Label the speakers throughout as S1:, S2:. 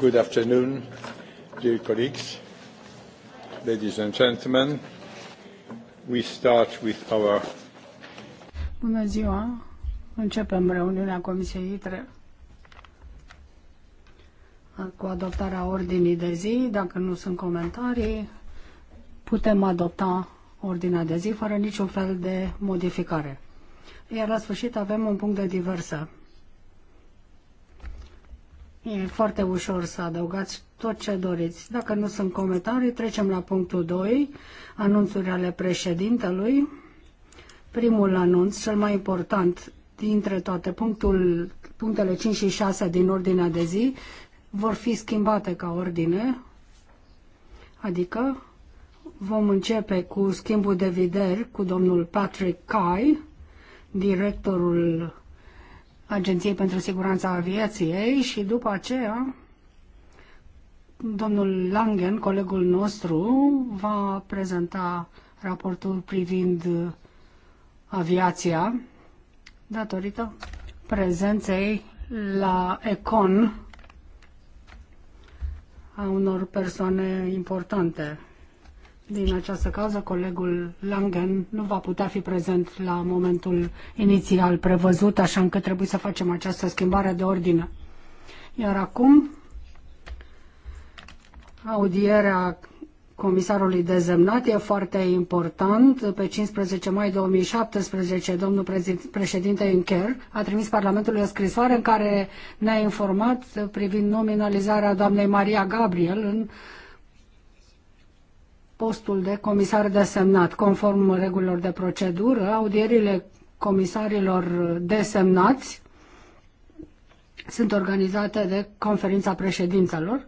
S1: Good afternoon, dear colleagues, ladies and gentlemen. We start with our...
S2: Bună ziua! Începem reuniunea Comisiei ITRE cu adoptarea ordinii de zi. Dacă nu sunt comentarii, putem adopta ordinea de zi fără niciun fel de modificare. Iar la sfârșit avem un punct de diversă. E foarte ușor să adăugați tot ce doriți. Dacă nu sunt comentarii, trecem la punctul 2, anunțuri ale președintelui. Primul anunț, cel mai important dintre toate, punctul, punctele 5 și 6 din ordinea de zi, vor fi schimbate ca ordine, adică vom începe cu schimbul de vederi cu domnul Patrick Kai, directorul Agenției pentru Siguranța Aviației și după aceea domnul Langen, colegul nostru, va prezenta raportul privind aviația datorită prezenței la Econ a unor persoane importante din această cauză, colegul Langen nu va putea fi prezent la momentul inițial prevăzut, așa încât trebuie să facem această schimbare de ordine. Iar acum, audierea comisarului dezemnat e foarte important. Pe 15 mai 2017, domnul președinte Juncker a trimis Parlamentului o scrisoare în care ne-a informat privind nominalizarea doamnei Maria Gabriel în postul de comisar desemnat. Conform regulilor de procedură, audierile comisarilor desemnați sunt organizate de conferința președințelor,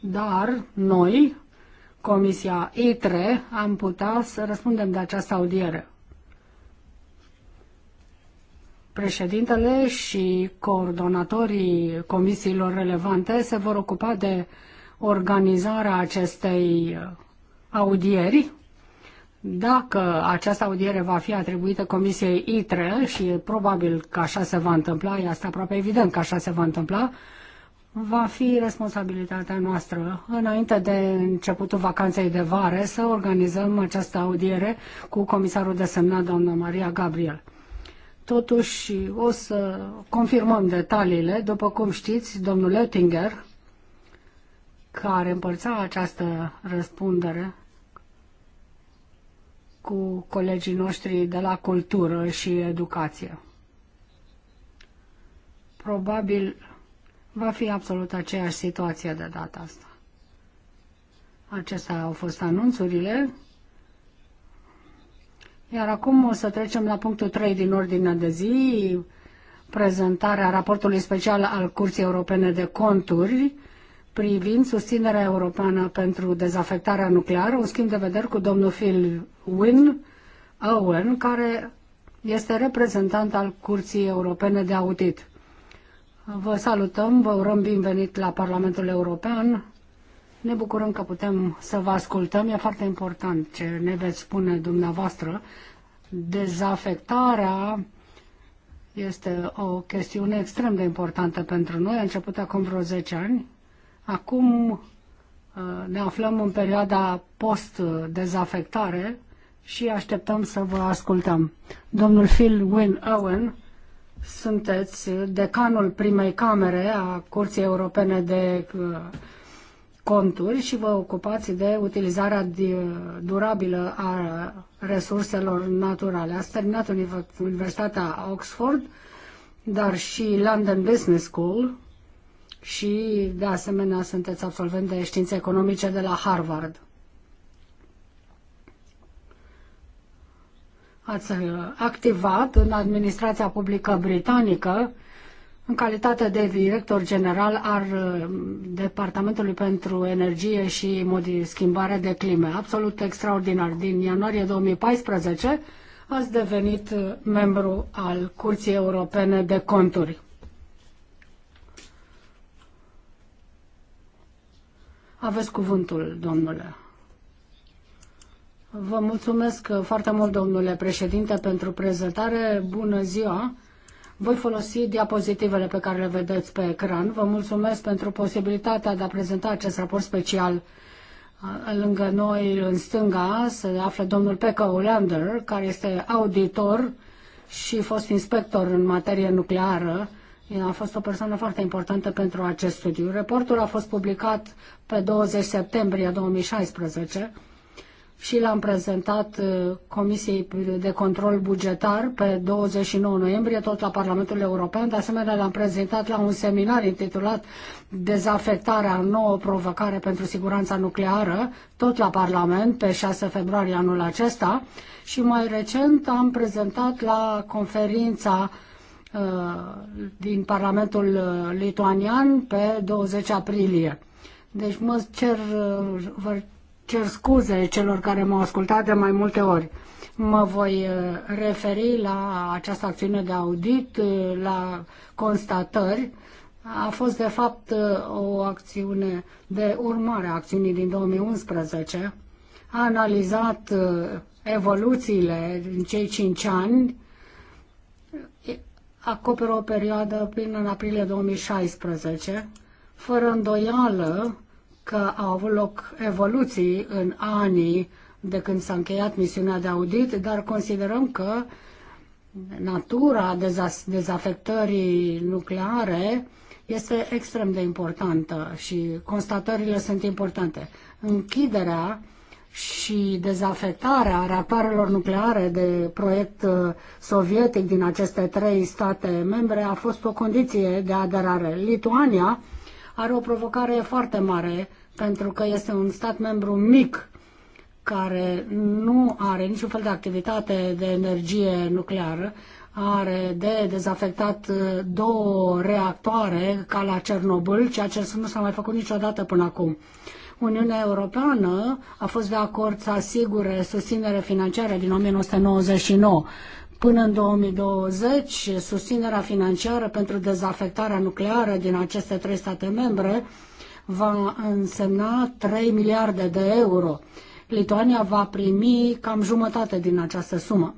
S2: dar noi, Comisia ITRE, am putea să răspundem de această audiere. Președintele și coordonatorii comisiilor relevante se vor ocupa de organizarea acestei audieri. Dacă această audiere va fi atribuită Comisiei ITRE și probabil că așa se va întâmpla, e asta aproape evident că așa se va întâmpla, va fi responsabilitatea noastră, înainte de începutul vacanței de vară, să organizăm această audiere cu comisarul desemnat, doamna Maria Gabriel. Totuși, o să confirmăm detaliile. După cum știți, domnul Oettinger care împărțau această răspundere cu colegii noștri de la cultură și educație. Probabil va fi absolut aceeași situație de data asta. Acestea au fost anunțurile. Iar acum o să trecem la punctul 3 din ordinea de zi, prezentarea raportului special al Curții Europene de Conturi privind susținerea europeană pentru dezafectarea nucleară, un schimb de vedere cu domnul Phil Wynne, Owen, care este reprezentant al Curții Europene de Audit. Vă salutăm, vă urăm bine venit la Parlamentul European. Ne bucurăm că putem să vă ascultăm. E foarte important ce ne veți spune dumneavoastră. Dezafectarea este o chestiune extrem de importantă pentru noi. A început acum vreo 10 ani Acum uh, ne aflăm în perioada post-dezafectare și așteptăm să vă ascultăm. Domnul Phil Wynne Owen, sunteți decanul primei camere a Curții Europene de uh, Conturi și vă ocupați de utilizarea uh, durabilă a resurselor naturale. Ați terminat Universitatea Oxford, dar și London Business School, și, de asemenea, sunteți absolvent de științe economice de la Harvard. Ați uh, activat în administrația publică britanică în calitate de director general al uh, Departamentului pentru Energie și Schimbare de Clime. Absolut extraordinar. Din ianuarie 2014 ați devenit uh, membru al Curții Europene de Conturi. Aveți cuvântul, domnule. Vă mulțumesc foarte mult, domnule președinte, pentru prezentare. Bună ziua! Voi folosi diapozitivele pe care le vedeți pe ecran. Vă mulțumesc pentru posibilitatea de a prezenta acest raport special uh, lângă noi, în stânga, se află domnul Pecă Olander, care este auditor și fost inspector în materie nucleară a fost o persoană foarte importantă pentru acest studiu. Raportul a fost publicat pe 20 septembrie 2016 și l-am prezentat uh, Comisiei de Control Bugetar pe 29 noiembrie, tot la Parlamentul European. De asemenea, l-am prezentat la un seminar intitulat Dezafectarea nouă provocare pentru siguranța nucleară, tot la Parlament, pe 6 februarie anul acesta. Și mai recent am prezentat la conferința Uh, din Parlamentul uh, lituanian pe 20 aprilie. Deci mă cer, uh, vă cer scuze celor care m-au ascultat de mai multe ori. Mă voi referi la această acțiune de audit, la constatări. A fost, de fapt, o acțiune de urmare a acțiunii din 2011. A analizat evoluțiile în cei cinci ani acoperă o perioadă până în aprilie 2016. Fără îndoială că au avut loc evoluții în anii de când s-a încheiat misiunea de audit, dar considerăm că natura dezafectării nucleare este extrem de importantă și constatările sunt importante. Închiderea și dezafectarea reactoarelor nucleare de proiect uh, sovietic din aceste trei state membre a fost o condiție de aderare. Lituania are o provocare foarte mare pentru că este un stat membru mic care nu are niciun fel de activitate de energie nucleară, are de dezafectat uh, două reactoare ca la Cernobâl, ceea ce nu s-a mai făcut niciodată până acum. Uniunea Europeană a fost de acord să asigure susținere financiară din 1999 până în 2020, susținerea financiară pentru dezafectarea nucleară din aceste trei state membre va însemna 3 miliarde de euro. Lituania va primi cam jumătate din această sumă.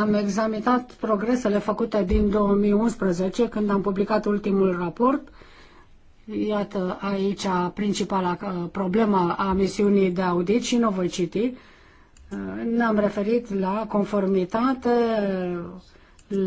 S2: Am examinat progresele făcute din 2011, când am publicat ultimul raport Iată aici principala uh, problemă a misiunii de audit și nu voi citi. Uh, ne-am referit la conformitate, uh,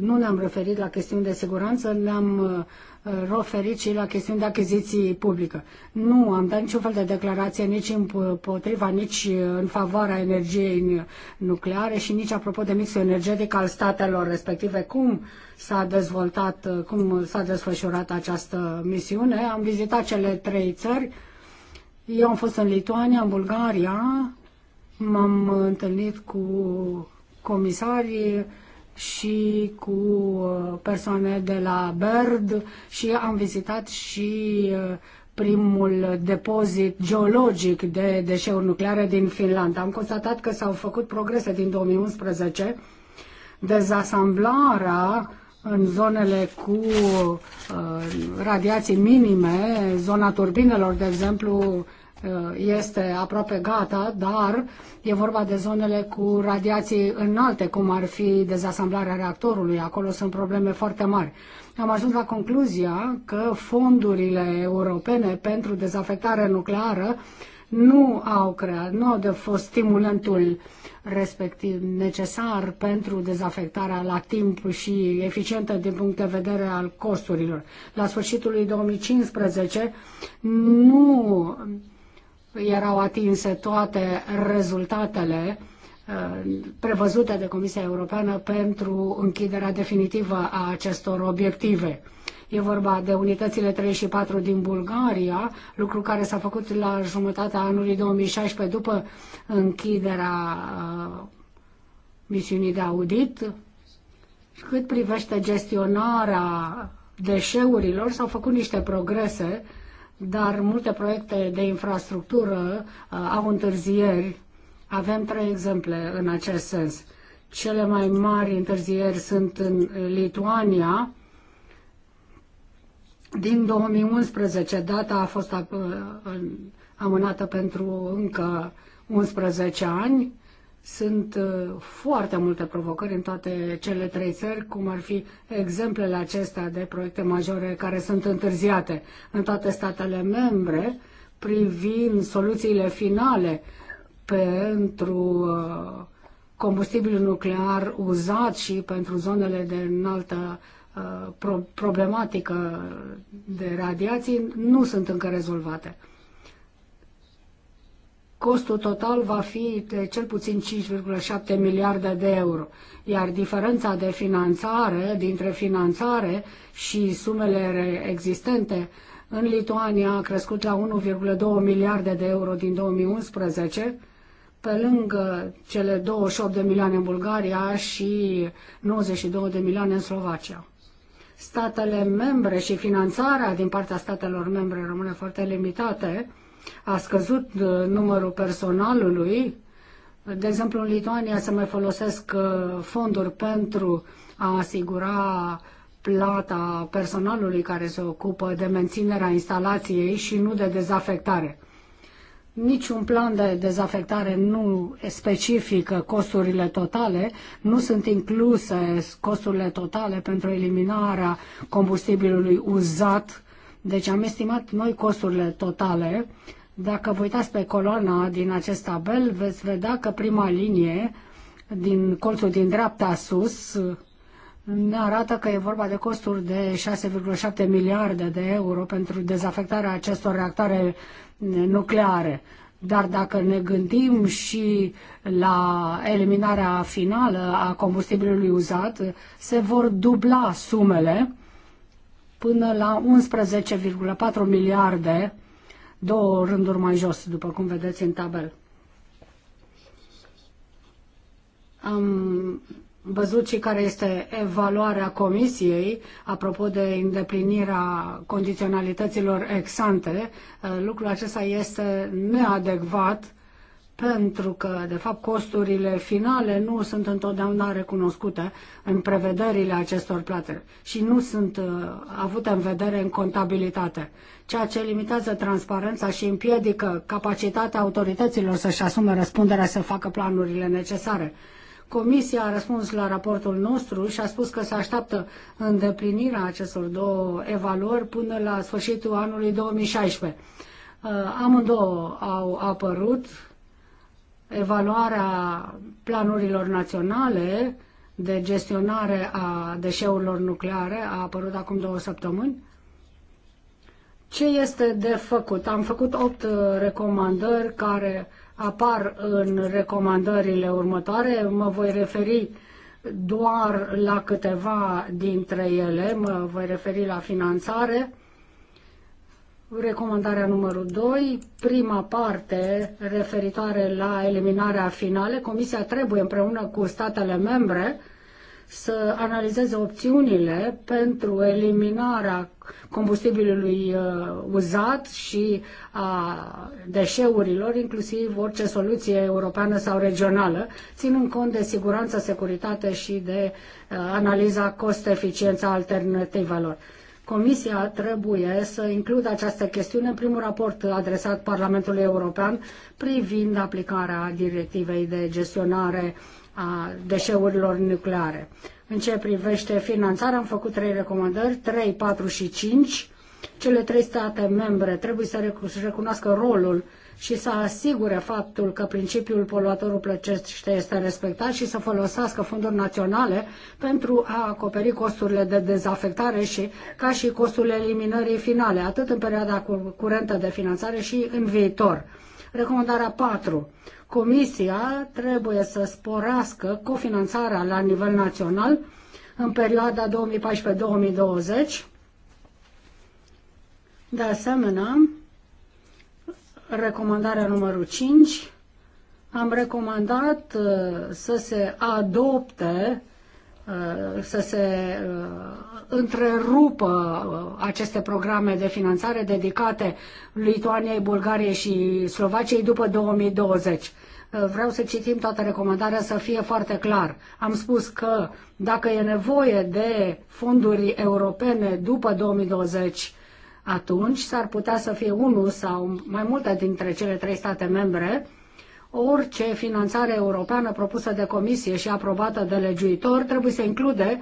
S2: nu ne-am referit la chestiuni de siguranță, ne-am Uh, referit și la chestiuni de achiziții publică. Nu am dat niciun fel de declarație nici împotriva, nici uh, în favoarea energiei nucleare și nici apropo de mixul energetic al statelor respective. Cum s-a dezvoltat, uh, cum s-a desfășurat această misiune? Am vizitat cele trei țări. Eu am fost în Lituania, în Bulgaria, m-am întâlnit cu comisarii, și cu uh, persoane de la Bird și am vizitat și uh, primul depozit geologic de deșeuri nucleare din Finlanda. Am constatat că s-au făcut progrese din 2011. Dezasamblarea în zonele cu uh, radiații minime, zona turbinelor, de exemplu, Uh, este aproape gata, dar e vorba de zonele cu radiații înalte, cum ar fi dezasamblarea reactorului. Acolo sunt probleme foarte mari. Am ajuns la concluzia că fondurile europene pentru dezafectare nucleară nu au creat, nu au de fost stimulentul respectiv necesar pentru dezafectarea la timp și eficientă din punct de vedere al costurilor. La sfârșitul lui 2015 nu erau atinse toate rezultatele uh, prevăzute de Comisia Europeană pentru închiderea definitivă a acestor obiective. E vorba de unitățile 3 și 4 din Bulgaria, lucru care s-a făcut la jumătatea anului 2016 după închiderea uh, misiunii de audit. Cât privește gestionarea deșeurilor, s-au făcut niște progrese dar multe proiecte de infrastructură uh, au întârzieri. Avem trei exemple în acest sens. Cele mai mari întârzieri sunt în Lituania. Din 2011 data a fost uh, amânată pentru încă 11 ani sunt uh, foarte multe provocări în toate cele trei țări, cum ar fi exemplele acestea de proiecte majore care sunt întârziate în toate statele membre, privind soluțiile finale pentru uh, combustibilul nuclear uzat și pentru zonele de înaltă uh, problematică de radiații, nu sunt încă rezolvate. Costul total va fi de cel puțin 5,7 miliarde de euro, iar diferența de finanțare dintre finanțare și sumele existente în Lituania a crescut la 1,2 miliarde de euro din 2011, pe lângă cele 28 de milioane în Bulgaria și 92 de milioane în Slovacia. Statele membre și finanțarea din partea statelor membre rămâne foarte limitate, a scăzut uh, numărul personalului. De exemplu, în Lituania se mai folosesc uh, fonduri pentru a asigura plata personalului care se ocupă de menținerea instalației și nu de dezafectare. Niciun plan de dezafectare nu specifică costurile totale, nu sunt incluse costurile totale pentru eliminarea combustibilului uzat deci am estimat noi costurile totale. Dacă vă uitați pe coloana din acest tabel, veți vedea că prima linie din colțul din dreapta sus ne arată că e vorba de costuri de 6,7 miliarde de euro pentru dezafectarea acestor reactoare nucleare. Dar dacă ne gândim și la eliminarea finală a combustibilului uzat, se vor dubla sumele până la 11,4 miliarde, două rânduri mai jos, după cum vedeți în tabel. Am văzut și care este evaluarea comisiei apropo de îndeplinirea condiționalităților ex ante. Lucrul acesta este neadecvat pentru că, de fapt, costurile finale nu sunt întotdeauna recunoscute în prevederile acestor plate și nu sunt uh, avute în vedere în contabilitate, ceea ce limitează transparența și împiedică capacitatea autorităților să-și asume răspunderea să facă planurile necesare. Comisia a răspuns la raportul nostru și a spus că se așteaptă îndeplinirea acestor două evaluări până la sfârșitul anului 2016. Uh, amândouă au apărut evaluarea planurilor naționale de gestionare a deșeurilor nucleare a apărut acum două săptămâni. Ce este de făcut? Am făcut opt recomandări care apar în recomandările următoare. Mă voi referi doar la câteva dintre ele, mă voi referi la finanțare, Recomandarea numărul 2, prima parte referitoare la eliminarea finale, Comisia trebuie împreună cu statele membre să analizeze opțiunile pentru eliminarea combustibilului uh, uzat și a deșeurilor, inclusiv orice soluție europeană sau regională, ținând cont de siguranță, securitate și de uh, analiza cost-eficiență alternativelor. Comisia trebuie să includă această chestiune în primul raport adresat Parlamentului European privind aplicarea directivei de gestionare a deșeurilor nucleare. În ce privește finanțarea, am făcut trei recomandări, 3, 4 și 5. Cele trei state membre trebuie să recunoască rolul și să asigure faptul că principiul poluatorul plăcește este respectat și să folosească fonduri naționale pentru a acoperi costurile de dezafectare și ca și costurile eliminării finale, atât în perioada curentă de finanțare și în viitor. Recomandarea 4. Comisia trebuie să sporească cofinanțarea la nivel național în perioada 2014-2020. De asemenea, recomandarea numărul 5, am recomandat uh, să se adopte, uh, să se uh, întrerupă aceste programe de finanțare dedicate Lituaniei, Bulgariei și Slovaciei după 2020 vreau să citim toată recomandarea să fie foarte clar. Am spus că dacă e nevoie de fonduri europene după 2020 atunci s-ar putea să fie unul sau mai multe dintre cele trei state membre orice finanțare europeană propusă de comisie și aprobată de legiuitor trebuie să include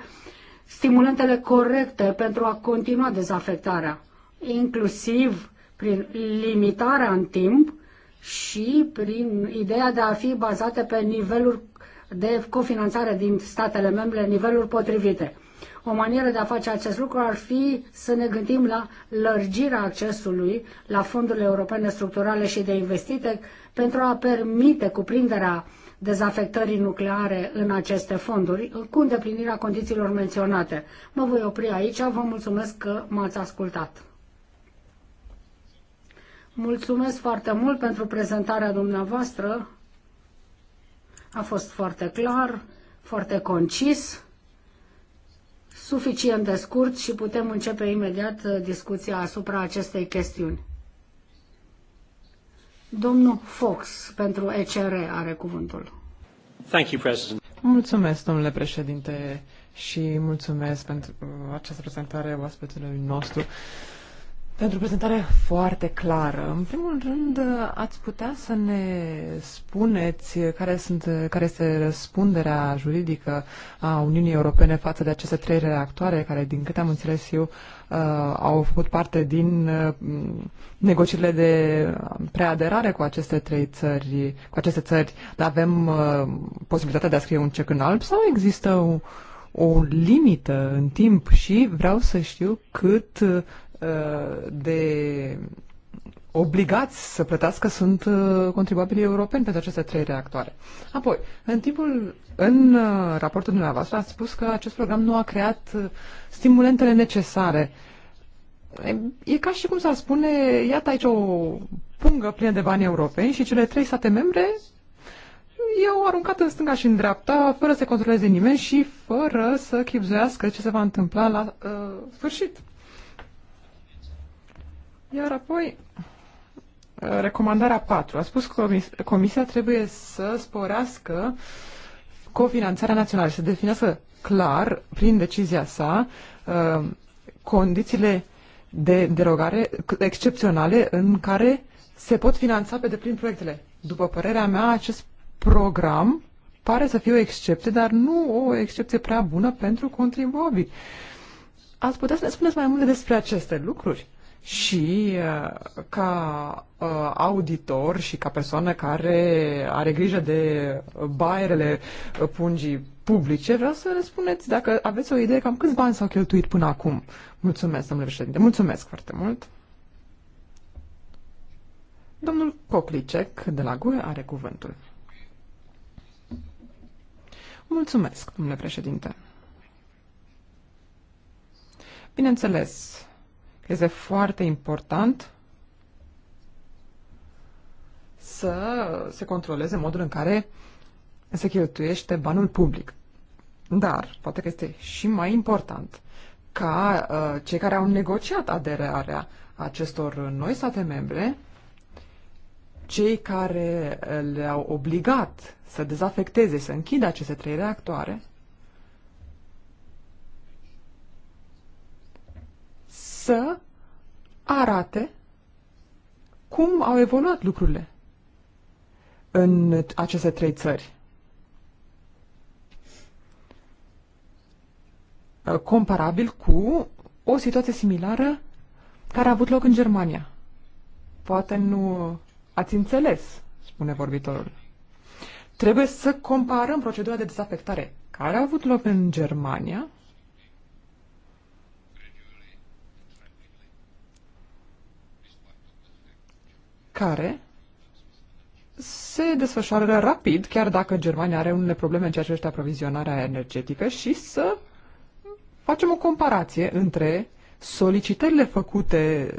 S2: stimulentele corecte pentru a continua dezafectarea, inclusiv prin limitarea în timp și prin ideea de a fi bazate pe niveluri de cofinanțare din statele membre, niveluri potrivite. O manieră de a face acest lucru ar fi să ne gândim la lărgirea accesului la fondurile europene structurale și de investite pentru a permite cuprinderea dezafectării nucleare în aceste fonduri, cu îndeplinirea condițiilor menționate. Mă voi opri aici, vă mulțumesc că m-ați ascultat. Mulțumesc foarte mult pentru prezentarea dumneavoastră. A fost foarte clar, foarte concis suficient de scurt și putem începe imediat uh, discuția asupra acestei chestiuni. Domnul Fox, pentru ECR, are cuvântul.
S3: Thank you, President.
S2: Mulțumesc, domnule
S3: președinte, și mulțumesc pentru această prezentare oaspetului nostru. Uh, pentru prezentare foarte clară. În primul rând, ați putea să ne spuneți care, sunt, care este răspunderea juridică a Uniunii Europene față de aceste trei reactoare, care, din câte am înțeles eu, uh, au făcut parte din uh, negocierile de preaderare cu aceste trei țări, cu aceste țări, dar avem uh, posibilitatea de a scrie un cec în alb sau există o, o limită în timp și vreau să știu cât Uh, de obligați să plătească sunt uh, contribuabilii europeni pentru aceste trei reactoare. Apoi, în timpul, în uh, raportul dumneavoastră ați spus că acest program nu a creat stimulentele necesare. E ca și cum s-ar spune, iată aici o pungă plină de bani europeni și cele trei state membre i-au aruncat în stânga și în dreapta, fără să controleze nimeni și fără să chipzuiască ce se va întâmpla la uh, sfârșit. Iar apoi, recomandarea 4. A spus că Comisia trebuie să sporească cofinanțarea națională și să definească clar, prin decizia sa, uh, condițiile de derogare excepționale în care se pot finanța pe deplin proiectele. După părerea mea, acest program pare să fie o excepție, dar nu o excepție prea bună pentru contribuabili. Ați putea să ne spuneți mai multe despre aceste lucruri? și uh, ca uh, auditor și ca persoană care are grijă de baierele uh, pungii publice, vreau să ne dacă aveți o idee cam câți bani s-au cheltuit până acum. Mulțumesc, domnule președinte. Mulțumesc foarte mult. Domnul Coclicec de la GUE are cuvântul. Mulțumesc, domnule președinte. Bineînțeles, este foarte important să se controleze modul în care se cheltuiește banul public. Dar, poate că este și mai important ca uh, cei care au negociat aderarea acestor noi state membre, cei care uh, le-au obligat să dezafecteze, să închidă aceste trei reactoare, să arate cum au evoluat lucrurile în aceste trei țări. Comparabil cu o situație similară care a avut loc în Germania. Poate nu ați înțeles, spune vorbitorul. Trebuie să comparăm procedura de dezafectare care a avut loc în Germania care se desfășoară rapid, chiar dacă Germania are unele probleme în ceea ce este aprovizionarea energetică, și să facem o comparație între solicitările făcute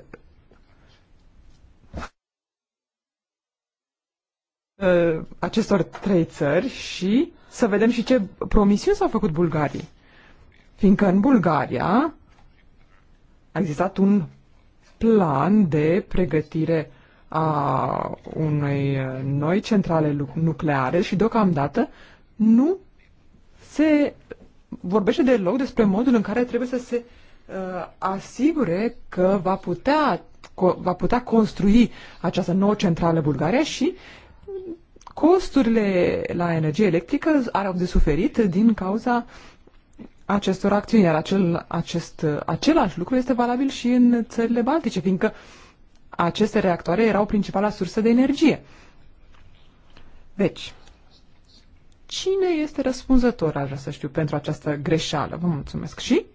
S3: uh, acestor trei țări și să vedem și ce promisiuni s-au făcut bulgarii. Fiindcă în Bulgaria a existat un plan de pregătire a unei uh, noi centrale nucleare și deocamdată nu se vorbește deloc despre modul în care trebuie să se uh, asigure că va putea, co- va putea construi această nouă centrală Bulgaria și costurile la energie electrică au de suferit din cauza acestor acțiuni, iar acel, acest, uh, același lucru este valabil și în țările baltice, fiindcă uh, aceste reactoare erau principala sursă de energie. Deci, cine este răspunzător, aș vrea să știu, pentru această greșeală? Vă mulțumesc. Și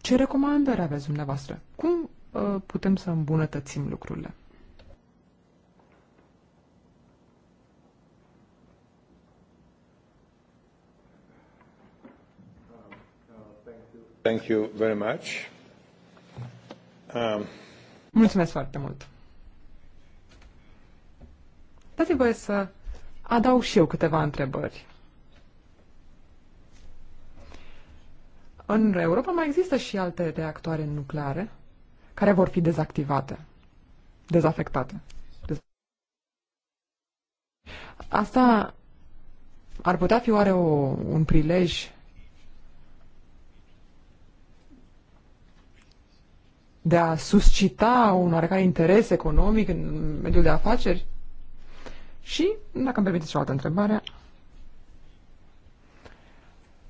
S3: ce recomandări aveți dumneavoastră? Cum uh, putem să îmbunătățim lucrurile?
S2: Thank you very much. Um...
S3: Mulțumesc foarte mult. Dați-mi voie să adaug și eu câteva întrebări. În Europa mai există și alte reactoare nucleare care vor fi dezactivate, dezafectate. Asta ar putea fi oare o, un prilej de a suscita un oarecare interes economic în mediul de afaceri? Și, dacă îmi permiteți o altă întrebare,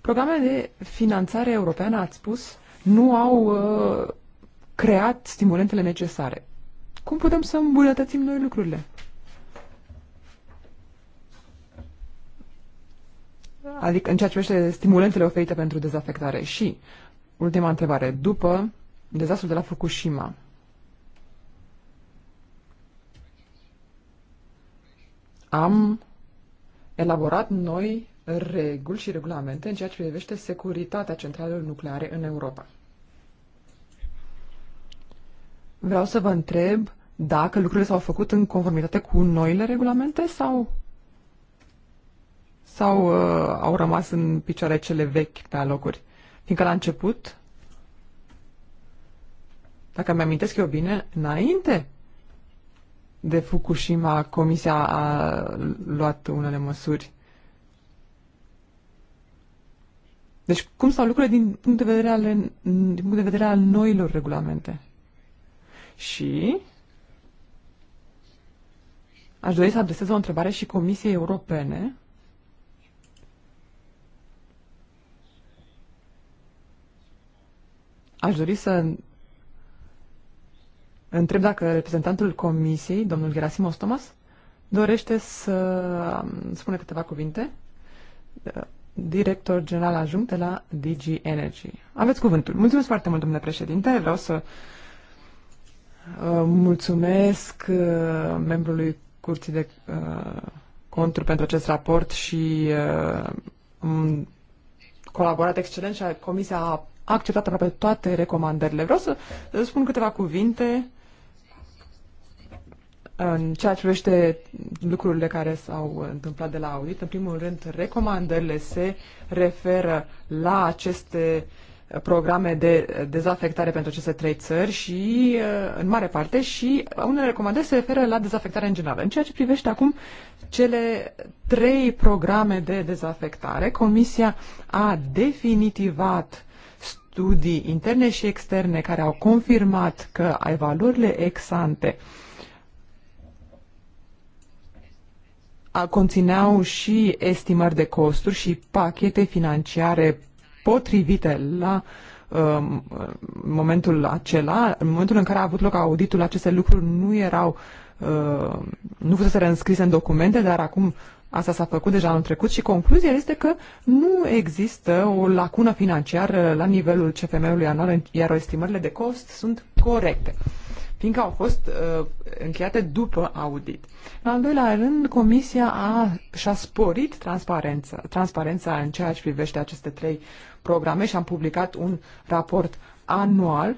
S3: programele de finanțare europeană, ați spus, nu au uh, creat stimulentele necesare. Cum putem să îmbunătățim noi lucrurile? Adică în ceea ce privește stimulentele oferite pentru dezafectare. Și, ultima întrebare, după dezastrul de la Fukushima, am elaborat noi reguli și regulamente în ceea ce privește securitatea centralelor nucleare în Europa. Vreau să vă întreb dacă lucrurile s-au făcut în conformitate cu noile regulamente sau sau uh, au rămas în picioare cele vechi pe alocuri? Fiindcă la început, dacă mi-amintesc eu bine, înainte de Fukushima, Comisia a luat unele măsuri. Deci cum stau lucrurile din punct de vedere, ale, din punct de vedere al noilor regulamente? Și aș dori să adresez o întrebare și Comisiei Europene. Aș dori să Întreb dacă reprezentantul comisiei, domnul Gerasimos Thomas, dorește să um, spune câteva cuvinte. Director general ajunct de la DG Energy. Aveți cuvântul. Mulțumesc foarte mult, domnule președinte. Vreau să uh, mulțumesc uh, membrului Curții de uh, Conturi pentru acest raport și colaborat excelent și comisia a acceptat aproape toate recomandările. Vreau să spun câteva cuvinte în ceea ce privește lucrurile care s-au întâmplat de la audit, în primul rând, recomandările se referă la aceste programe de dezafectare pentru aceste trei țări și, în mare parte, și unele recomandări se referă la dezafectare în general. În ceea ce privește acum cele trei programe de dezafectare, Comisia a definitivat studii interne și externe care au confirmat că ai ex ante conțineau și estimări de costuri și pachete financiare potrivite la uh, momentul acela, în momentul în care a avut loc auditul, aceste lucruri nu erau, uh, nu fusese înscrise în documente, dar acum asta s-a făcut deja în trecut și concluzia este că nu există o lacună financiară la nivelul CFM-ului anual, iar estimările de cost sunt corecte fiindcă au fost uh, încheiate după audit. În al doilea rând, Comisia a, și-a sporit transparența, transparența în ceea ce privește aceste trei programe și am publicat un raport anual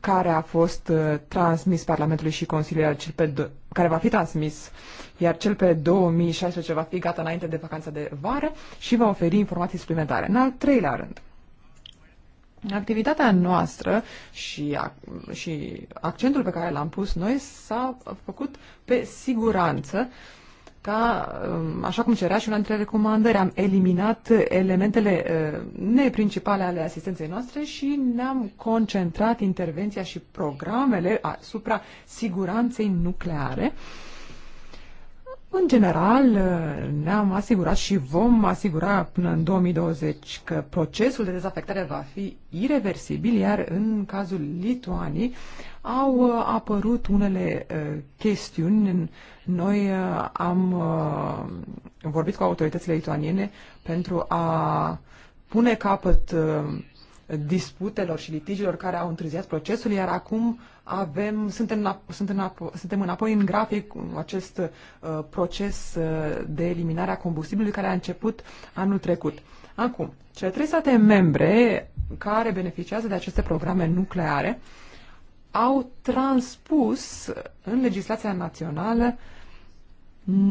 S3: care a fost uh, transmis Parlamentului și Consiliului, iar cel pe care va fi transmis, iar cel pe 2016 va fi gata înainte de vacanța de vară și va oferi informații suplimentare. În al treilea rând, Activitatea noastră și, și accentul pe care l-am pus noi s-a făcut pe siguranță, ca, um, așa cum cerea și una dintre recomandări. Am eliminat elementele uh, neprincipale ale asistenței noastre și ne-am concentrat intervenția și programele asupra siguranței nucleare. Uh, în general, ne-am asigurat și vom asigura până în 2020 că procesul de dezafectare va fi irreversibil, iar în cazul Lituanii au uh, apărut unele uh, chestiuni. Noi uh, am vorbit cu autoritățile lituaniene pentru a pune capăt disputelor și litigiilor care au întârziat procesul, iar acum avem, suntem, înap- suntem, înap- suntem înapoi în grafic cu acest uh, proces uh, de eliminare a combustibilului care a început anul trecut. Acum, cele trei state membre care beneficiază de aceste programe nucleare au transpus în legislația națională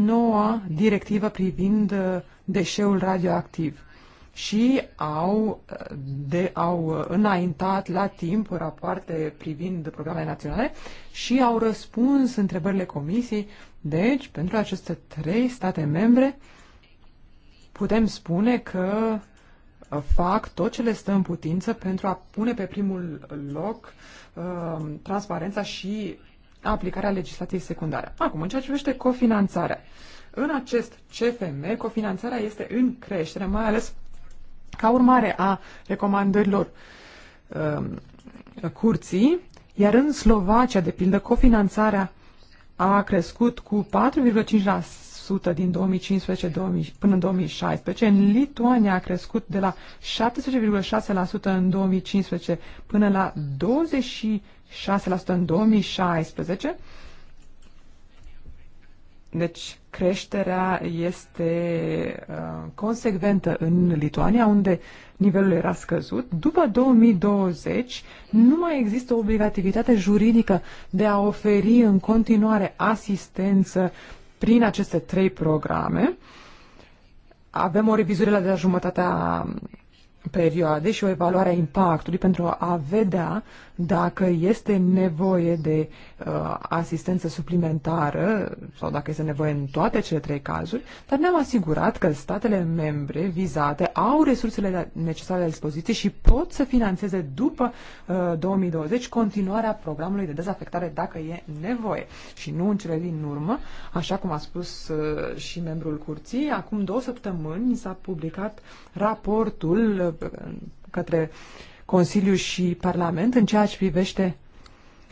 S3: noua directivă privind uh, deșeul radioactiv și au, de, au înaintat la timp rapoarte privind programele naționale și au răspuns întrebările comisiei. Deci, pentru aceste trei state membre, putem spune că fac tot ce le stă în putință pentru a pune pe primul loc uh, transparența și aplicarea legislației secundare. Acum, în ceea ce privește cofinanțarea. În acest CFM, cofinanțarea este în creștere, mai ales ca urmare a recomandărilor um, curții, iar în Slovacia, de pildă, cofinanțarea a crescut cu 4,5% din 2015 2000, până în 2016. În Lituania a crescut de la 17,6% în 2015 până la 26% în 2016 deci creșterea este uh, consecventă în Lituania, unde nivelul era scăzut. După 2020 nu mai există obligativitate juridică de a oferi în continuare asistență prin aceste trei programe. Avem o revizuire la de la jumătatea perioadei și o evaluare a impactului pentru a vedea dacă este nevoie de uh, asistență suplimentară sau dacă este nevoie în toate cele trei cazuri, dar ne-am asigurat că statele membre vizate au resursele necesare la dispoziție și pot să financeze după uh, 2020 continuarea programului de dezafectare dacă e nevoie. Și nu în cele din urmă, așa cum a spus uh, și membrul curții, acum două săptămâni s-a publicat raportul uh, către uh, Consiliu și Parlament în ceea ce privește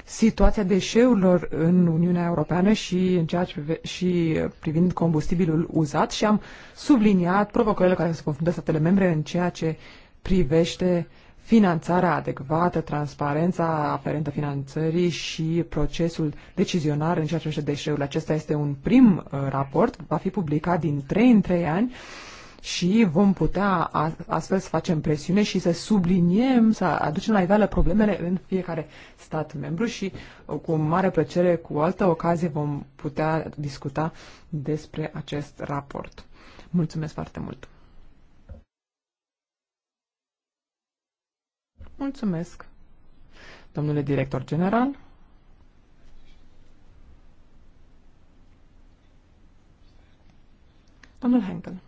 S3: situația deșeurilor în Uniunea Europeană și, în ceea ce prive, și uh, privind combustibilul uzat și am subliniat provocările care se confruntă statele membre în ceea ce privește finanțarea adecvată, transparența aferentă finanțării și procesul decizionar în ceea ce privește deșeurile. Acesta este un prim uh, raport, va fi publicat din 3 în 3 ani și vom putea astfel să facem presiune și să subliniem, să aducem la iveală problemele în fiecare stat membru și uh, cu mare plăcere, cu altă ocazie, vom putea discuta despre acest raport. Mulțumesc foarte mult! Mulțumesc, domnule director general. Domnul Henkel.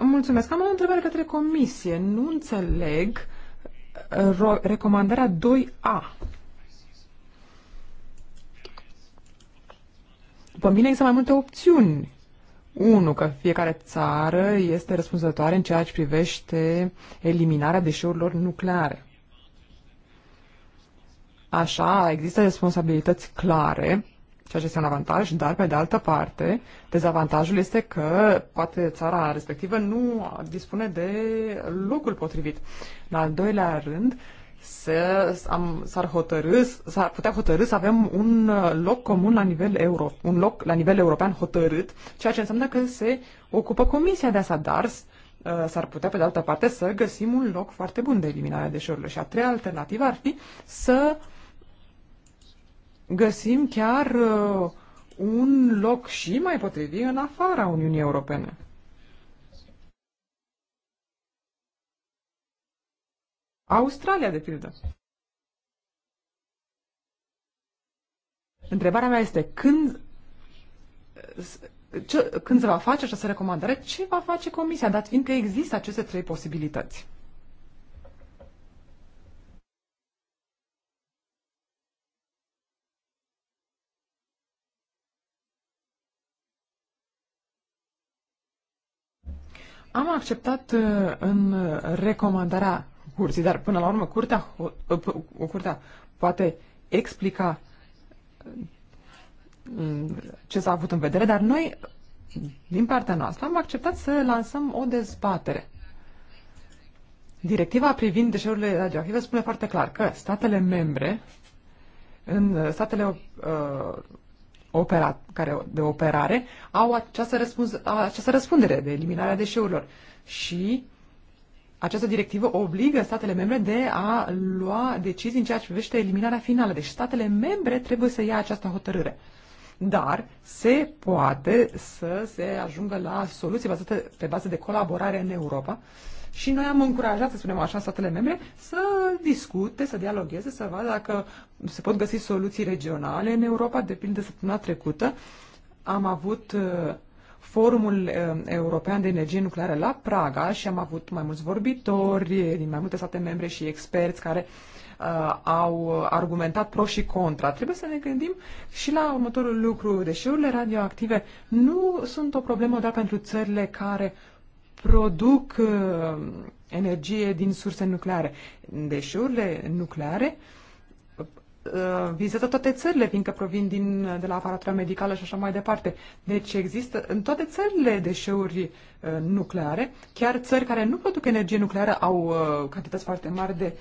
S3: Mulțumesc. Am o întrebare către comisie. Nu înțeleg uh, recomandarea 2A. După mine există mai multe opțiuni. Unu, că fiecare țară este răspunzătoare în ceea ce privește eliminarea deșeurilor nucleare. Așa, există responsabilități clare ceea ce este un avantaj, dar pe de altă parte, dezavantajul este că poate țara respectivă nu dispune de locul potrivit. În al doilea rând, se, am, s-ar, hotărâ, s-ar putea hotărâ să avem un loc comun la nivel euro, un loc la nivel european hotărât, ceea ce înseamnă că se ocupă comisia de asta, dar uh, s-ar putea, pe de altă parte, să găsim un loc foarte bun de eliminare a deșeurilor. Și a treia alternativă ar fi să uh, găsim chiar uh, un loc și mai potrivit în afara Uniunii Europene. Australia, de pildă. Întrebarea mea este când, ce, când se va face această recomandare, ce va face Comisia, dat fiindcă există aceste trei posibilități? Am acceptat uh, în recomandarea curții, dar până la urmă curtea, uh, curtea poate explica uh, ce s-a avut în vedere, dar noi, din partea noastră, am acceptat să lansăm o dezbatere. Directiva privind deșeurile radioactive spune foarte clar că statele membre, în statele uh, opera, care, de operare au această, răspuns, această răspundere de eliminarea deșeurilor. Și această directivă obligă statele membre de a lua decizii în ceea ce privește eliminarea finală. Deci statele membre trebuie să ia această hotărâre. Dar se poate să se ajungă la soluții bazate pe bază de colaborare în Europa, uh, și noi am încurajat, să spunem așa, statele membre să discute, să dialogueze, să vadă dacă se pot găsi soluții regionale. În Europa, de pildă, săptămâna trecută am avut uh, Forumul uh, European de Energie Nucleară la Praga și am avut mai mulți vorbitori din mai multe state membre și experți care uh, au argumentat pro și contra. Trebuie să ne gândim și la următorul lucru. Deșeurile radioactive nu sunt o problemă doar pentru țările care produc uh, energie din surse nucleare. Deșeurile nucleare uh, vizează toate țările, fiindcă provin din, de la aparatura medicală și așa mai departe. Deci există în toate țările deșeuri uh, nucleare, chiar țări care nu produc energie nucleară au cantități foarte mari de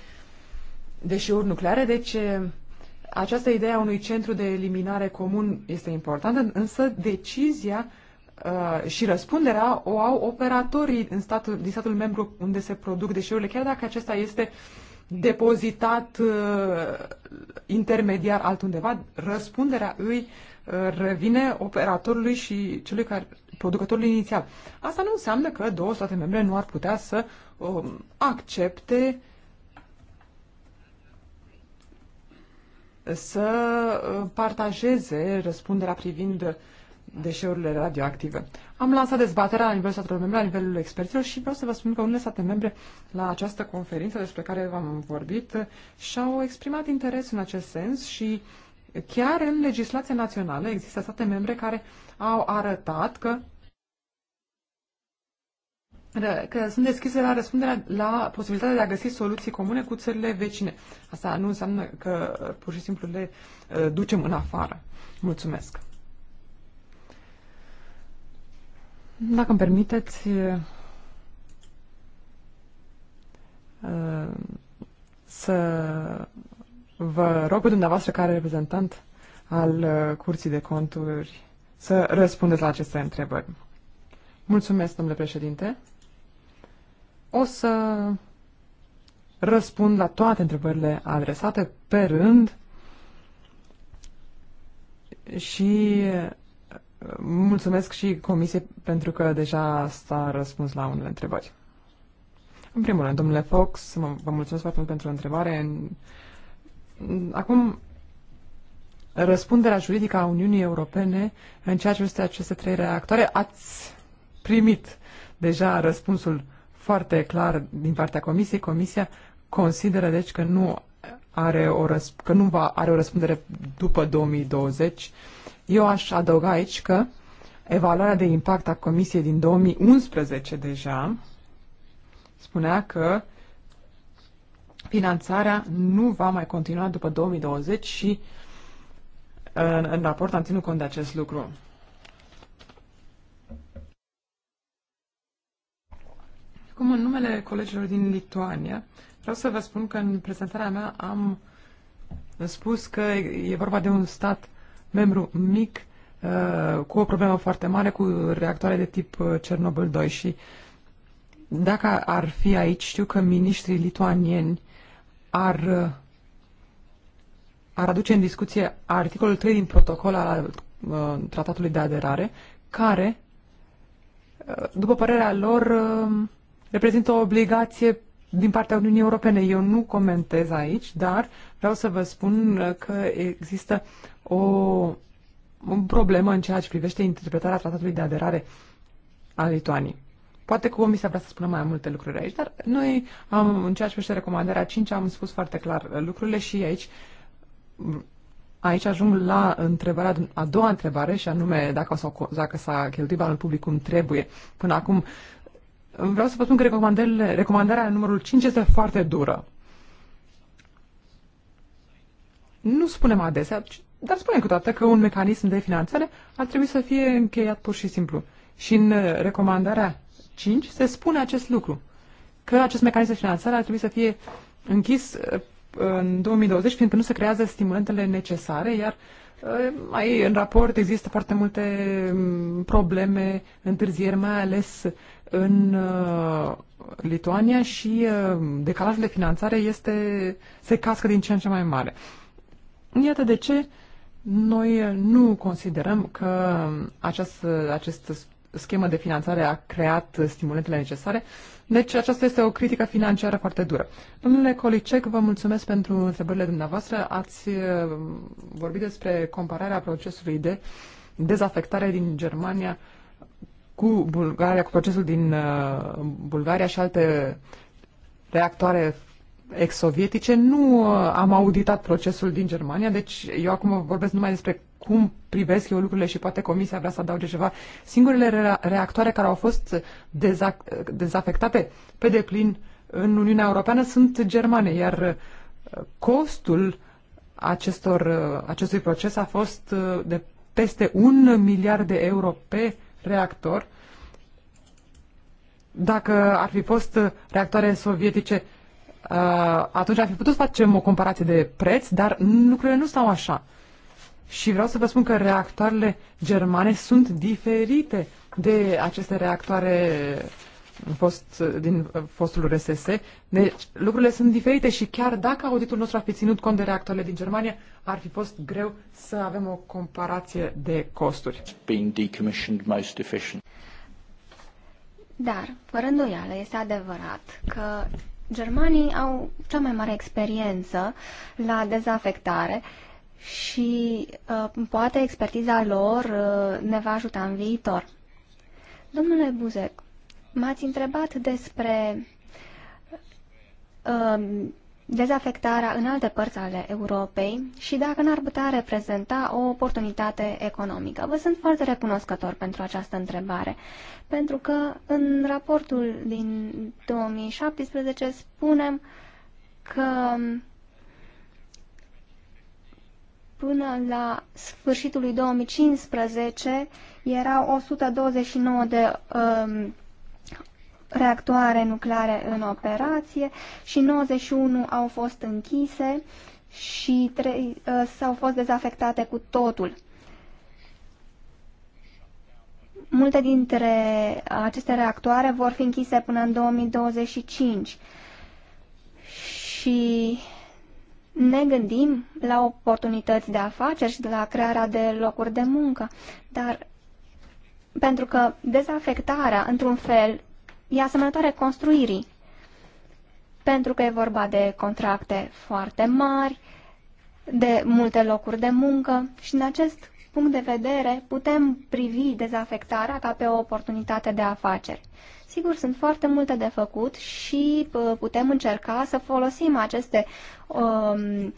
S3: deșeuri nucleare, deci această idee a unui centru de eliminare comun este importantă, însă decizia uh, Uh, și răspunderea o au operatorii în statul, din statul membru unde se produc deșeurile, chiar dacă acesta este depozitat uh, intermediar altundeva, răspunderea îi uh, revine operatorului și celui care, producătorului inițial. Asta nu înseamnă că două state membre nu ar putea să um, accepte să uh, partajeze răspunderea privind deșeurile radioactive. Am lansat dezbaterea la nivelul statelor membre, la nivelul experților și vreau să vă spun că unele state membre la această conferință despre care v-am vorbit și-au exprimat interes în acest sens și chiar în legislația națională există state membre care au arătat că că sunt deschise la răspunderea, la posibilitatea de a găsi soluții comune cu țările vecine. Asta nu înseamnă că pur și simplu le uh, ducem în afară. Mulțumesc! Dacă îmi permiteți, să vă rog pe dumneavoastră care reprezentant al Curții de Conturi să răspundeți la aceste întrebări. Mulțumesc, domnule președinte. O să răspund la toate întrebările adresate pe rând și Mulțumesc și Comisiei pentru că deja s-a răspuns la unele întrebări. În primul rând, domnule Fox, vă mulțumesc foarte mult pentru întrebare. Acum, răspunderea juridică a Uniunii Europene în ceea ce este aceste trei reactoare, ați primit deja răspunsul foarte clar din partea Comisiei. Comisia consideră, deci, că nu are o, că nu va, are o răspundere după 2020 eu aș adăuga aici că evaluarea de impact a Comisiei din 2011 deja spunea că finanțarea nu va mai continua după 2020 și în, în raport am ținut cont de acest lucru. Cum în numele colegilor din Lituania, vreau să vă spun că în prezentarea mea am spus că e vorba de un stat membru mic uh, cu o problemă foarte mare cu reactoare de tip uh, Cernobâl 2 și dacă ar fi aici, știu că miniștrii lituanieni ar, uh, ar aduce în discuție articolul 3 din protocol al uh, tratatului de aderare, care, după părerea lor, uh, reprezintă o obligație din partea Uniunii Europene. Eu nu comentez aici, dar vreau să vă spun uh, că există o, o problemă în ceea ce privește interpretarea tratatului de aderare a Lituaniei. Poate că se vrea să spună mai multe lucruri aici, dar noi, am, în ceea ce privește recomandarea 5, am spus foarte clar uh, lucrurile și aici Aici ajung la întrebarea, a doua întrebare și anume dacă dacă s-a cheltuit banul public cum trebuie. Până acum vreau să vă spun că recomandarea numărul 5 este foarte dură. Nu spunem adesea, dar spunem câteodată că un mecanism de finanțare ar trebui să fie încheiat pur și simplu. Și în uh, recomandarea 5 se spune acest lucru, că acest mecanism de finanțare ar trebui să fie închis uh, în 2020, fiindcă nu se creează stimulentele necesare, iar uh, mai în raport există foarte multe mm, probleme, întârzieri, mai ales în uh, Lituania și uh, decalajul de finanțare este, se cască din ce în ce mai mare. Iată de ce noi nu considerăm că această, această schemă de finanțare a creat stimulentele necesare uh, deci aceasta este o critică financiară foarte dură. Domnule Colicec, vă mulțumesc pentru întrebările dumneavoastră. Ați uh, vorbit despre compararea procesului de dezafectare din Germania cu Bulgaria, cu procesul din uh, Bulgaria și alte reactoare ex-sovietice, nu uh, am auditat procesul din Germania, deci eu acum vorbesc numai despre cum privesc eu lucrurile și poate comisia vrea să adauge ceva. Singurele reactoare care au fost deza- dezafectate pe deplin în Uniunea Europeană sunt germane, iar uh, costul acestor, uh, acestui proces a fost de peste un miliard de euro pe reactor. Dacă ar fi fost reactoare sovietice, Uh, atunci ar fi putut să facem o comparație de preț, dar lucrurile nu stau așa. Și vreau să vă spun că reactoarele germane sunt diferite de aceste reactoare fost, din fostul RSS. Deci lucrurile sunt diferite și chiar dacă auditul nostru ar fi ținut cont de reactoarele din Germania, ar fi fost greu să
S1: avem o comparație
S4: de costuri.
S1: Dar, fără îndoială, este adevărat că Germanii au cea mai mare experiență la dezafectare și uh, poate expertiza lor uh, ne va ajuta în viitor. Domnule Buzec, m-ați întrebat despre uh, dezafectarea în alte părți ale Europei și dacă n-ar putea reprezenta o oportunitate economică. Vă sunt foarte recunoscător pentru această întrebare, pentru că în raportul din 2017 spunem că până la sfârșitul lui 2015 erau 129 de um, reactoare nucleare în operație și 91 au fost închise și uh, s-au fost dezafectate cu totul. Multe dintre aceste reactoare vor fi închise până în 2025 și ne gândim la oportunități de afaceri și de la crearea de locuri de muncă, dar pentru că dezafectarea, într-un fel, e asemănătoare construirii, pentru că e vorba de contracte foarte mari, de multe locuri de muncă și în acest punct de vedere putem privi dezafectarea ca pe o oportunitate de afaceri. Sigur, sunt foarte multe de făcut și uh, putem încerca să folosim aceste um,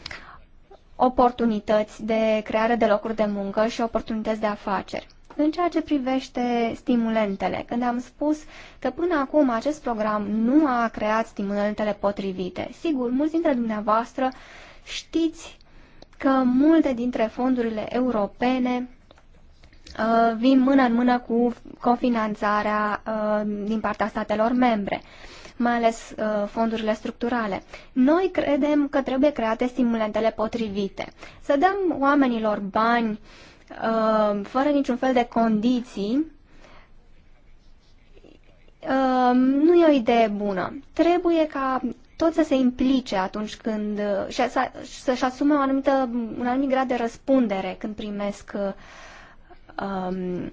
S1: oportunități de creare de locuri de muncă și oportunități de afaceri. În ceea ce privește stimulentele, când am spus că până acum acest program nu a creat stimulentele potrivite, sigur, mulți dintre dumneavoastră știți că multe dintre fondurile europene uh, vin mână în mână cu cofinanțarea uh, din partea statelor membre mai ales uh, fondurile structurale. Noi credem că trebuie create stimulentele potrivite. Să dăm oamenilor bani uh, Uh, fără niciun fel de condiții, uh, nu e o idee bună. Trebuie ca tot să se implice atunci când uh, și să-și asume o anumită, un anumit grad de răspundere când primesc um,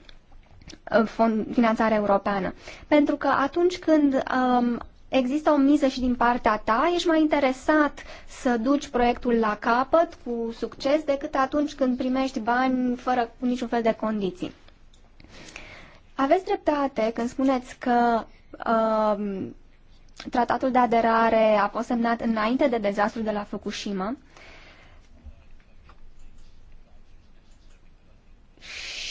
S1: finanțare europeană. Pentru că atunci când um, există o miză și din partea ta, ești mai interesat să duci proiectul la capăt cu succes decât atunci când primești bani fără niciun fel de condiții. Aveți dreptate când spuneți că uh, tratatul de aderare a fost semnat înainte de dezastrul de la Fukushima.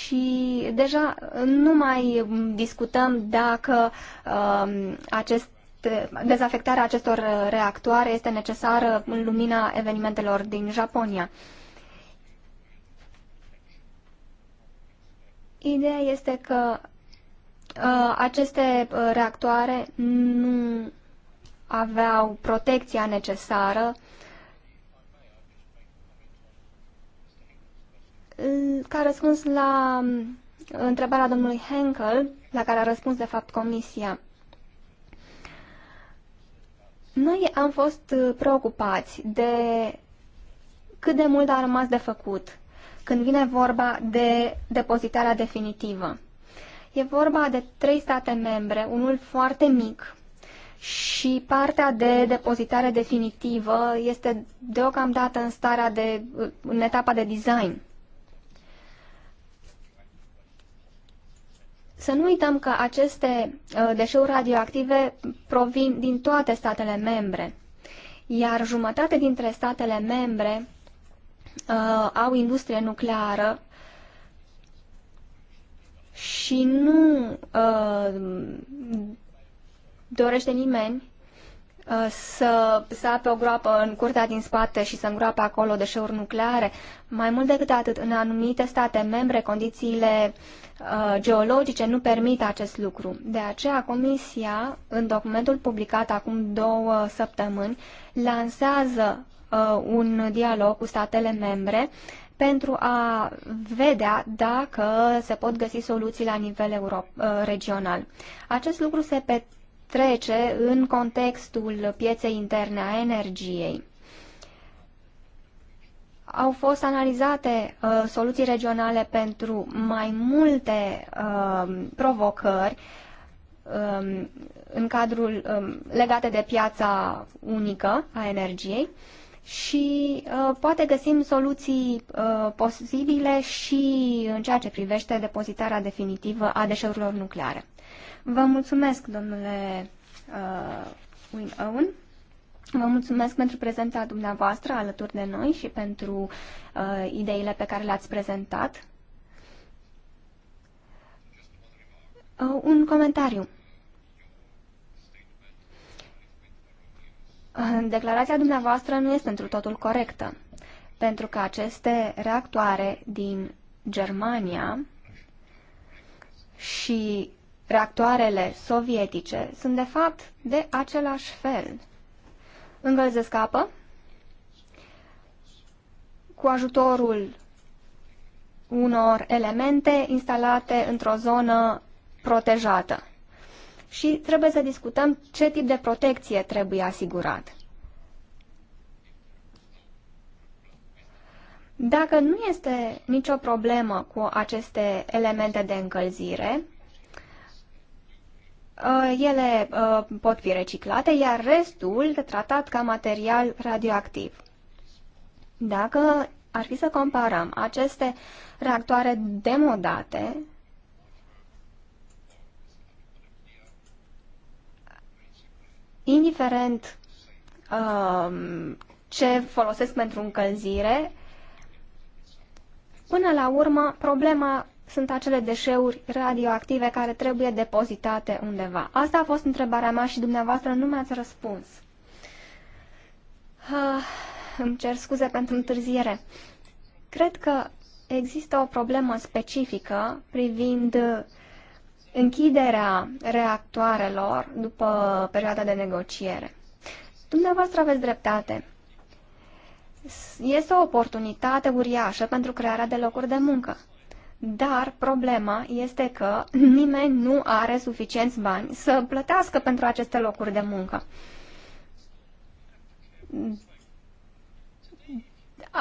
S1: și deja nu mai discutăm dacă uh, acest este, dezafectarea acestor uh, reactoare este necesară în lumina evenimentelor din Japonia. Ideea este că uh, aceste uh, reactoare nu aveau protecția necesară uh, ca răspuns la um, întrebarea domnului Henkel, la care a răspuns de fapt comisia. Noi am fost uh, preocupați de cât de mult a rămas de făcut când vine vorba de depozitarea definitivă. E vorba de trei state membre, unul foarte mic și partea de depozitare definitivă este deocamdată în starea de, în etapa de design. Să nu uităm că aceste uh, deșeuri radioactive provin din toate statele membre, iar jumătate dintre statele membre uh, au industrie nucleară și nu uh, dorește nimeni uh, să sape o groapă în curtea din spate și să îngroape acolo deșeuri nucleare. Mai mult decât atât, în anumite state membre, condițiile uh, Uh, geologice nu permit acest lucru. De aceea, Comisia, în documentul publicat acum două săptămâni, lansează uh, un dialog cu statele membre pentru a vedea dacă se pot găsi soluții la nivel euro, uh, regional. Acest lucru se petrece în contextul pieței interne a energiei au fost analizate uh, soluții regionale pentru mai multe uh, provocări um, în cadrul um, legate de piața unică a energiei și uh, poate găsim soluții uh, posibile și în ceea ce privește depozitarea definitivă a deșeurilor nucleare. Vă mulțumesc, domnule uh, Win Owen. Vă mulțumesc pentru prezentarea dumneavoastră alături de noi și pentru uh, ideile pe care le-ați prezentat. Uh, un comentariu. Uh, declarația dumneavoastră nu este întru totul corectă, pentru că aceste reactoare din Germania și reactoarele sovietice sunt de fapt de același fel învălzesc apă cu ajutorul unor elemente instalate într-o zonă protejată. Și trebuie să discutăm ce tip de protecție trebuie asigurat. Dacă nu este nicio problemă cu aceste elemente de încălzire, Uh, ele uh, pot fi reciclate, iar restul tratat ca material radioactiv. Dacă ar fi să comparăm aceste reactoare demodate, indiferent um, ce folosesc pentru încălzire, până la urmă problema sunt acele deșeuri radioactive care trebuie depozitate undeva? Asta a fost întrebarea mea și dumneavoastră nu mi-ați răspuns. Ha, îmi cer scuze pentru întârziere. Cred că există o problemă specifică privind închiderea reactoarelor după perioada de negociere. Dumneavoastră aveți dreptate. Este o oportunitate uriașă pentru crearea de locuri de muncă dar problema este că nimeni nu are suficienți bani să plătească pentru aceste locuri de muncă.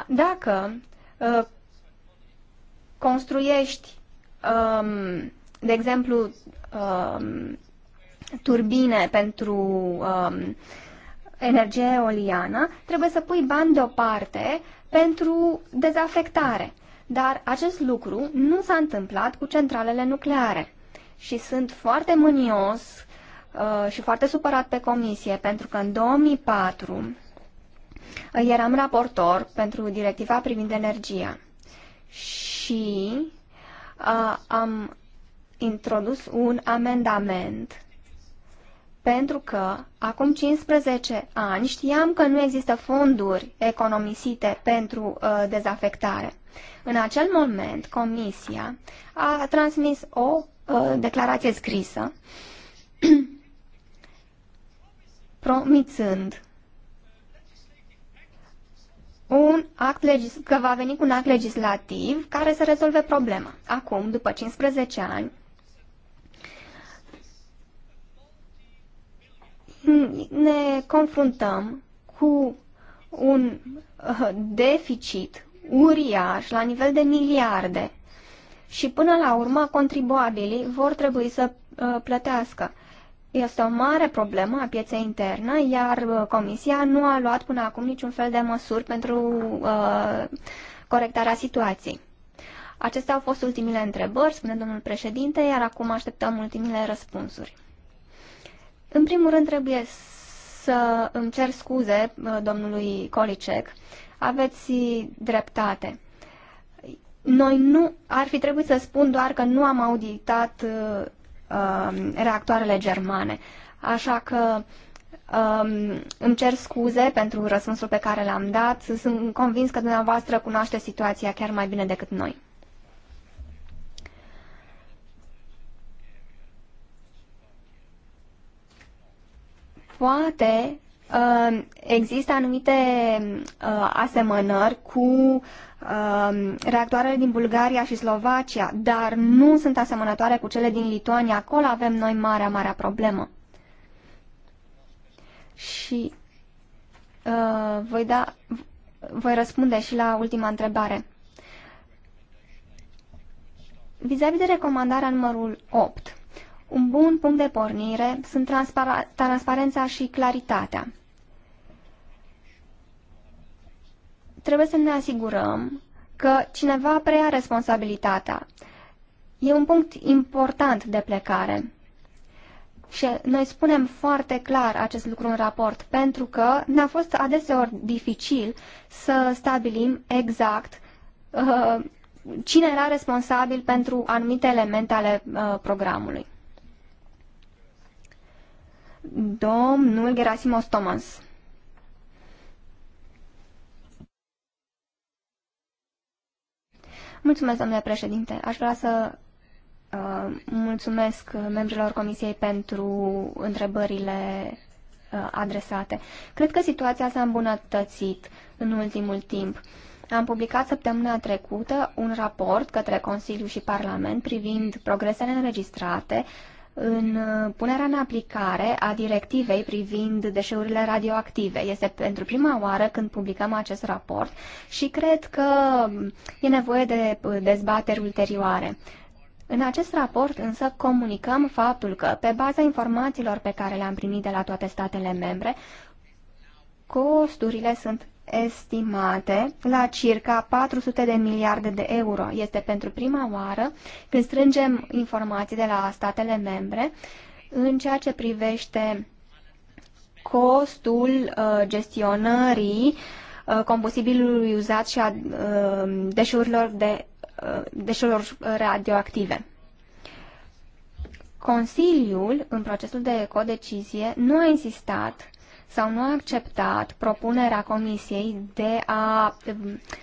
S1: Dacă ă, construiești, de exemplu, turbine pentru energie eoliană, trebuie să pui bani deoparte pentru dezafectare. Dar acest lucru nu s-a întâmplat cu centralele nucleare. Și sunt foarte mânios uh, și foarte supărat pe comisie, pentru că în 2004 uh, eram raportor pentru directiva privind energia și uh, am introdus un amendament pentru că acum 15 ani știam că nu există fonduri economisite pentru uh, dezafectare. În acel moment, Comisia a transmis o uh, declarație scrisă promițând un act legis- că va veni cu un act legislativ care să rezolve problema. Acum, după 15 ani, ne confruntăm cu un uh, deficit uriaș, la nivel de miliarde. Și până la urmă, contribuabilii vor trebui să uh, plătească. Este o mare problemă a pieței interne, iar uh, Comisia nu a luat până acum niciun fel de măsuri pentru uh, corectarea situației. Acestea au fost ultimile întrebări, spune domnul președinte, iar acum așteptăm ultimile răspunsuri. În primul rând trebuie să îmi cer scuze uh, domnului Kolicek aveți dreptate. Noi nu, ar fi trebuit să spun doar că nu am auditat uh, um, reactoarele germane. Așa că um, îmi cer scuze pentru răspunsul pe care l-am dat. Sunt convins că dumneavoastră cunoaște situația chiar mai bine decât noi. Poate Um, există anumite uh, asemănări cu um, reactoarele din Bulgaria și Slovacia, dar nu sunt asemănătoare cu cele din Lituania. Acolo avem noi marea, marea problemă. Și uh, voi da, voi răspunde și la ultima întrebare. Vis-a-vis -vis de recomandarea numărul 8, un bun punct de pornire sunt transpar transparența și claritatea. trebuie să ne asigurăm că cineva preia responsabilitatea. E un punct important de plecare. Și noi spunem foarte clar acest lucru în raport, pentru că ne-a fost adeseori dificil să stabilim exact uh, cine era responsabil pentru anumite elemente ale uh, programului. Domnul Gerasimos Thomas. Mulțumesc, domnule președinte. Aș vrea să uh, mulțumesc membrilor comisiei pentru întrebările uh, adresate. Cred că situația s-a îmbunătățit în ultimul timp. Am publicat săptămâna trecută un raport către Consiliu și Parlament privind progresele înregistrate uh, în uh, punerea în aplicare a directivei privind deșeurile radioactive. Este pentru prima oară când publicăm acest raport și cred că um, e nevoie de uh, dezbateri ulterioare. În acest raport însă comunicăm faptul că, pe baza informațiilor pe care le-am primit de la toate statele membre, costurile sunt estimate la circa 400 de miliarde de euro. Este pentru prima oară când strângem informații de la statele membre în ceea ce privește costul uh, gestionării uh, combustibilului uzat și a uh, deșeurilor, de, deșeurilor radioactive. Consiliul, în procesul de codecizie, nu a insistat sau nu a acceptat propunerea Comisiei de a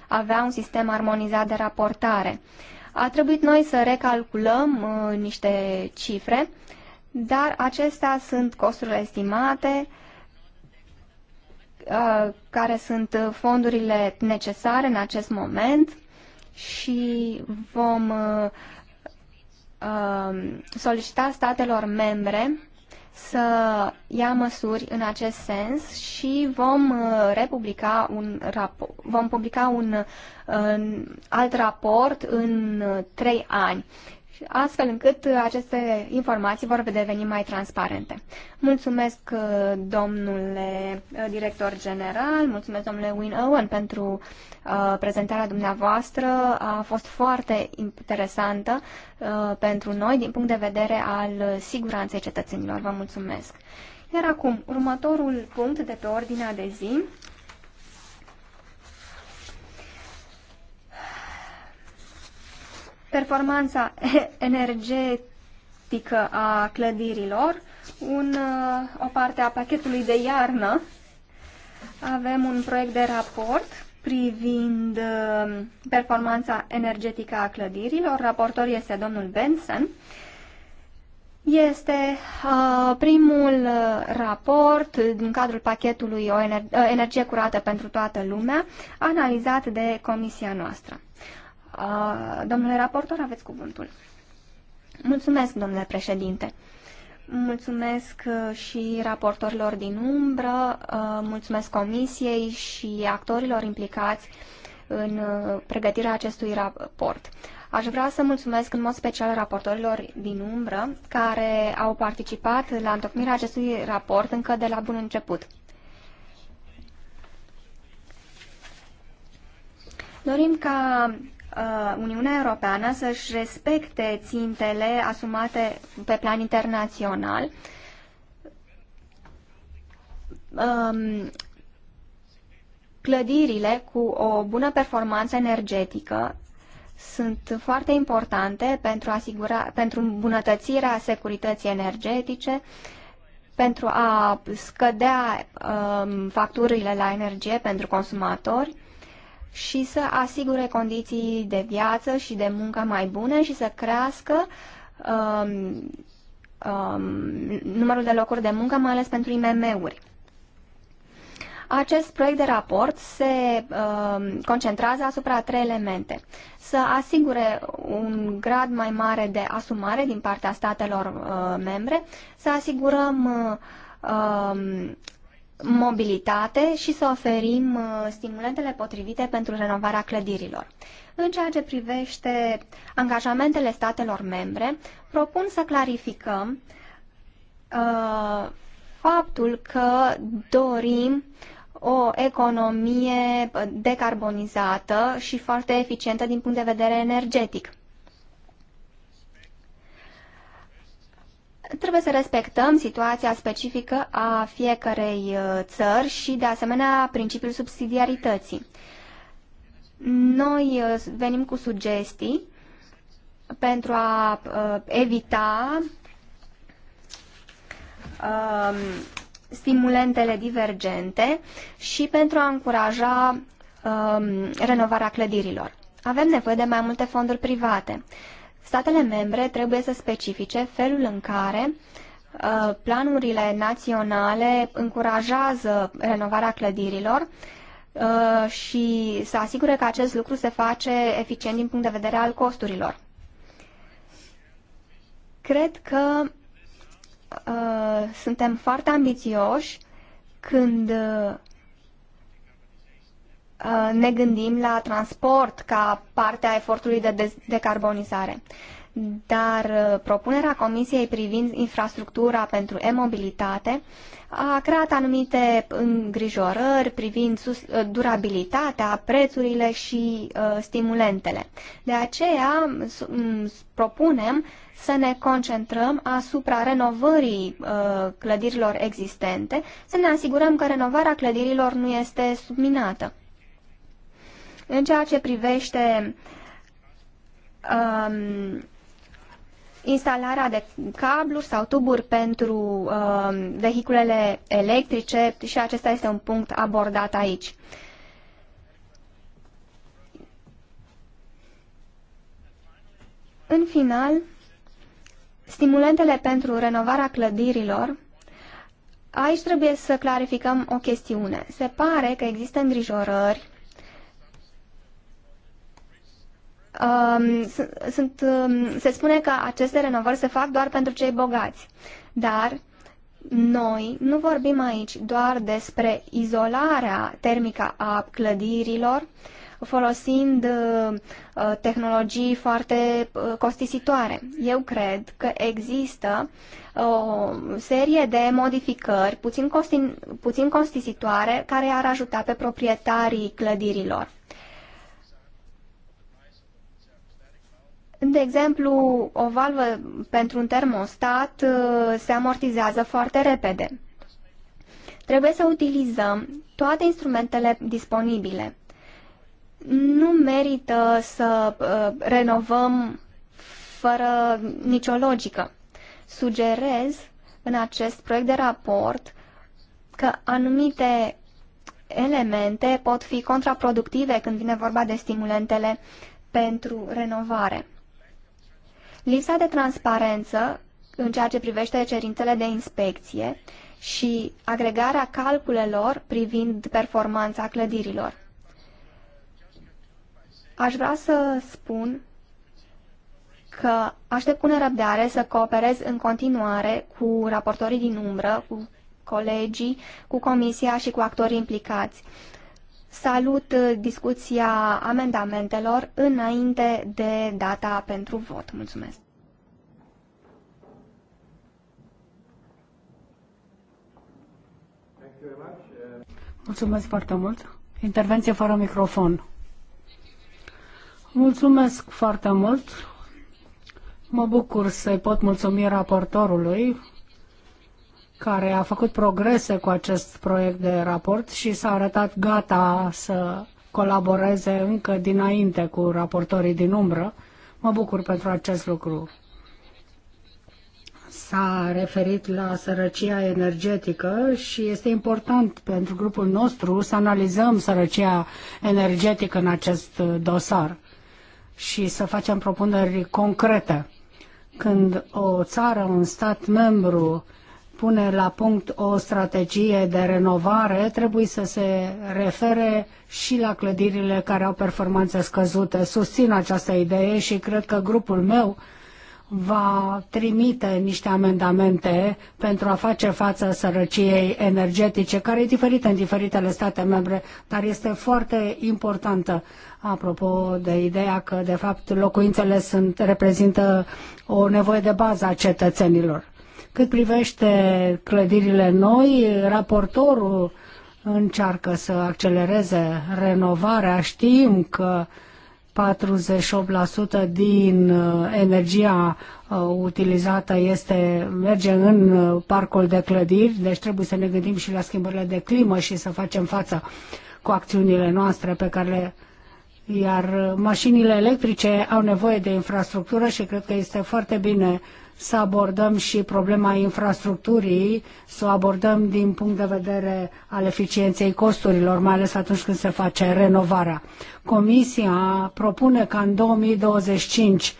S1: avea un sistem armonizat de raportare. A trebuit noi să recalculăm uh, niște cifre, dar acestea sunt costurile estimate, uh, care sunt fondurile necesare în acest moment și vom uh, uh solicita statelor membre să ia măsuri în acest sens și vom uh, republica un vom publica un, un uh, alt raport în uh, trei ani astfel încât uh, aceste informații vor deveni mai transparente. Mulțumesc, uh, domnule uh, director general, mulțumesc, domnule Win Owen, pentru prezentarea dumneavoastră. A fost foarte interesantă pentru noi din punct de vedere al siguranței cetățenilor. Vă mulțumesc. Iar acum, următorul punct de pe ordinea de zi performanța energetică a clădirilor, un, uh, o parte a pachetului de iarnă. Avem un proiect de raport privind uh, performanța energetică a clădirilor. Raportor este domnul Benson. Este uh, primul uh, raport din cadrul pachetului o energie curată pentru toată lumea, analizat de comisia noastră. Domnule raportor, aveți cuvântul. Mulțumesc, domnule președinte. Mulțumesc uh, și raportorilor din umbră, uh, mulțumesc comisiei și actorilor implicați în uh, pregătirea acestui raport. Aș vrea să mulțumesc în mod special raportorilor din umbră care au participat la întocmirea acestui raport încă de la bun început. Dorim ca Uh, Uniunea Europeană să-și respecte țintele asumate pe plan internațional um, clădirile cu o bună performanță energetică sunt foarte importante pentru, asigura, pentru îmbunătățirea securității energetice, pentru a scădea um, facturile la energie pentru consumatori și să asigure condiții de viață și de muncă mai bune și să crească um, um, numărul de locuri de muncă, mai ales pentru IMM-uri. Acest proiect de raport se uh, concentrează asupra trei elemente. Să asigure un grad mai mare de asumare din partea statelor uh, membre, să asigurăm uh, um, mobilitate și să oferim uh, stimulentele potrivite pentru renovarea clădirilor. În ceea ce privește angajamentele statelor membre, propun să clarificăm uh, faptul că dorim o economie decarbonizată și foarte eficientă din punct de vedere energetic. trebuie să respectăm situația specifică a fiecarei uh, țări și, de asemenea, principiul subsidiarității. Noi uh, venim cu sugestii pentru a uh, evita um, stimulentele divergente și pentru a încuraja um, renovarea clădirilor. Avem nevoie de mai multe fonduri private statele membre trebuie să specifice felul în care uh, planurile naționale încurajează renovarea clădirilor uh, și să asigure că acest lucru se face eficient din punct de vedere al costurilor. Cred că uh, suntem foarte ambițioși când Uh, ne gândim la transport ca parte a efortului de decarbonizare. Dar uh, propunerea Comisiei privind infrastructura pentru e-mobilitate a creat anumite îngrijorări privind uh, durabilitatea, prețurile și stimulentele. De aceea mm, propunem să ne concentrăm asupra renovării clădirilor existente, să ne asigurăm că renovarea clădirilor nu este subminată. În ceea ce privește um, instalarea de cabluri sau tuburi pentru um, vehiculele electrice și acesta este un punct abordat aici. În final, stimulentele pentru renovarea clădirilor Aici trebuie să clarificăm o chestiune. Se pare că există îngrijorări um, sunt, um, se spune că aceste renovări se fac doar pentru cei bogați. Dar noi nu vorbim aici doar despre izolarea termică a clădirilor, folosind uh, tehnologii foarte uh, costisitoare. Eu cred că există uh, o serie de modificări puțin, costin, puțin costisitoare care ar ajuta pe proprietarii clădirilor. De exemplu, o valvă pentru un termostat uh, se amortizează foarte repede. Trebuie să utilizăm toate instrumentele disponibile. Nu merită să uh, renovăm fără nicio logică. Sugerez în acest proiect de raport că anumite elemente pot fi contraproductive când vine vorba de stimulentele pentru renovare. Lipsa de transparență în ceea ce privește cerințele de inspecție și agregarea calculelor privind performanța clădirilor. Aș vrea să spun că aștept cu nerăbdare să cooperez în continuare cu raportorii din umbră, cu colegii, cu comisia și cu actorii implicați. Salut uh, discuția amendamentelor înainte de data pentru vot. Mulțumesc! Mulțumesc foarte
S2: mult. Intervenție fără microfon. Mulțumesc foarte mult. Mă bucur să pot mulțumi raportorului care a făcut progrese cu acest proiect de raport și s-a arătat gata să colaboreze încă dinainte cu raportorii din umbră. Mă bucur pentru acest lucru. S-a referit la sărăcia energetică și este important pentru grupul nostru să analizăm sărăcia energetică în acest dosar și să facem propuneri concrete. Când o țară, un stat membru pune la punct o strategie de renovare trebuie să se refere și la clădirile care au performanțe scăzute. Susțin această idee și cred că grupul meu va trimite niște amendamente pentru a face față sărăciei energetice, care e diferită în diferitele state membre, dar este foarte importantă. Apropo de ideea că, de fapt, locuințele sunt, reprezintă o nevoie de bază a cetățenilor. Cât privește clădirile noi, raportorul încearcă să accelereze renovarea. Știm că 48% din uh, energia uh, utilizată este, merge în uh, parcul de clădiri, deci trebuie să ne gândim și la schimbările de climă și să facem față cu acțiunile noastre pe care le iar mașinile electrice au nevoie de infrastructură și cred că este foarte bine să abordăm și problema infrastructurii, să o abordăm din punct de vedere al eficienței costurilor, mai ales atunci când se face renovarea. Comisia propune ca în 2025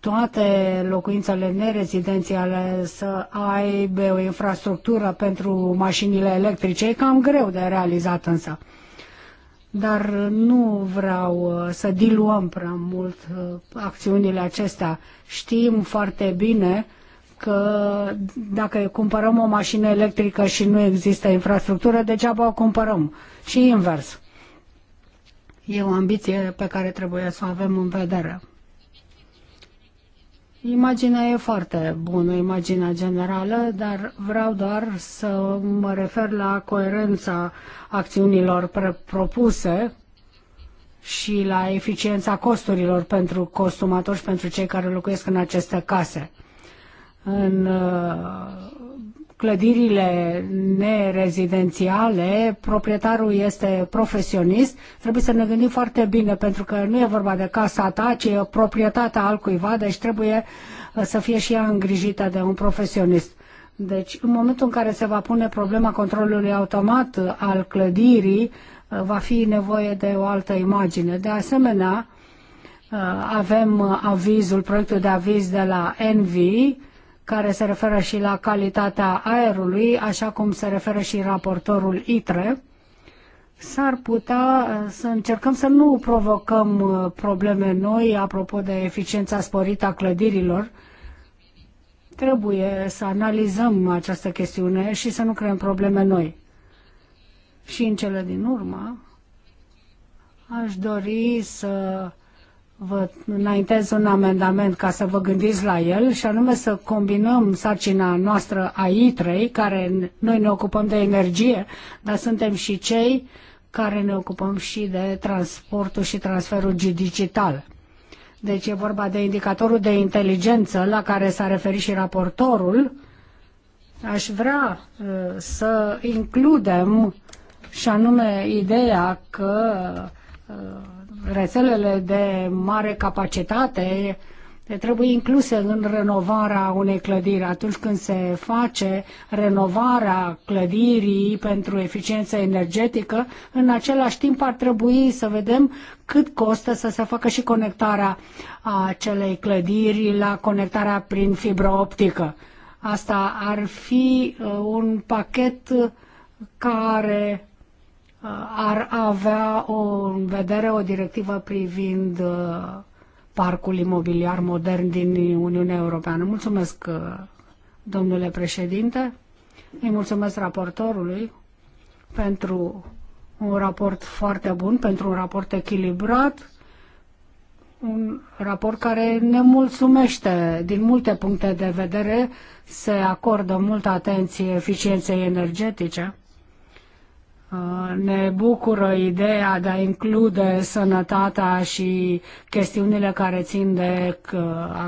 S2: toate locuințele nerezidențiale să aibă o infrastructură pentru mașinile electrice. E cam greu de realizat însă dar nu vreau uh, să diluăm prea mult uh, acțiunile acestea. Știm foarte bine că dacă cumpărăm o mașină electrică și nu există infrastructură, degeaba o cumpărăm. Și invers. E o ambiție pe care trebuie să o avem în vedere. Imaginea e foarte bună, imaginea generală, dar vreau doar să mă refer la coerența acțiunilor propuse și la eficiența costurilor pentru consumatori și pentru cei care locuiesc în aceste case. În uh, clădirile nerezidențiale, proprietarul este profesionist, trebuie să ne gândim foarte bine, pentru că nu e vorba de casa ta, ci e proprietatea altcuiva, deci trebuie uh, să fie și ea îngrijită de un profesionist. Deci, în momentul în care se va pune problema controlului automat uh, al clădirii, uh, va fi nevoie de o altă imagine. De asemenea, avem avizul, proiectul de aviz de la Envi, care se referă și la calitatea aerului, așa cum se referă și raportorul ITRE, s-ar putea uh, să încercăm să nu provocăm uh, probleme noi apropo de eficiența sporită a clădirilor. Trebuie să analizăm această chestiune și să nu creăm probleme noi. Și în cele din urmă, aș dori să vă înaintez un amendament ca să vă gândiți la el și anume să combinăm sarcina noastră a I3, care noi ne ocupăm de energie, dar suntem și cei care ne ocupăm și de transportul și transferul digital. Deci e vorba de indicatorul de inteligență la care s-a referit și raportorul. Aș vrea uh, să includem și anume ideea că uh, rețelele de mare capacitate trebuie incluse în renovarea unei clădiri. Atunci când se face renovarea clădirii pentru eficiență energetică, în același timp ar trebui să vedem cât costă să se facă și conectarea acelei clădiri la conectarea prin fibră optică. Asta ar fi uh, un pachet care Uh, ar avea o, în vedere o directivă privind uh, parcul imobiliar modern din Uniunea Europeană. Mulțumesc, uh, domnule președinte. Îi mulțumesc raportorului pentru un raport foarte bun, pentru un raport echilibrat, un raport care ne mulțumește din multe puncte de vedere, se acordă multă atenție eficienței energetice Uh, ne bucură ideea de a include sănătatea și chestiunile care țin de uh,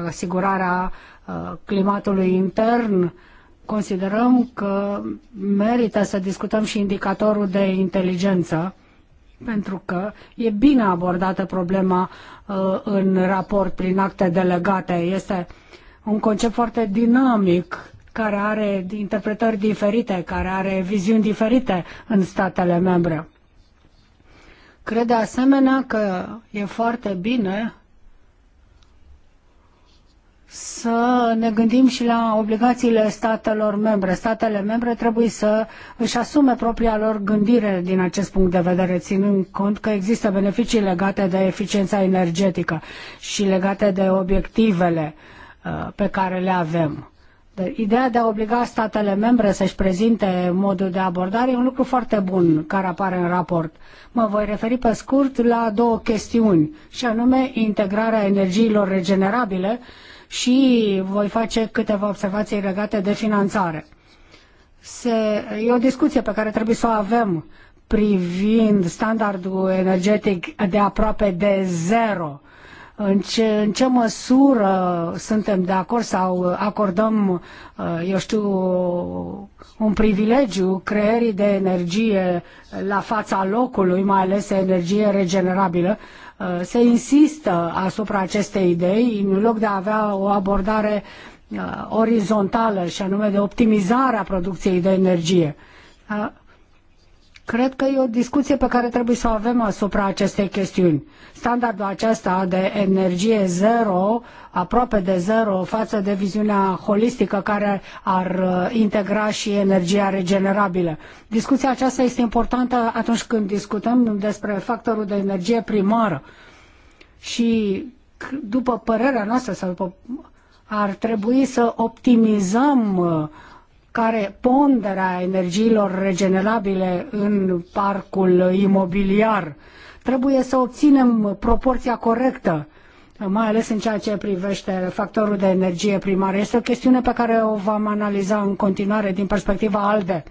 S2: asigurarea uh, climatului intern. Considerăm că merită să discutăm și indicatorul de inteligență, pentru că e bine abordată problema în raport prin acte delegate. Este un concept foarte dinamic care are interpretări diferite, care are viziuni diferite în statele membre. Cred de asemenea că e foarte bine să ne gândim și la obligațiile statelor membre. Statele membre trebuie să își asume propria lor gândire din acest punct de vedere, ținând cont că există beneficii legate de eficiența energetică și legate de obiectivele uh, pe care le avem. Deci, ideea de a obliga statele membre să-și prezinte modul de abordare e un lucru foarte bun care apare în raport. Mă voi referi pe scurt la două chestiuni, și anume integrarea energiilor regenerabile și voi face câteva observații legate de finanțare. Se, e o discuție pe care trebuie să o avem privind standardul energetic de aproape de zero în ce, în ce măsură suntem de acord sau acordăm, uh, eu știu, un privilegiu creierii de energie la fața locului, mai ales energie regenerabilă, uh, se insistă asupra acestei idei în loc de a avea o abordare uh, orizontală și anume de optimizarea producției de energie. Cred că e o discuție pe care trebuie să o avem asupra acestei chestiuni. Standardul acesta de energie zero, aproape de zero, față de viziunea holistică care ar uh, integra și energia regenerabilă. Discuția aceasta este importantă atunci când discutăm despre factorul de energie primară. Și după părerea noastră, sau după, ar trebui să optimizăm uh, care ponderea energiilor regenerabile în parcul imobiliar. Trebuie să obținem proporția corectă, mai ales în ceea ce privește factorul de energie primară. Este o chestiune pe care o vom analiza în continuare din perspectiva ALDE.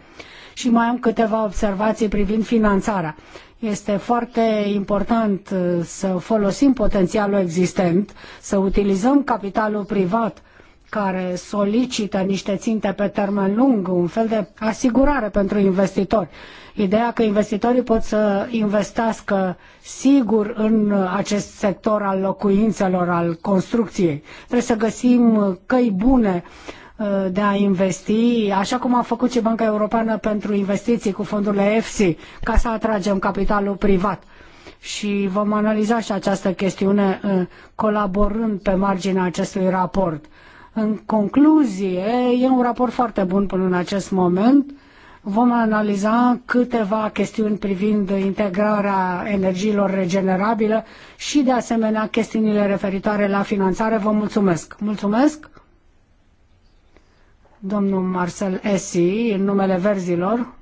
S2: Și mai am câteva observații privind finanțarea. Este foarte important uh, să folosim potențialul existent, să utilizăm capitalul privat care solicită niște ținte pe termen lung, un fel de asigurare pentru investitori. Ideea că investitorii pot să investească sigur în acest sector al locuințelor, al construcției. Trebuie să găsim căi bune uh, de a investi, așa cum a făcut și Banca Europeană pentru investiții cu fondurile EFSI, ca să atragem capitalul privat și vom analiza și această chestiune uh, colaborând pe marginea acestui raport. În concluzie, e un raport foarte bun până în acest moment. Vom analiza câteva chestiuni privind integrarea energiilor regenerabile și, de asemenea, chestiunile referitoare la finanțare. Vă mulțumesc! Mulțumesc! Domnul Marcel Esi, în numele verzilor.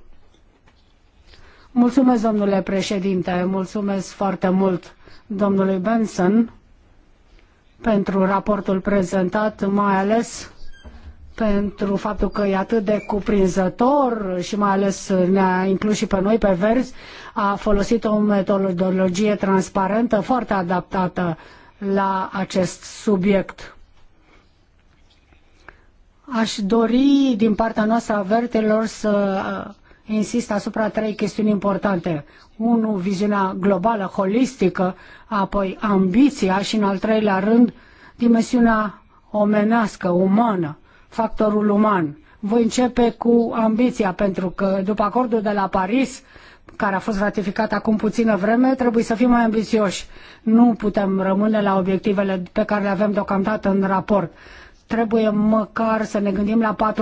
S2: Mulțumesc, domnule președinte, mulțumesc foarte mult domnului Benson pentru raportul prezentat, mai ales pentru faptul că e atât de cuprinzător și mai ales ne-a inclus și pe noi pe verzi, a folosit o metodologie transparentă foarte adaptată la acest subiect. Aș dori din partea noastră a vertelor să insist asupra trei chestiuni importante. Unu, viziunea globală, holistică, apoi ambiția și, în al treilea rând, dimensiunea omenească, umană, factorul uman. Voi începe cu ambiția, pentru că după acordul de la Paris, care a fost ratificat acum puțină vreme, trebuie să fim mai ambițioși. Nu putem rămâne la obiectivele pe care le avem deocamdată în raport trebuie măcar să ne gândim la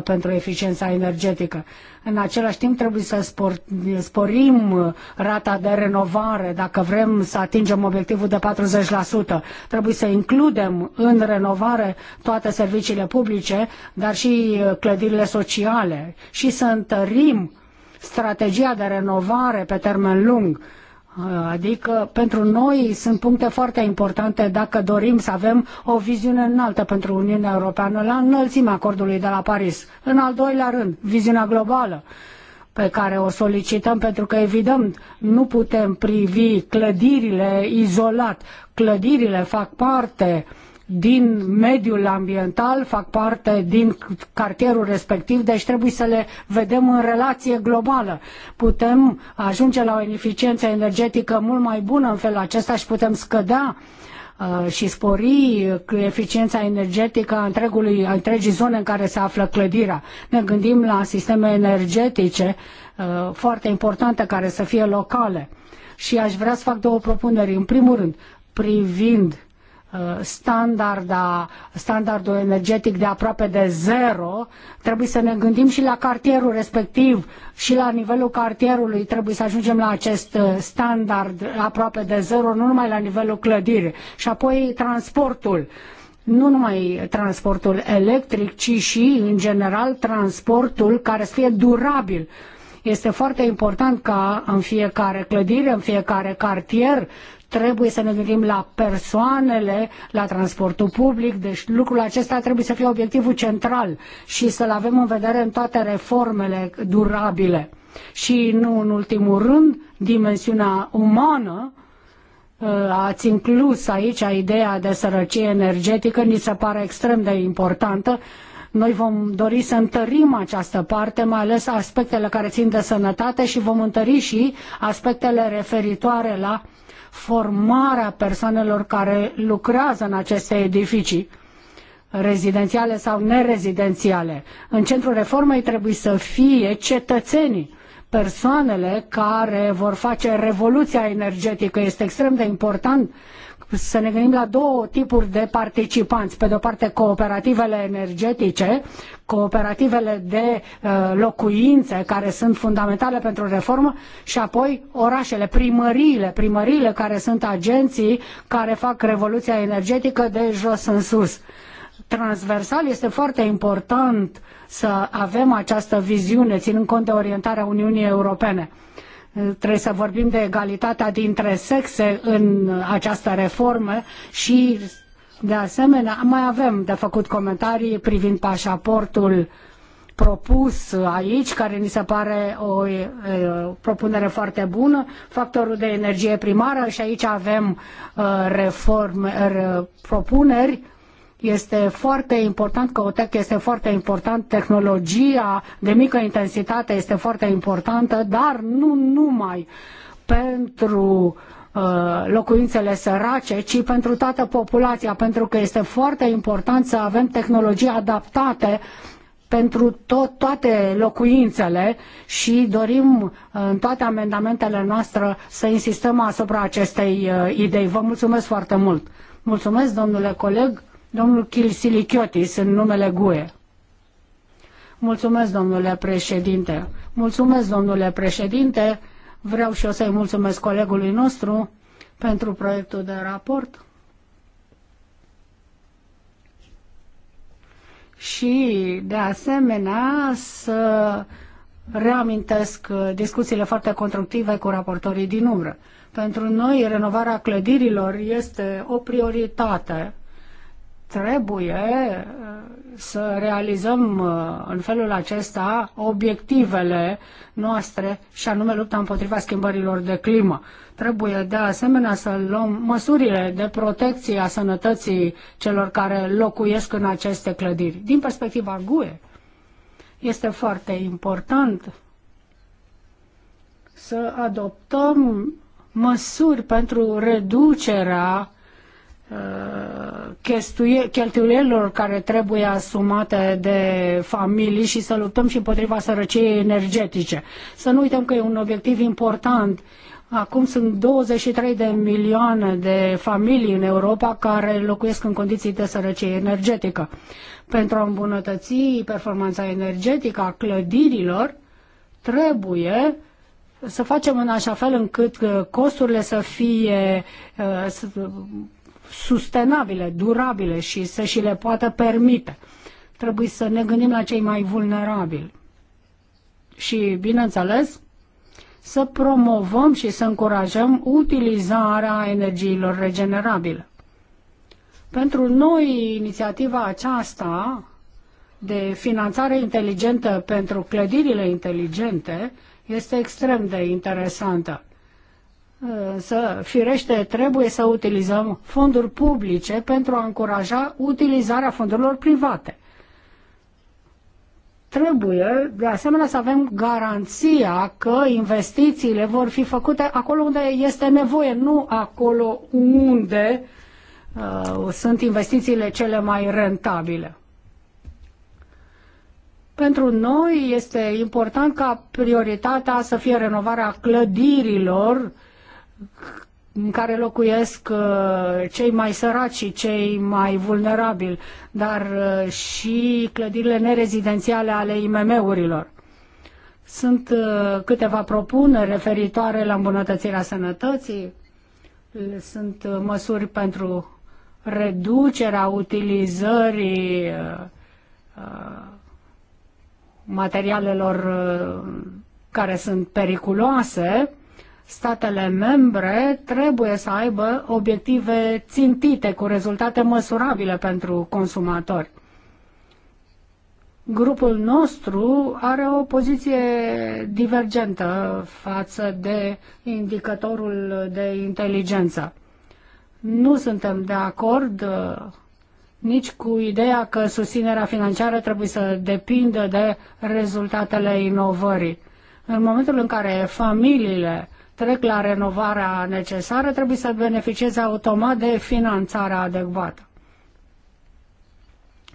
S2: 40% pentru eficiența energetică. În același timp trebuie să spor, sporim rata de renovare dacă vrem să atingem obiectivul de 40%. Trebuie să includem în renovare toate serviciile publice, dar și uh, clădirile sociale și să întărim strategia de renovare pe termen lung Uh, adică pentru noi sunt puncte foarte importante dacă dorim să avem o viziune înaltă pentru Uniunea Europeană, la înălțimea acordului de la Paris. În al doilea rând, viziunea globală pe care o solicităm, pentru că, evident, nu putem privi clădirile izolat. Clădirile fac parte uh, din mediul ambiental, fac parte din cartierul respectiv, deci trebuie să le vedem în relație globală. Putem ajunge la o eficiență energetică mult mai bună în felul acesta și putem scădea uh, și spori eficiența energetică a, întregului, a întregii zone în care se află clădirea. Ne gândim la sisteme energetice uh, foarte importante care să fie locale. Și aș vrea să fac două propuneri. În primul rând, privind standarda, standardul energetic de aproape de zero, trebuie să ne gândim și la cartierul respectiv și la nivelul cartierului trebuie să ajungem la acest uh, standard aproape de zero, nu numai la nivelul clădirii. Și apoi transportul nu numai transportul electric, ci și, în general, transportul care să fie durabil, este foarte important ca în fiecare clădire, în fiecare cartier, trebuie să ne gândim la persoanele, la transportul public, deci lucrul acesta trebuie să fie obiectivul central și să-l avem în vedere în toate reformele durabile. Și nu în ultimul rând, dimensiunea umană, ă, ați inclus aici ideea de sărăcie energetică, ni se pare extrem de importantă noi vom dori să întărim această parte, mai ales aspectele care țin de sănătate și vom întări și aspectele referitoare la formarea persoanelor care lucrează în aceste edificii rezidențiale sau nerezidențiale. În centrul reformei trebuie să fie cetățenii, persoanele care vor face revoluția energetică. Este extrem de important să ne gândim la două tipuri de participanți. Pe de o parte, cooperativele energetice, cooperativele de uh, locuințe, care sunt fundamentale pentru reformă, și apoi orașele, primăriile, primăriile care sunt agenții care fac revoluția energetică de jos în sus transversal este foarte important să avem această viziune, ținând cont de orientarea Uniunii Europene. Trebuie să vorbim de egalitatea dintre sexe în această reformă și, de asemenea, mai avem de făcut comentarii privind pașaportul propus aici, care ni se pare o e, propunere foarte bună, factorul de energie primară și aici avem e, uh, reforme, e, propuneri este foarte important, Căutec este foarte important, tehnologia de mică intensitate este foarte importantă, dar nu numai pentru uh, locuințele sărace, ci pentru toată populația, pentru că este foarte important să avem tehnologii adaptate pentru tot, toate locuințele și dorim uh, în toate amendamentele noastre să insistăm asupra acestei uh, idei. Vă mulțumesc foarte mult! Mulțumesc, domnule coleg! Domnul Kilsilichiotis, în numele GUE. Mulțumesc, domnule președinte. Mulțumesc, domnule președinte. Vreau și o să-i mulțumesc colegului nostru pentru proiectul de raport. Și, de asemenea, să reamintesc discuțiile foarte constructive cu raportorii din umbră. Pentru noi, renovarea clădirilor este o prioritate trebuie uh, să realizăm uh, în felul acesta obiectivele noastre și anume lupta împotriva schimbărilor de climă. Trebuie de asemenea să luăm măsurile de protecție a sănătății celor care locuiesc în aceste clădiri. Din perspectiva GUE, este foarte important să adoptăm măsuri pentru reducerea Uh, cheltuielilor care trebuie asumate de familii și să luptăm și împotriva sărăciei energetice. Să nu uităm că e un obiectiv important. Acum sunt 23 de milioane de familii în Europa care locuiesc în condiții de sărăcie energetică. Pentru a îmbunătăți performanța energetică a clădirilor, trebuie să facem în așa fel încât uh, costurile să fie uh, sustenabile, durabile și să și le poată permite. Trebuie să ne gândim la cei mai vulnerabili. Și, bineînțeles, să promovăm și să încurajăm utilizarea energiilor regenerabile. Pentru noi, inițiativa aceasta de finanțare inteligentă pentru clădirile inteligente este extrem de interesantă să firește trebuie să utilizăm fonduri publice pentru a încuraja utilizarea fondurilor private. Trebuie, de asemenea, să avem garanția că investițiile vor fi făcute acolo unde este nevoie, nu acolo unde uh, sunt investițiile cele mai rentabile. Pentru noi este important ca prioritatea să fie renovarea clădirilor în care locuiesc uh, cei mai săraci și cei mai vulnerabili, dar uh, și clădirile nerezidențiale ale IMM-urilor. Sunt uh, câteva propuneri referitoare la îmbunătățirea sănătății, sunt măsuri pentru reducerea utilizării materialelor care sunt periculoase, statele membre trebuie să aibă obiective țintite cu rezultate măsurabile pentru consumatori. Grupul nostru are o poziție divergentă față de indicatorul de inteligență. Nu suntem de acord uh, nici cu ideea că susținerea financiară trebuie să depindă de rezultatele inovării. În momentul în care familiile trec la renovarea necesară, trebuie să beneficieze automat de finanțarea adecvată.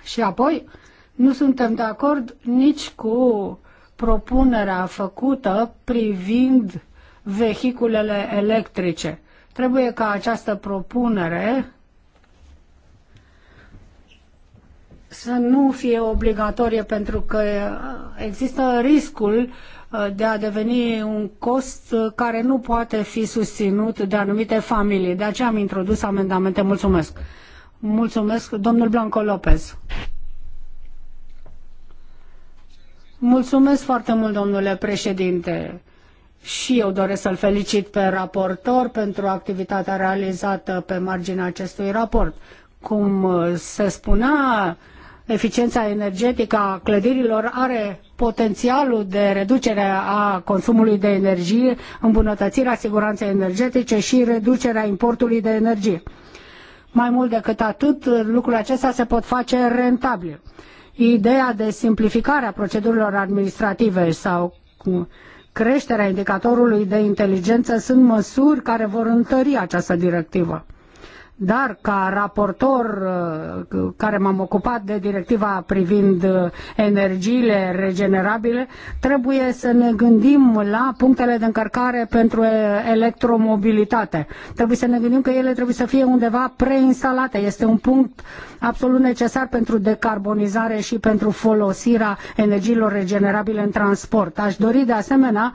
S2: Și apoi, nu suntem de acord nici cu propunerea făcută privind vehiculele electrice. Trebuie ca această propunere să nu fie obligatorie pentru că există riscul Uh, de a deveni un cost uh, care nu poate fi susținut de anumite familii. De aceea am introdus amendamente. Mulțumesc. Mulțumesc, domnul Blanco Lopez. Mulțumesc foarte mult, domnule președinte. Și eu doresc să-l felicit pe raportor pentru activitatea realizată pe marginea acestui raport. Cum uh, se spunea, eficiența energetică a clădirilor are potențialul de reducere a consumului de energie, îmbunătățirea siguranței energetice și reducerea importului de energie. Mai mult decât atât, lucrurile acestea se pot face rentabil. Ideea de simplificare a procedurilor administrative sau creșterea indicatorului de inteligență sunt măsuri care vor întări această directivă. Dar ca raportor uh, care m-am ocupat de directiva privind uh, energiile regenerabile, trebuie să ne gândim la punctele de încărcare pentru uh, electromobilitate. Trebuie să ne gândim că ele trebuie să fie undeva preinstalate. Este un punct absolut necesar pentru decarbonizare și pentru folosirea energiilor regenerabile în transport. Aș dori de asemenea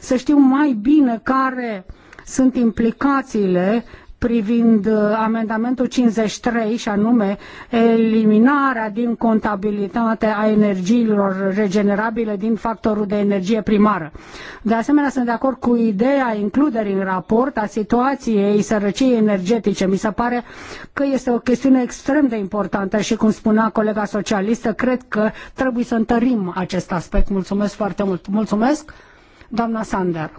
S2: să știu mai bine care sunt implicațiile privind uh, amendamentul 53 și anume eliminarea din contabilitate a energiilor regenerabile din factorul de energie primară. De asemenea, sunt de acord cu ideea includerii în raport a situației sărăciei energetice. Mi se pare că este o chestiune extrem de importantă și, cum spunea colega socialistă, cred că trebuie să întărim acest aspect. Mulțumesc foarte mult. Mulțumesc, doamna Sander.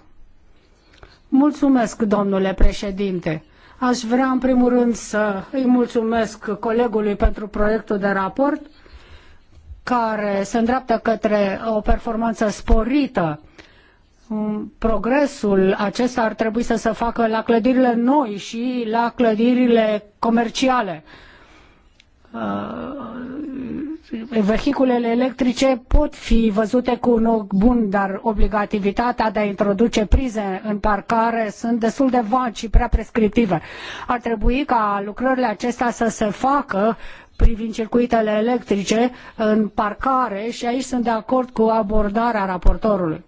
S2: Mulțumesc, domnule președinte. Aș vrea în primul rând să îi mulțumesc colegului pentru proiectul de raport care se îndreaptă către o performanță sporită. Mm, Progresul acesta ar trebui să se facă la clădirile noi și la clădirile comerciale uh, vehiculele electrice pot fi văzute cu un ochi bun, dar obligativitatea de a introduce prize în parcare sunt destul de vagi și prea prescriptive. Ar trebui ca lucrările acestea să se facă privind circuitele electrice în parcare și aici sunt de acord cu abordarea raportorului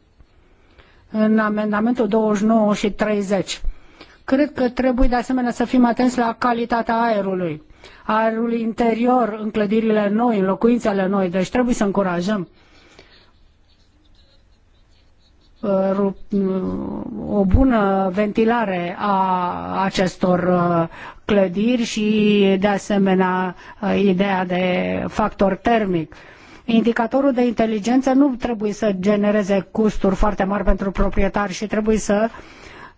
S2: în amendamentul 29 și 30. Cred că trebuie de asemenea să fim atenți la calitatea aerului aerul interior în clădirile noi, în locuințele noi. Deci trebuie să încurajăm uh, uh, o bună ventilare a acestor uh, clădiri și de asemenea ideea de factor termic. Indicatorul de inteligență nu trebuie să genereze costuri foarte mari pentru proprietari și trebuie să uh,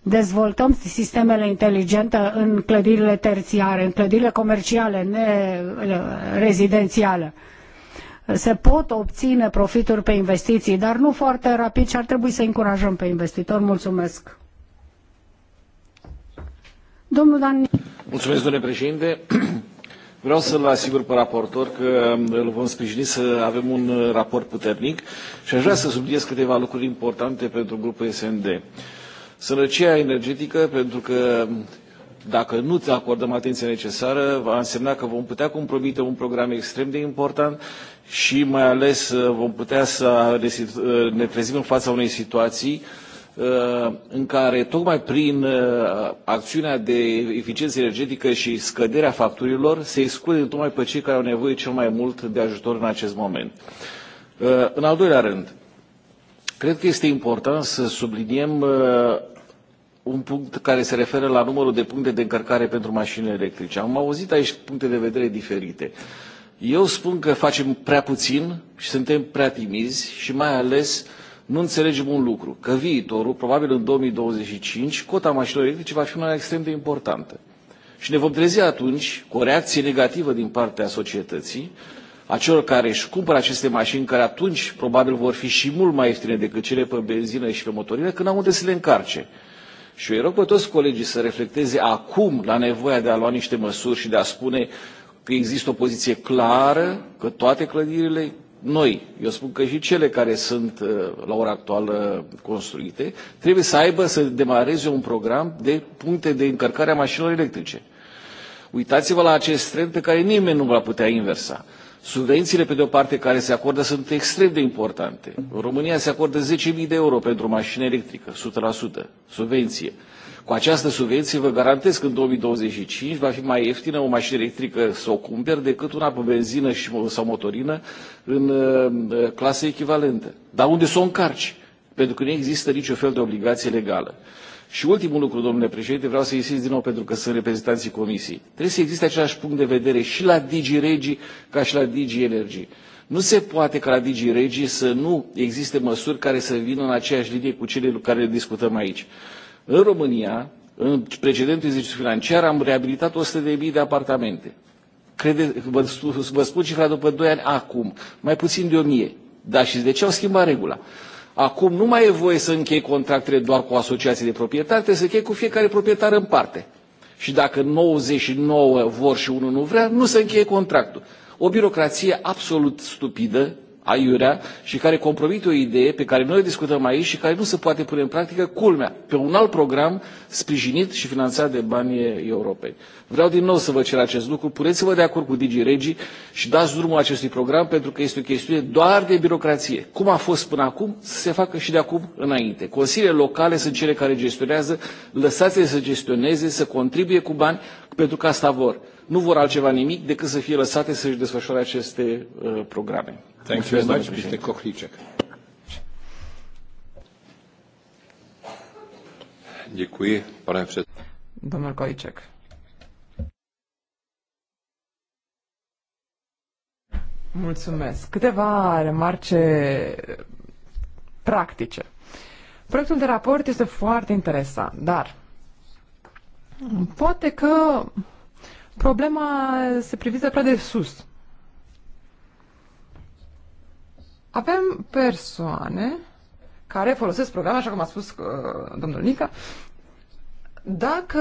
S2: dezvoltăm sistemele inteligente în clădirile terțiare, în clădirile comerciale, nerezidențiale. Se pot obține profituri pe investiții, dar nu foarte rapid și ar trebui să încurajăm pe investitori. Mulțumesc! Domnul Dan...
S4: Mulțumesc, domnule președinte. Vreau să-l asigur pe raportor că um, îl vom sprijini să avem un uh, raport puternic și aș vrea să subliniez câteva lucruri importante pentru grupul SND. Sărăcia energetică, pentru că dacă nu acordăm atenția necesară, va însemna că vom putea compromite un program extrem de important și mai ales uh, vom putea să uh, ne trezim în fața unei situații uh, în care tocmai prin acțiunea de eficiență energetică și scăderea facturilor se exclude tocmai pe cei care au nevoie cel mai mult de ajutor în acest moment. În al doilea rând, Cred că este important să subliniem uh, un punct care se referă la numărul de puncte de încărcare pentru mașinile electrice. Am auzit aici puncte de vedere diferite. Eu spun că facem prea puțin și suntem prea timizi și mai ales nu înțelegem un lucru, că viitorul, probabil în 2025, cota mașinilor electrice va fi una extrem de importantă. Și ne vom trezi atunci cu o reacție negativă din partea societății, a celor care își cumpără aceste mașini, care atunci probabil vor fi și mult mai ieftine decât cele pe benzină și pe motorină, când au unde să le încarce. Și eu îi rog pe toți colegii să reflecteze acum la nevoia de a lua niște măsuri și de a spune că există o poziție clară, că toate clădirile noi, eu spun că și cele care sunt uh, la ora actuală construite, trebuie să aibă, să demareze un program de puncte de încărcare a mașinilor electrice. Uitați-vă la acest trend pe care nimeni nu l putea inversa. Subvențiile, pe de o parte, care se acordă sunt extrem de importante. În România se acordă 10.000 de euro pentru o mașină electrică, 100% subvenție. Cu această subvenție vă garantez că în 2025 va fi mai ieftină o mașină electrică să o cumperi decât una pe benzină și, sau motorină în uh, uh, clasă echivalentă. Dar unde să o încarci? Pentru că nu există niciun fel de obligație legală. Și ultimul lucru, domnule președinte, vreau să insist din nou pentru că sunt reprezentanții comisiei. Trebuie să existe același punct de vedere și la Digiregi ca și la Digi Energy. Nu se poate ca la Digiregi să nu existe măsuri care să vină în aceeași linie cu cele care le discutăm aici. În România, în precedentul exercițiu financiar, am reabilitat 100.000 de apartamente. Crede, vă, vă spun cifra după 2 ani acum, mai puțin de 1.000. Dar și de ce au schimbat regula? Acum nu mai e voie să închei contractele doar cu asociații de proprietari, trebuie să închei cu fiecare proprietar în parte. Și dacă 99 vor și unul nu vrea, nu se încheie contractul. O birocrație absolut stupidă, aiurea și care compromit o idee pe care noi o discutăm aici și care nu se poate pune în practică, culmea, pe un alt program sprijinit și finanțat de banii europeni. Vreau din nou să vă cer acest lucru, puneți-vă de acord cu Digi Regi și dați drumul acestui program pentru că este o chestiune doar de birocrație. Cum a fost până acum, să se facă și de acum înainte. Consiliile locale sunt cele care gestionează, lăsați-le să gestioneze, să contribuie cu bani, pentru că asta vor. Nu vor altceva nimic decât să fie lăsate să-și desfășoare aceste uh, programe. Thank you very much, Mr. Kochliczek. Děkuji, pane předsedo.
S3: Pan Kojíček. Mulțumesc. Câteva remarce practice. Proiectul de raport este foarte interesant, dar poate că problema se privește prea de sus. Avem persoane care folosesc programe, așa cum a spus uh, domnul Nica, dacă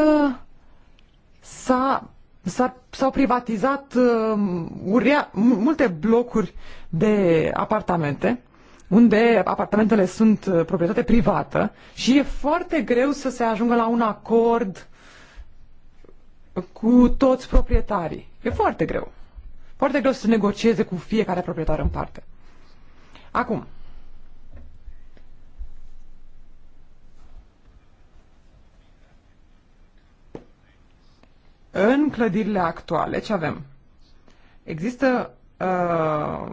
S3: s-a, s-a, s-au privatizat uh, urea, multe blocuri de apartamente, unde apartamentele sunt uh, proprietate privată și e foarte greu să se ajungă la un acord cu toți proprietarii. E foarte greu. Foarte greu să se negocieze cu fiecare proprietar în parte. Acum, în clădirile actuale, ce avem? Există uh,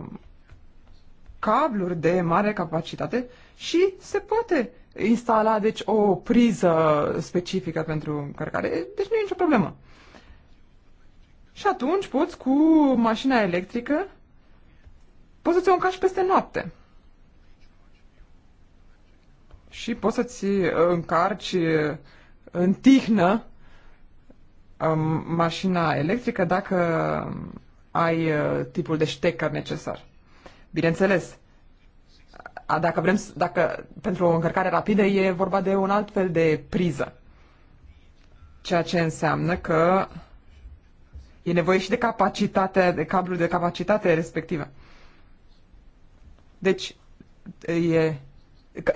S3: cabluri de mare capacitate și se poate instala deci o priză specifică pentru încărcare. Deci nu e nicio problemă. Și atunci poți cu mașina electrică poți să-ți o încarci peste noapte. Și poți să-ți încarci uh, în tihnă um, mașina electrică dacă ai uh, tipul de ștecăr necesar. Bineînțeles, dacă vrem, dacă pentru o încărcare rapidă e vorba de un alt fel de priză. Ceea ce înseamnă că e nevoie și de capacitate, de cablu de capacitate respectivă. Deci, e,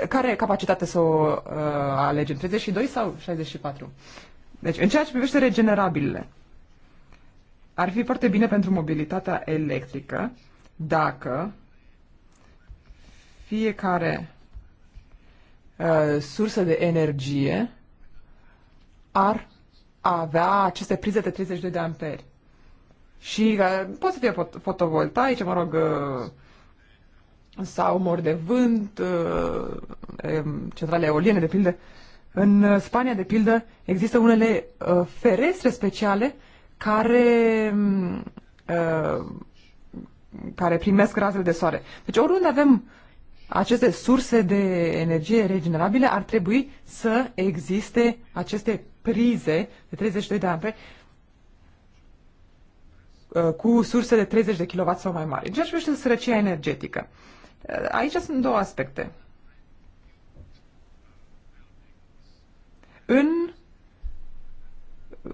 S3: care capacitatea să o uh, alegem? 32 sau 64? Deci, în ceea ce privește regenerabilele, ar fi foarte bine pentru mobilitatea electrică dacă fiecare uh, sursă de energie ar avea aceste prize de 32 de amperi. Și uh, poate să fie fotovoltaice, mă rog, uh, sau mor de vânt, uh, centrale eoliene, de pildă. În uh, Spania, de pildă, există unele uh, ferestre speciale care, mm, care primesc razele de soare. Deci oriunde avem aceste surse de energie regenerabile, ar trebui să existe aceste prize de 32 de ampere cu surse de 30 de kW sau mai mari. Deci ceea ce sărăcia energetică, Aici sunt două aspecte. În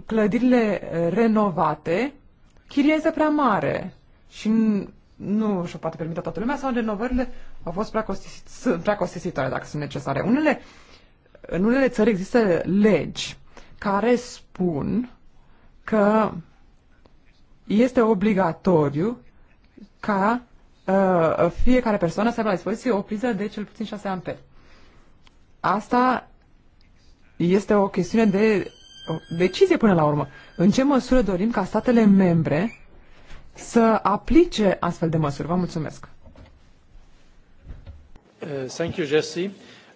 S3: clădirile renovate, chiria este prea mare și nu și-o poate permite toată lumea sau renovările au fost prea, costisit, prea costisitoare dacă sunt necesare. Unele, în unele țări există legi care spun că este obligatoriu ca Uh, fiecare persoană să aibă la dispoziție o priză de cel puțin 6 amperi. Asta este o chestiune de o decizie până la urmă. În ce măsură dorim ca statele membre să aplice astfel de măsuri? Vă mulțumesc.
S4: Uh, thank you, Jesse.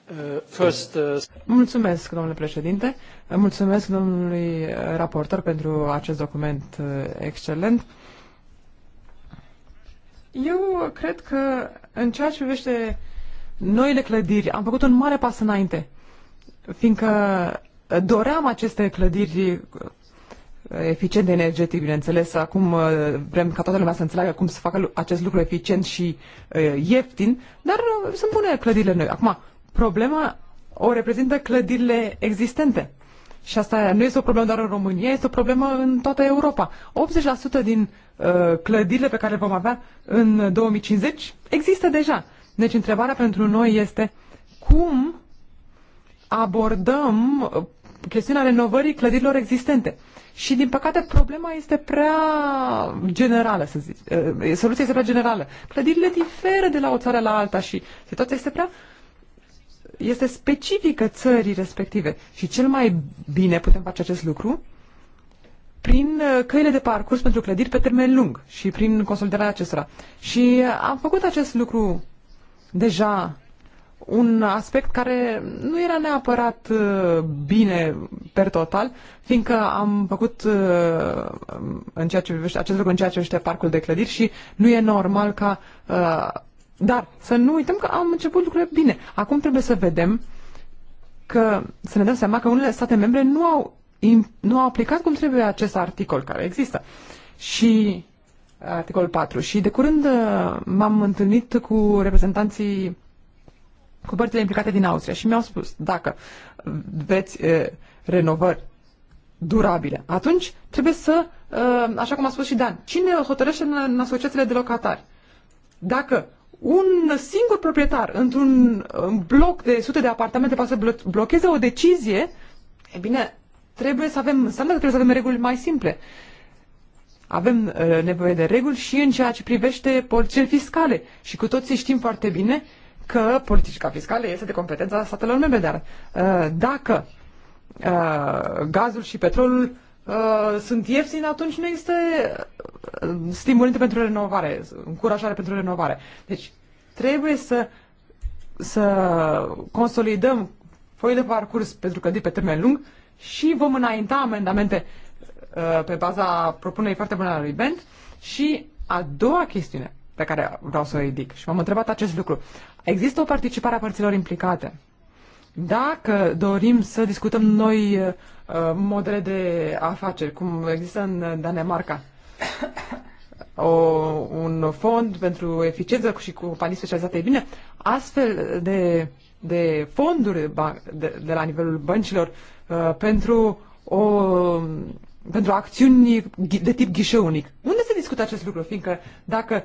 S4: Uh, first, uh...
S3: Mulțumesc, domnule președinte. Mulțumesc domnului raportor pentru acest document excelent. Eu cred că în ceea ce privește noile clădiri, am făcut un mare pas înainte, fiindcă doream aceste clădiri uh, eficiente energetic, bineînțeles. Acum uh, vrem ca toată lumea să înțeleagă cum să facă acest lucru eficient și uh, ieftin, dar sunt bune clădirile noi. Acum, problema o reprezintă clădirile existente. Și asta nu este o problemă doar în România, este o problemă în toată Europa. 80% din uh, clădirile pe care le vom avea în 2050 există deja. Deci întrebarea pentru noi este cum abordăm uh, chestiunea renovării clădirilor existente. Și, din păcate, problema este prea generală, să zic. Uh, soluția este prea generală. Clădirile diferă de la o țară la alta și situația este prea uh, este specifică țării respective. Și cel mai bine putem face acest lucru prin uh, căile de parcurs pentru clădiri pe termen lung și prin consolidarea acestora. Și am făcut acest lucru deja un aspect care nu era neapărat uh, bine per total, fiindcă am făcut uh, în ceea ce acest lucru în ceea ce privește parcul de clădiri și nu e normal ca dar să nu uităm că am început lucrurile bine. Acum trebuie să vedem că, să ne dăm seama că unele state membre nu au, nu au aplicat cum trebuie acest articol care există. Și uh, articol 4. Și de curând uh, m-am întâlnit cu reprezentanții cu părțile implicate din Austria și mi-au spus dacă veți e, uh, renovări durabile, atunci trebuie să, așa cum a spus și Dan, cine hotărăște în, în asociațiile de locatari? Dacă un singur proprietar într-un bloc de sute de apartamente poate să blocheze o decizie, e bine, trebuie să avem, înseamnă că trebuie să avem reguli mai simple. Avem uh, nevoie de reguli și în ceea ce privește politicile fiscale. Și cu toții știm foarte bine că politica fiscală este de competența statelor membre, dar uh, dacă uh, gazul și petrolul Uh, sunt ieftini, atunci nu există uh, stimulente pentru renovare, încurajare pentru renovare. Deci trebuie să, să consolidăm foi de parcurs pentru clădiri pe termen lung și vom înainta amendamente uh, pe baza propunerii foarte bună a lui Bent. Și a doua chestiune pe care vreau să o ridic și m-am întrebat acest lucru. Există o participare a părților implicate dacă dorim să discutăm noi uh, modele de afaceri, cum există în Danemarca, o, un fond pentru eficiență și cu companii specializate, e bine, astfel de, de fonduri de, de la nivelul băncilor uh, pentru o pentru acțiuni de tip ghișeunic. Unde se discută acest lucru? Fiindcă dacă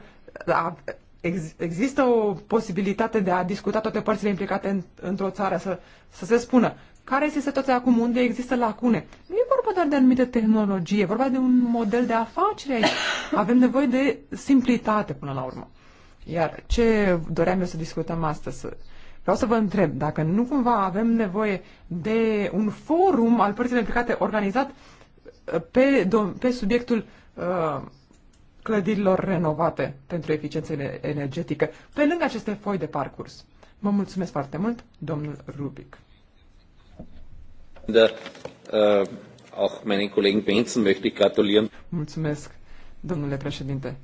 S3: ex, există o posibilitate de a discuta toate părțile implicate în, într-o țară, să, să se spună care este situația acum, unde există lacune. Nu e vorba doar de anumită tehnologie, e vorba de un model de afacere aici. Avem nevoie de simplitate până la urmă. Iar ce doream eu să discutăm astăzi? Vreau să vă întreb dacă nu cumva avem nevoie de un forum al părților implicate organizat uh, pe, pe subiectul uh, clădirilor renovate pentru eficiență energetică, pe lângă aceste foi de parcurs. Vă mulțumesc foarte mult, domnul Rubic.
S4: Da, uh, auch Kollegen möchte ich gratulieren.
S3: Mulțumesc, domnule președinte.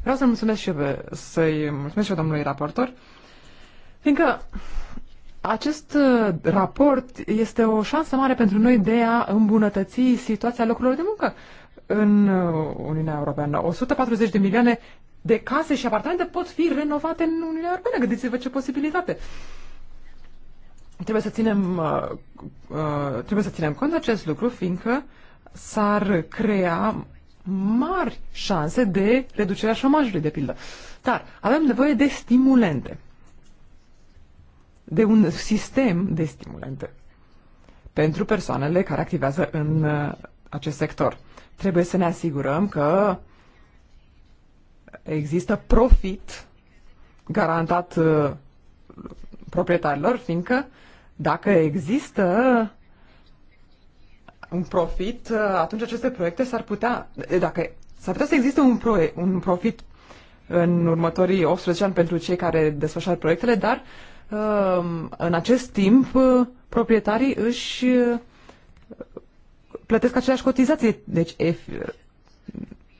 S3: Vreau să-i mulțumesc și să mulțumesc și eu domnului raportor, fiindcă acest uh, raport este o șansă mare pentru noi de a îmbunătăți situația locurilor de muncă în uh, Uniunea Europeană. 140 de milioane de case și apartamente pot fi renovate în Uniunea Europeană. Gândiți-vă ce posibilitate! Trebuie să ținem, uh, uh, trebuie să ținem cont de acest lucru, fiindcă s-ar crea mari șanse de reducerea șomajului, de pildă. Dar avem nevoie de stimulente, de un sistem de stimulente pentru persoanele care activează în uh, acest sector. Trebuie să ne asigurăm că există profit garantat uh, proprietarilor, fiindcă dacă există un profit, uh, atunci aceste proiecte s-ar putea, eh, dacă s-ar putea să existe un, pro, un profit în următorii 18 ani pentru cei care desfășoară proiectele, dar uh, în acest timp proprietarii își plătesc aceleași cotizații. Deci, ef,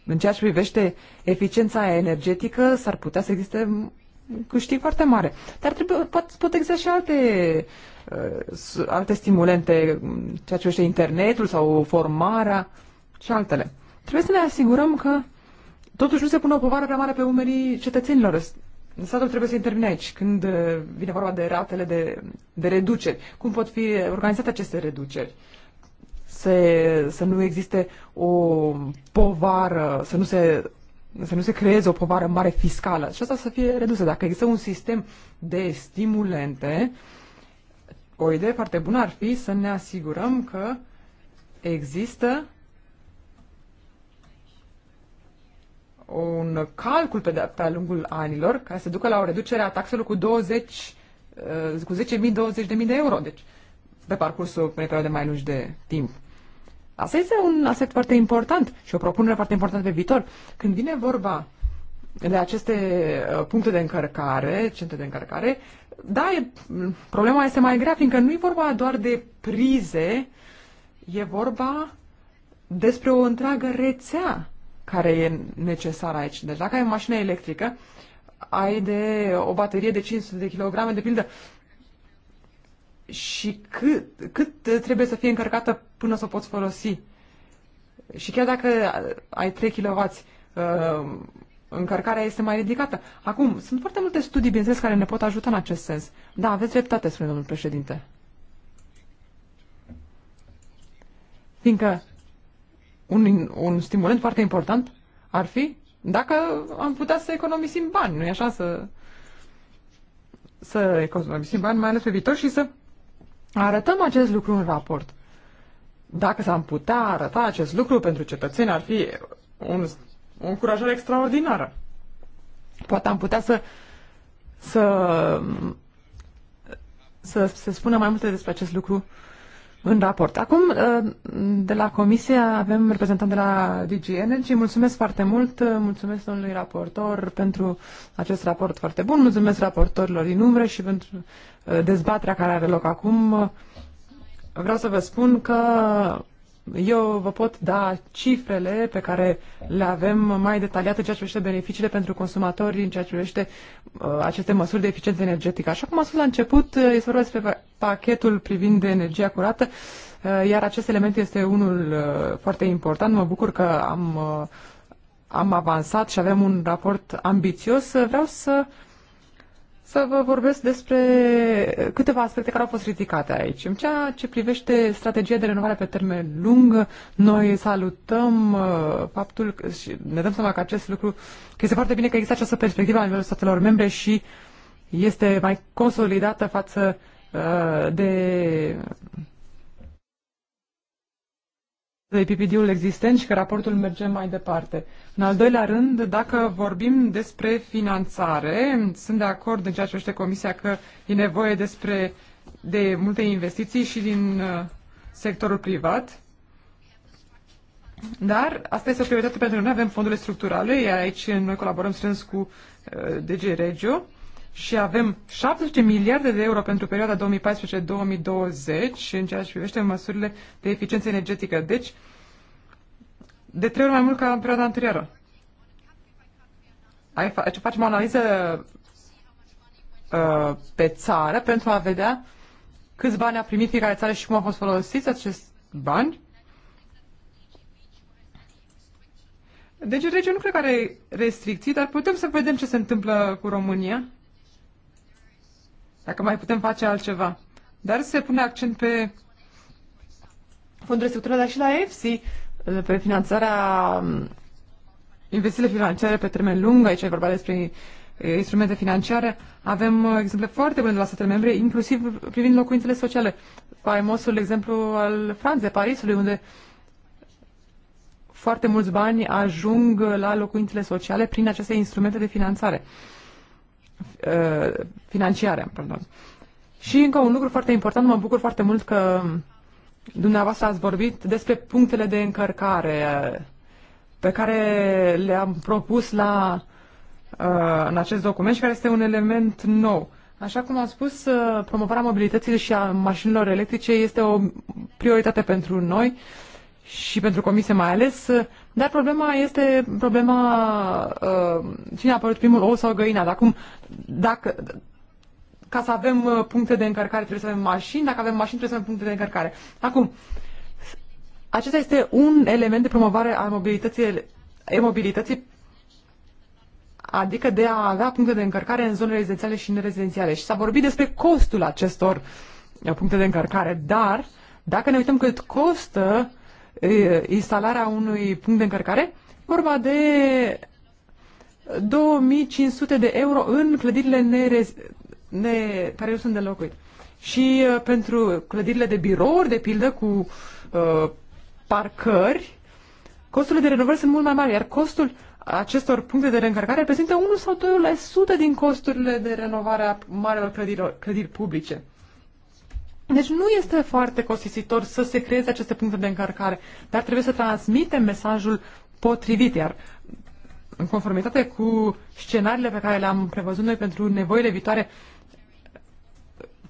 S3: în ceea ce privește eficiența energetică, s-ar putea să existe câștig foarte mare. Dar trebuie, pot, pot exista și alte, uh, alte stimulente, ceea ce privește internetul sau formarea și altele. Trebuie să ne asigurăm că totuși nu se pune o povară prea mare pe umerii cetățenilor. Statul trebuie să intervine aici când uh, vine vorba de ratele de, de reduceri. Cum pot fi organizate aceste reduceri? se, să nu existe o povară, să nu se să nu se creeze o povară mare fiscală și asta să fie redusă. Dacă există un sistem de stimulente, o idee foarte bună ar fi să ne asigurăm că există un calcul pe de-a lungul anilor care se ducă la o reducere a taxelor cu 20 eh, cu 10.000-20.000 de euro, deci pe parcursul unei perioade mai lungi de timp. Asta este un aspect foarte important și o propunere foarte importantă pe viitor. Când vine vorba de aceste uh, puncte de încărcare, centre de încărcare, da, e, problema este mai grea, fiindcă nu e vorba doar de prize, e vorba despre o întreagă rețea care e necesară aici. Deci dacă ai o mașină electrică, ai de o baterie de 500 de kilograme, de pildă, și cât, cât trebuie să fie încărcată până să o poți folosi. Și chiar dacă ai 3 kW, uh, încărcarea este mai ridicată. Acum, sunt foarte multe studii, bineînțeles, care ne pot ajuta în acest sens. Da, aveți dreptate, spune domnul președinte. Fiindcă un, un stimulant foarte important ar fi dacă am putea să economisim bani, nu-i așa? Să, să economisim bani, mai ales pe viitor și să arătăm acest lucru în raport. Dacă s-am putea arăta acest lucru pentru cetățeni, ar fi un, o încurajare extraordinară. Poate am putea să, să, să se spună mai multe despre acest lucru în raport. Acum, ă, de la comisie avem reprezentant de la DG Energy. Mulțumesc foarte mult, mulțumesc domnului raportor pentru acest raport foarte bun, mulțumesc raportorilor din umbră și pentru Uh, dezbaterea care are loc acum, uh, vreau să vă spun că eu vă pot da cifrele pe care le avem mai detaliate în ceea ce privește beneficiile pentru consumatori, în ceea ce privește uh, aceste măsuri de eficiență energetică. Așa cum am spus la început, este vorba despre pachetul privind de energia curată, iar acest element este unul foarte important. Mă bucur că am, am avansat și avem un raport ambițios. Vreau să uh, să vă vorbesc despre câteva aspecte care au fost ridicate aici. În ceea ce privește strategia de renovare pe termen lung, noi salutăm uh, faptul că, și ne dăm seama că acest lucru, că este foarte bine că există această perspectivă la nivelul statelor membre și este mai consolidată față uh, de de PPD-ul existent și că raportul merge mai departe. În al doilea rând, dacă vorbim despre finanțare, sunt de acord în ceea ce știe Comisia că e nevoie despre, de multe investiții și din uh, sectorul privat. Dar asta este o prioritate pentru noi. Avem fondurile structurale, iar aici noi colaborăm strâns cu uh, DG Regio. Uh, și avem 17 miliarde de euro pentru perioada 2014-2020 în ceea ce privește măsurile de eficiență energetică. Deci, de trei ori mai mult ca în perioada anterioară. Ai, facem o analiză uh, pe țară pentru a vedea câți bani a primit fiecare țară și cum au fost folosiți acești bani. Deci regiunea nu cred că are restricții, dar putem să vedem ce se întâmplă cu România dacă mai putem face altceva. Dar se pune accent pe fondurile structurale, dar și la EFSI, pe finanțarea um, investițiile financiare pe termen lung, aici e vorba despre instrumente financiare. Avem uh, exemple foarte bune de la statele membre, inclusiv privind locuințele sociale. Faimosul exemplu al Franței, Parisului, unde foarte mulți bani ajung la locuințele sociale prin aceste instrumente de finanțare. Uh, financiare. Pardon. Și încă un lucru foarte important, mă bucur foarte mult că dumneavoastră ați vorbit despre punctele de încărcare uh, pe care le-am propus la, uh, în acest document și care este un element nou. Așa cum am spus, promovarea mobilității și a mașinilor electrice este o prioritate pentru noi și pentru comisie mai ales. Dar problema este problema uh, cine a apărut primul ou sau găina. Dar cum, dacă, ca să avem uh, puncte de încărcare trebuie să avem mașini, dacă avem mașini trebuie să avem puncte de încărcare. Acum, acesta este un element de promovare a mobilității, e mobilității adică de a avea puncte de încărcare în zonele rezidențiale și nerezidențiale. Și s-a vorbit despre costul acestor uh, puncte de încărcare, dar dacă ne uităm cât costă instalarea unui punct de încărcare, vorba de 2500 de euro în clădirile nerez, ne, care nu sunt de locuit. Și uh, pentru clădirile de birouri, de pildă, cu uh, parcări, costurile de renovări sunt mult mai mari, iar costul acestor puncte de reîncărcare reprezintă 1 sau 2% din costurile de renovare a marilor clădiri, clădiri publice. Deci nu este foarte costisitor să se creeze aceste puncte de încărcare, dar trebuie să transmitem mesajul potrivit, iar în conformitate cu scenariile pe care le-am prevăzut noi pentru nevoile viitoare,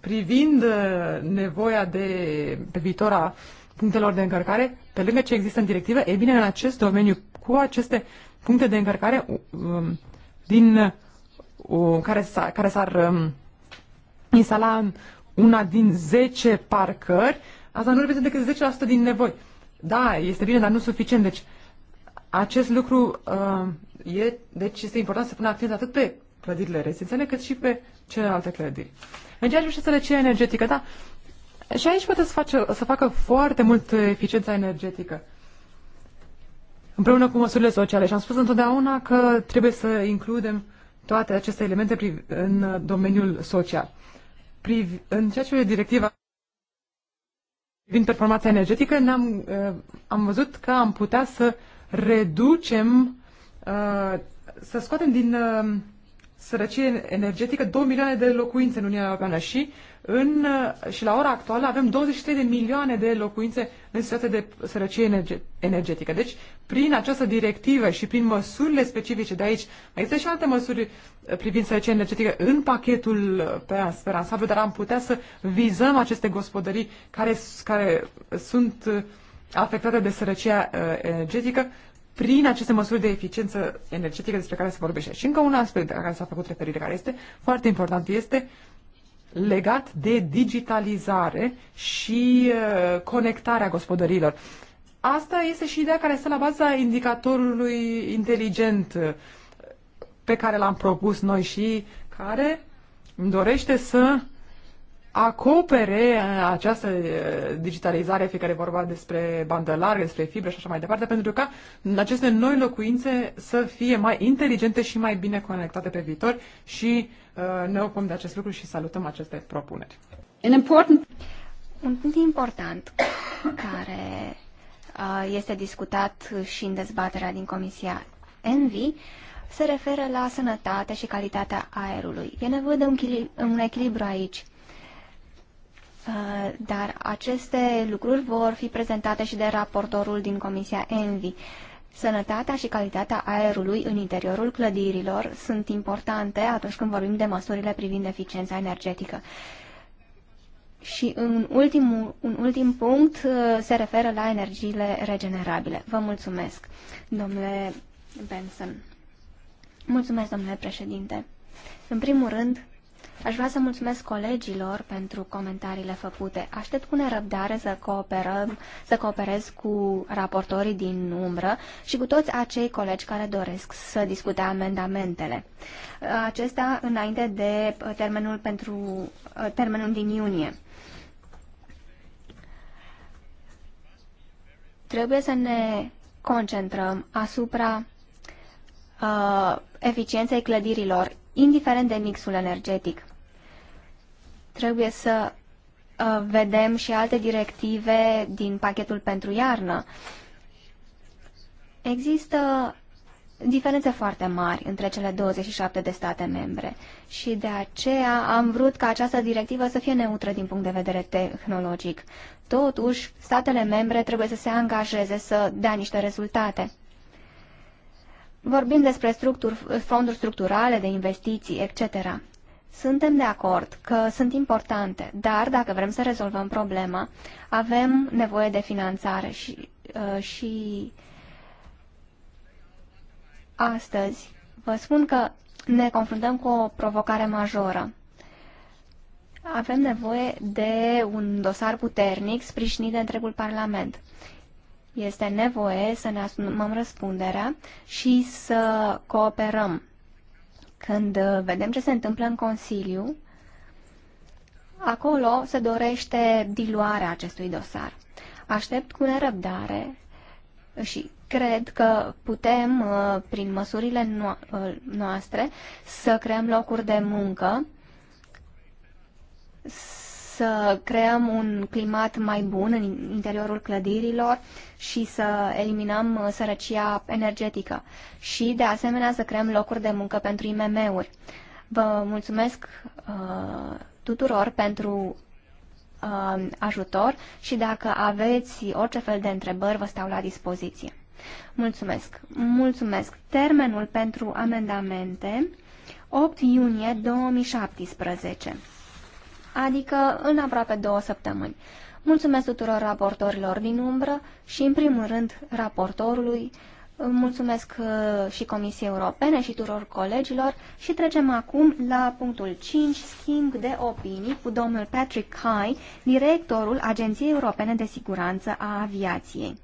S3: privind uh, nevoia de pe viitora punctelor de încărcare, pe lângă ce există în directivă, e bine, în acest domeniu, cu aceste puncte de încărcare um, din, uh, care, s-ar, care um, s-ar instala una din 10 parcări, asta nu reprezintă decât 10% din nevoi. Da, este bine, dar nu suficient. Deci, acest lucru uh, e, deci este important să punem accent atât pe clădirile rezidențiale, cât și pe celelalte clădiri. În ceea ce privește sărăcia energetică, da, și aici poate să, face, să facă foarte mult eficiența energetică. Împreună cu măsurile sociale. Și am spus întotdeauna că trebuie să includem toate aceste elemente în domeniul social în ceea ce directiva din performanța energetică, am uh, am văzut că am putea să reducem, uh, să scoatem din uh, sărăcie energetică 2 milioane de locuințe în Uniunea Europeană și, în, și la ora actuală avem 23 de milioane de locuințe în situație de sărăcie energetică. Deci, prin această directivă și prin măsurile specifice de aici, mai există și alte măsuri uh, privind sărăcie energetică în pachetul uh, pe ansamblu, dar am putea să vizăm aceste gospodării care, care sunt uh, afectate de sărăcia energetică prin aceste măsuri de eficiență energetică despre care se vorbește. Și încă un aspect la care s-a făcut referire, care este foarte important, este legat de digitalizare și uh, conectarea gospodărilor. Asta este și ideea care stă la baza indicatorului inteligent uh, pe care l-am propus noi și care îmi dorește să acopere uh, această uh, digitalizare, fie că vorba despre bandă largă, despre fibre și așa mai departe, pentru ca aceste noi locuințe să fie mai inteligente și mai bine conectate pe viitor și uh, ne ocupăm de acest lucru și salutăm aceste propuneri.
S1: An important... Un punct important care uh, este discutat și în dezbaterea din Comisia Envi se referă la sănătate și calitatea aerului. E nevoie de un, un echilibru aici Uh, dar aceste lucruri vor fi prezentate și de raportorul din Comisia ENVI. Sănătatea și calitatea aerului în interiorul clădirilor sunt importante atunci când vorbim de măsurile privind eficiența energetică. Și în ultimul un ultim punct uh, se referă la energiile regenerabile. Vă mulțumesc, domnule Benson. Mulțumesc, domnule președinte. În primul rând, Aș vrea să mulțumesc colegilor pentru comentariile făcute. Aștept cu nerăbdare să, cooperăm, să cooperez cu raportorii din umbră și cu toți acei colegi care doresc să discute amendamentele. Acesta înainte de termenul, pentru, termenul din iunie. Trebuie să ne concentrăm asupra uh, eficienței clădirilor, indiferent de mixul energetic. Trebuie să uh, vedem și alte directive din pachetul pentru iarnă. Există diferențe foarte mari între cele 27 de state membre și de aceea am vrut ca această directivă să fie neutră din punct de vedere tehnologic. Totuși, statele membre trebuie să se angajeze să dea niște rezultate. Vorbim despre structuri, fonduri structurale de investiții, etc. Suntem de acord că sunt importante, dar dacă vrem să rezolvăm problema, avem nevoie de finanțare și, uh, și astăzi vă spun că ne confruntăm cu o provocare majoră. Avem nevoie de un dosar puternic sprijinit de întregul Parlament. Este nevoie să ne asumăm răspunderea și să cooperăm când uh, vedem ce se întâmplă în Consiliu, acolo se dorește diluarea acestui dosar. Aștept cu nerăbdare și cred că putem, uh, prin măsurile uh, noastre, să creăm locuri de muncă, să creăm un climat mai bun în interiorul clădirilor și să eliminăm uh, sărăcia energetică și, de asemenea, să creăm locuri de muncă pentru IMM-uri. Vă mulțumesc uh, tuturor pentru uh, ajutor și dacă aveți orice fel de întrebări, vă stau la dispoziție. Mulțumesc! Mulțumesc! Termenul pentru amendamente 8 iunie 2017 adică în aproape două săptămâni. Mulțumesc tuturor raportorilor din umbră și, în primul rând, raportorului, mulțumesc uh, și Comisiei Europene și tuturor colegilor și trecem acum la punctul 5, schimb de opinii cu domnul Patrick High, directorul Agenției Europene de Siguranță a Aviației.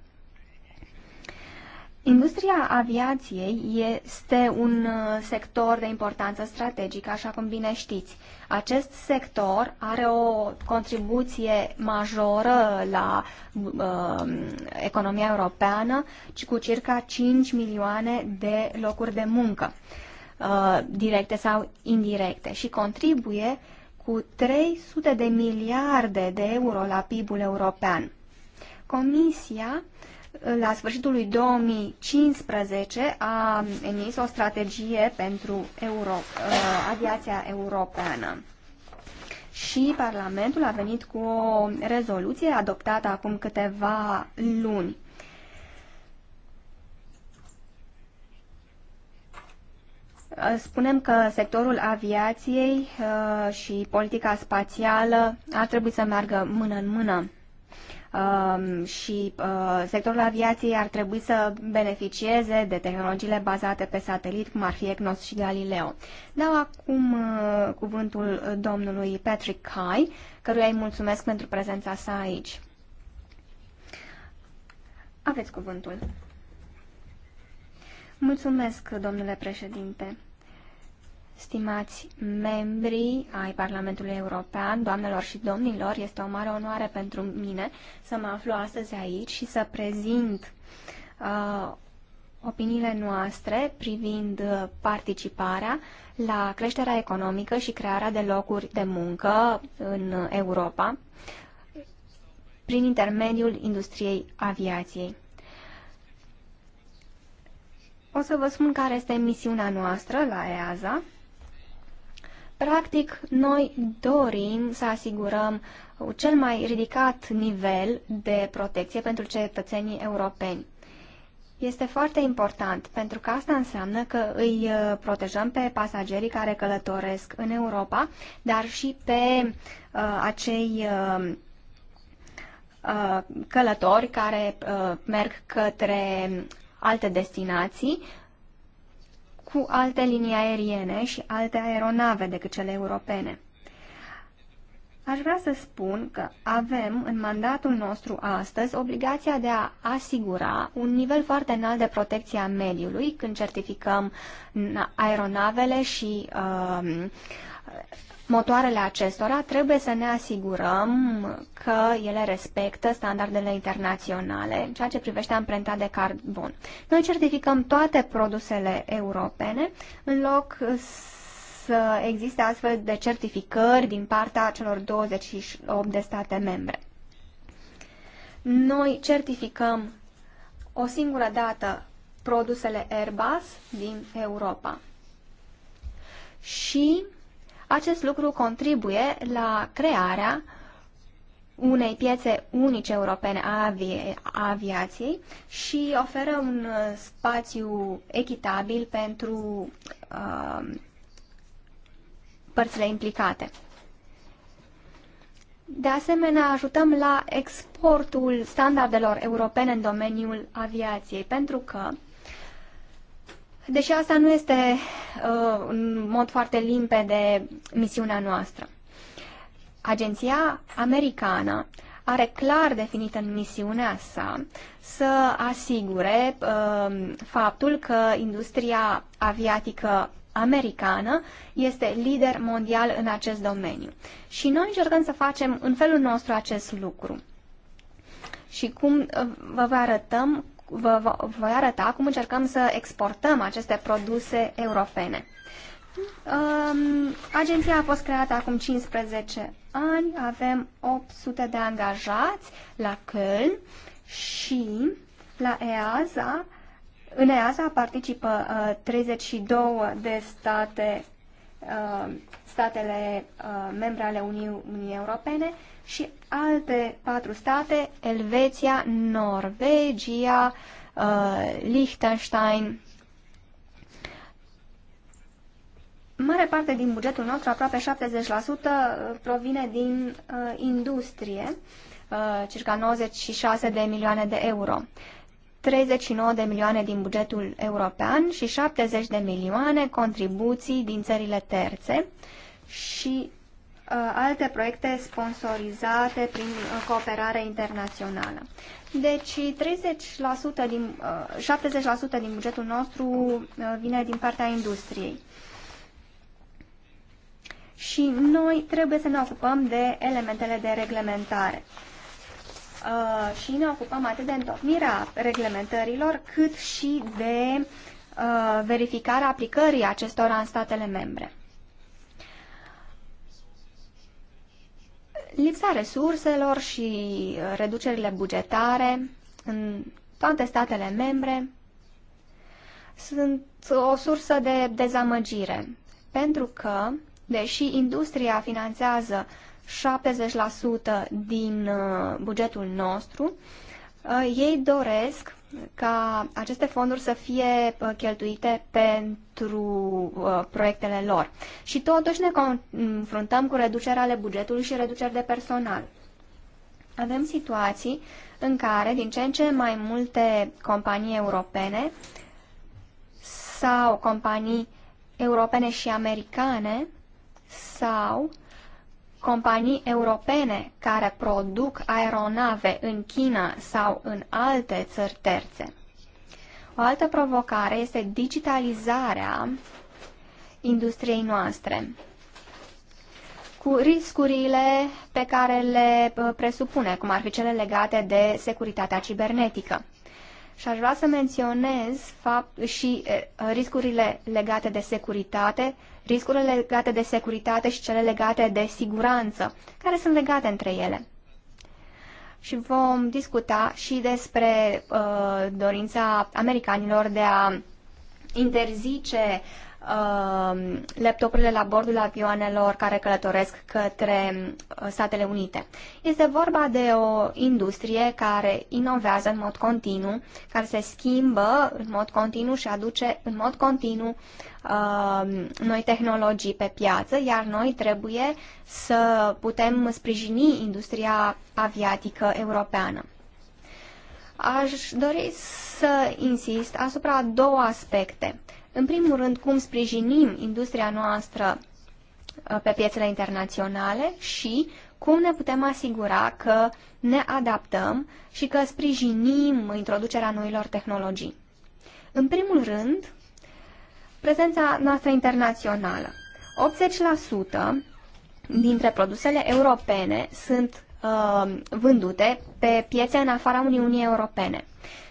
S1: Industria aviației este un uh, sector de importanță strategică, așa cum bine știți. Acest sector are o contribuție majoră la uh, economia europeană, ci cu circa 5 milioane de locuri de muncă, uh, directe sau indirecte, și contribuie cu 300 de miliarde de euro la PIB-ul european. Comisia uh, la sfârșitul lui 2015 a emis o strategie pentru Euro, uh, aviația europeană. Și Parlamentul a venit cu o rezoluție adoptată acum câteva luni. Spunem că sectorul aviației uh, și politica spațială ar trebui să meargă mână în mână. Um, și uh, sectorul aviației ar trebui să beneficieze de tehnologiile bazate pe satelit, cum ar fi EGNOS și Galileo. Dau acum uh, cuvântul domnului Patrick Kai, căruia îi mulțumesc pentru prezența sa aici. Aveți cuvântul. Mulțumesc, domnule președinte. Stimați membri ai Parlamentului European, doamnelor și domnilor, este o mare onoare pentru mine să mă aflu astăzi aici și să prezint uh, opiniile noastre privind uh, participarea la creșterea economică și crearea de locuri de muncă în Europa prin intermediul industriei aviației. O să vă spun care este misiunea noastră la EASA Practic, noi dorim să asigurăm cel mai ridicat nivel de protecție pentru cetățenii europeni. Este foarte important, pentru că asta înseamnă că îi uh, protejăm pe pasagerii care călătoresc în Europa, dar și pe uh, acei uh, uh călători care uh, merg către alte destinații cu alte linii aeriene și alte aeronave decât cele europene. Aș vrea să spun că avem în mandatul nostru astăzi obligația de a asigura un nivel foarte înalt de protecție a mediului când certificăm aeronavele și uh, motoarele acestora, trebuie să ne asigurăm că ele respectă standardele internaționale în ceea ce privește amprenta de carbon. Noi certificăm toate produsele europene în loc să existe astfel de certificări din partea celor 28 de state membre. Noi certificăm o singură dată produsele Airbus din Europa. Și acest lucru contribuie la crearea unei piețe unice europene a, aviației și oferă un spațiu echitabil pentru uh, părțile implicate. De asemenea, ajutăm la exportul standardelor europene în domeniul aviației, pentru că deși asta nu este uh, în mod foarte limpede misiunea noastră. Agenția americană are clar definită în misiunea sa să asigure uh, faptul că industria aviatică americană este lider mondial în acest domeniu. Și noi încercăm să facem în felul nostru acest lucru. Și cum uh, vă arătăm vă, voi arăta cum încercăm să exportăm aceste produse europene. Um, agenția a fost creată acum 15 ani, avem 800 de angajați la Köln și la EASA. În EASA participă 32 uh, de state, uh, statele uh, membre ale Uniunii Europene și alte patru state, Elveția, Norvegia, uh, Liechtenstein. Mare parte din bugetul nostru, aproape 70%, uh, provine din uh, industrie, uh, circa 96 de milioane de euro. 39 de milioane din bugetul european și 70 de milioane contribuții din țările terțe și Uh, alte proiecte sponsorizate prin uh, cooperare internațională. Deci 30% din, 70% uh, din bugetul nostru vine din partea industriei. Și noi trebuie să ne ocupăm de elementele de reglementare. Și ne ocupăm atât de întocmirea reglementărilor, cât și de verificarea aplicării acestora în statele membre. lipsa resurselor și reducerile bugetare în toate statele membre sunt o sursă de dezamăgire, pentru că, deși industria finanțează 70% din uh, bugetul nostru, uh, ei doresc ca aceste fonduri să fie uh, cheltuite pentru uh, proiectele lor. Și totuși ne confruntăm cu reducerea ale bugetului și reduceri de personal. Avem situații în care din ce în ce mai multe companii europene sau companii europene și americane sau companii europene care produc aeronave în China sau în alte țări terțe. O altă provocare este digitalizarea industriei noastre cu riscurile pe care le uh, presupune, cum ar fi cele legate de securitatea cibernetică. Și aș vrea să menționez fapt, și riscurile legate de securitate, riscurile legate de securitate și cele legate de siguranță, care sunt legate între ele. Și vom discuta și despre uh, dorința americanilor de a interzice Um, laptopurile la bordul avioanelor care călătoresc către uh, Statele Unite. Este vorba de o industrie care inovează în mod continuu, care se schimbă în mod continuu și aduce în mod continuu um, noi tehnologii pe piață, iar noi trebuie să putem sprijini industria aviatică europeană. Aș dori să insist asupra două aspecte. În primul rând, cum sprijinim industria noastră uh, pe piețele internaționale și cum ne putem asigura că ne adaptăm și că sprijinim introducerea noilor tehnologii. În primul rând, prezența noastră internațională. 80% dintre produsele europene sunt uh, vândute pe piețe în afara Uniunii Europene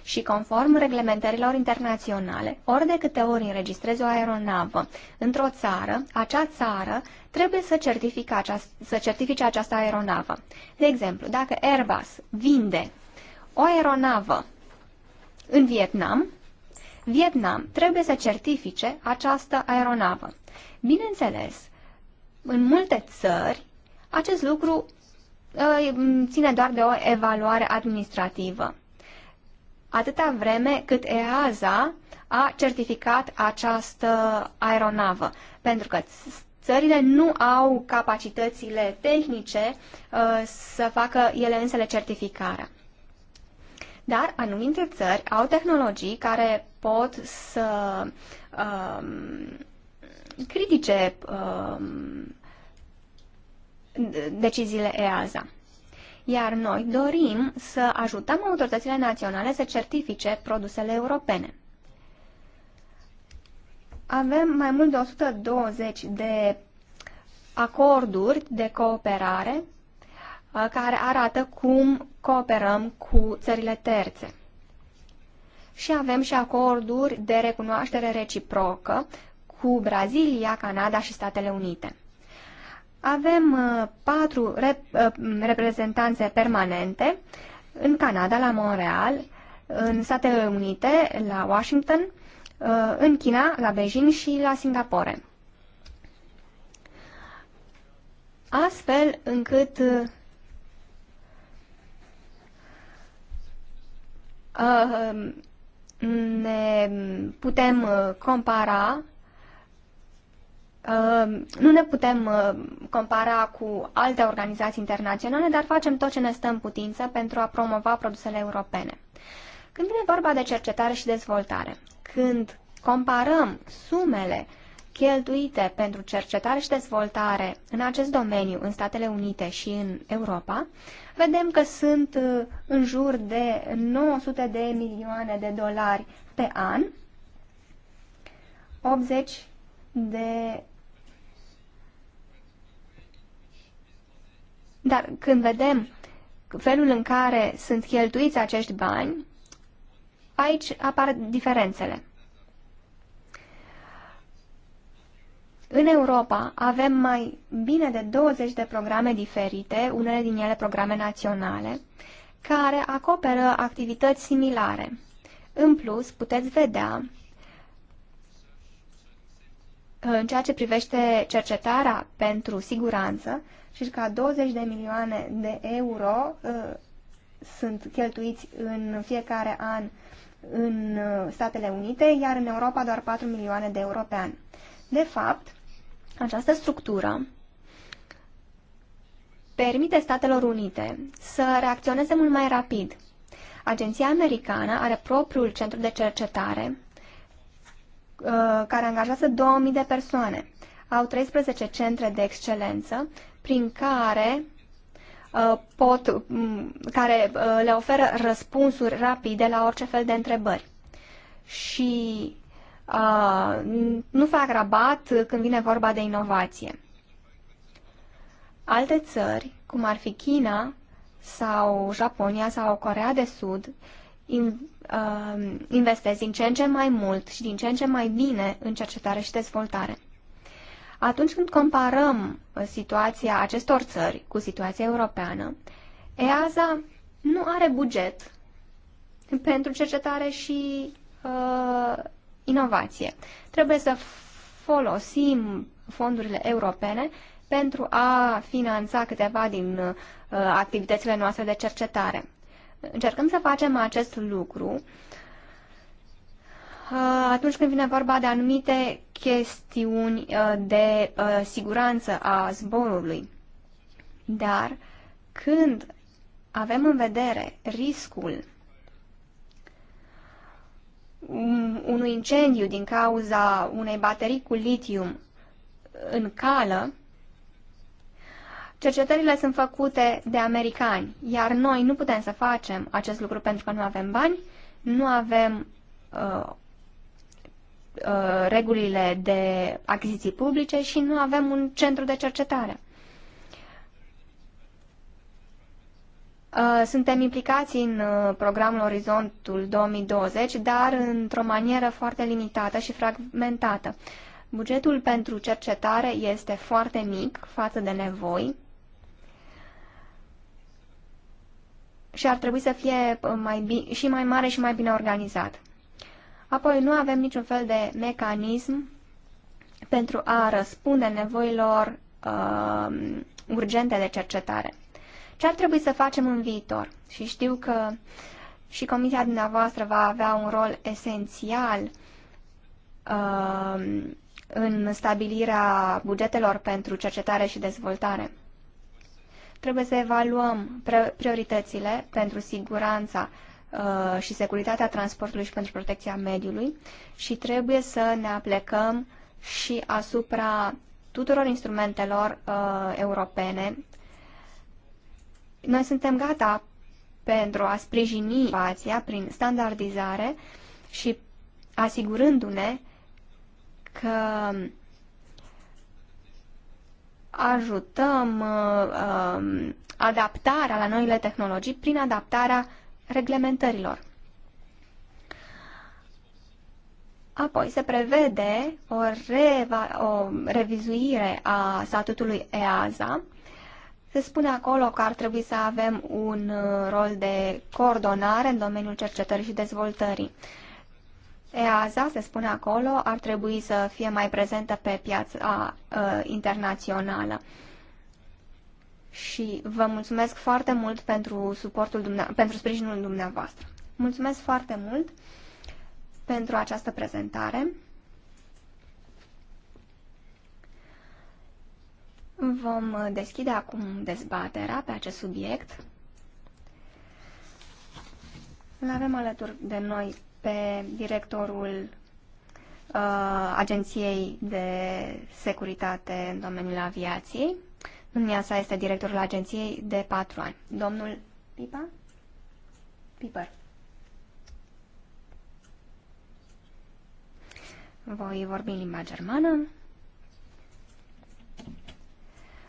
S1: și conform reglementărilor internaționale, ori de câte ori înregistrezi o aeronavă într-o țară, acea țară trebuie să, certifice această, să certifice această aeronavă. De exemplu, dacă Airbus vinde o aeronavă în Vietnam, Vietnam trebuie să certifice această aeronavă. Bineînțeles, în multe țări, acest lucru uh, ține doar de o evaluare administrativă atâta vreme cât EASA a certificat această aeronavă, pentru că țările nu au capacitățile tehnice uh, să facă ele însele certificarea. Dar anumite țări au tehnologii care pot să um, critique um, deciziile EASA iar noi dorim să ajutăm autoritățile naționale să certifice produsele europene. Avem mai mult de 120 de acorduri de cooperare uh, care arată cum cooperăm cu țările terțe. Și avem și acorduri de recunoaștere reciprocă cu Brazilia, Canada și Statele Unite. Avem uh, patru rep uh, mm, reprezentanțe permanente în Canada, la Montreal, în Statele Unite, la Washington, uh, în China, la Beijing și la Singapore. Astfel încât ne putem compara Ehm, nu ne putem ehm, compara cu alte organizații internaționale, dar facem tot ce ne stă în putință pentru a promova produsele europene. Când vine vorba de cercetare și dezvoltare, când comparăm sumele cheltuite pentru cercetare și dezvoltare în acest domeniu în Statele Unite și în Europa, vedem că sunt eh, în jur de 900 de milioane de dolari pe an, 80 de Dar când vedem felul în care sunt cheltuiți acești bani, aici apar diferențele. În Europa avem mai bine de 20 de programe diferite, unele din ele programe naționale, care acoperă activități similare. În plus, puteți vedea în ceea ce privește cercetarea pentru siguranță circa 20 de milioane de euro uh, sunt cheltuiți în fiecare an în uh, Statele Unite, iar în Europa doar 4 milioane de euro pe an. De fapt, această structură permite Statelor Unite să reacționeze mult mai rapid. Agenția americană are propriul centru de cercetare Uh, care angajează 2000 de persoane. Au 13 centre de excelență prin care uh, pot, care uh, le oferă răspunsuri rapide la orice fel de întrebări. Și uh, nu fac rabat când vine vorba de inovație. Alte țări, cum ar fi China sau Japonia sau Corea de Sud, uh, investezi din ce în ce mai mult și din ce în ce mai bine în cercetare și dezvoltare. Atunci când comparăm uh, situația acestor țări cu situația europeană, EASA nu are buget pentru cercetare și uh, inovație. Trebuie să folosim fondurile europene pentru a finanța câteva din uh, activitățile noastre de cercetare încercăm să facem acest lucru uh, atunci când vine vorba de anumite chestiuni uh, de uh, siguranță a zborului. Dar când avem în vedere riscul unui incendiu din cauza unei baterii cu litium în cală, Cercetările sunt făcute de americani, iar noi nu putem să facem acest lucru pentru că nu avem bani, nu avem uh, uh, regulile de achiziții publice și nu avem un centru de cercetare. Uh, suntem implicați în uh, programul Orizontul 2020, dar într-o manieră foarte limitată și fragmentată. Bugetul pentru cercetare este foarte mic față de nevoi și ar trebui să fie uh, mai bine, și mai mare și mai bine organizat. Apoi nu avem niciun fel de mecanism pentru a răspunde nevoilor uh, urgente de cercetare. Ce ar trebui să facem în viitor? Și știu că și comisia dumneavoastră va avea un rol esențial uh, în stabilirea bugetelor pentru cercetare și dezvoltare. Trebuie să evaluăm prioritățile pentru siguranța uh, și securitatea transportului și pentru protecția mediului și trebuie să ne aplecăm și asupra tuturor instrumentelor uh, europene. Noi suntem gata pentru a sprijini situația prin standardizare și asigurându-ne că ajutăm uh, uh, adaptarea la noile tehnologii prin adaptarea reglementărilor. Apoi se prevede o, reva, o revizuire a statutului EASA. Se spune acolo că ar trebui să avem un uh, rol de coordonare în domeniul cercetării și dezvoltării. EASA, se spune acolo, ar trebui să fie mai prezentă pe piața a, internațională. Și vă mulțumesc foarte mult pentru, suportul pentru sprijinul dumneavoastră. Mulțumesc foarte mult pentru această prezentare. Vom deschide acum dezbaterea pe acest subiect. Îl avem alături de noi pe directorul uh, Agenției de Securitate în domeniul aviației. Domnia sa este directorul agenției de patru ani. Domnul Pipa? Piper. Voi vorbi în limba germană.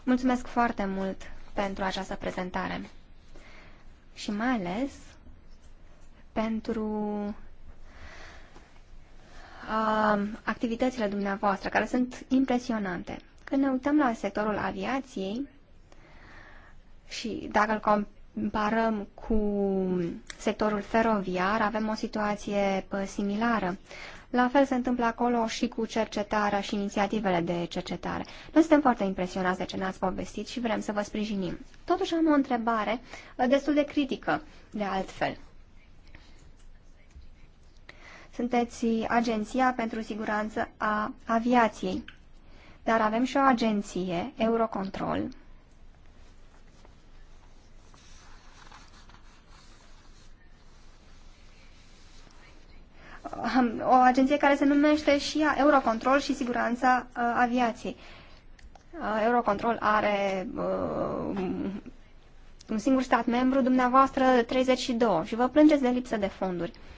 S1: Mulțumesc foarte mult pentru această prezentare și mai ales pentru Um, activitățile dumneavoastră, care sunt impresionante. Când ne uităm la sectorul aviației și dacă îl comparăm cu sectorul feroviar, avem o situație uh, similară. La fel se întâmplă acolo și cu cercetarea și inițiativele de cercetare. Noi suntem foarte impresionați de ce ne-ați povestit și vrem să vă sprijinim. Totuși am o întrebare uh, destul de critică, de altfel. Sunteți Agenția pentru Siguranță a Aviației, dar avem și o agenție, Eurocontrol, o agenție care se numește și Eurocontrol și Siguranța uh, Aviației. Uh, Eurocontrol are uh, un singur stat membru, dumneavoastră 32 și vă plângeți de lipsă de fonduri. Uh,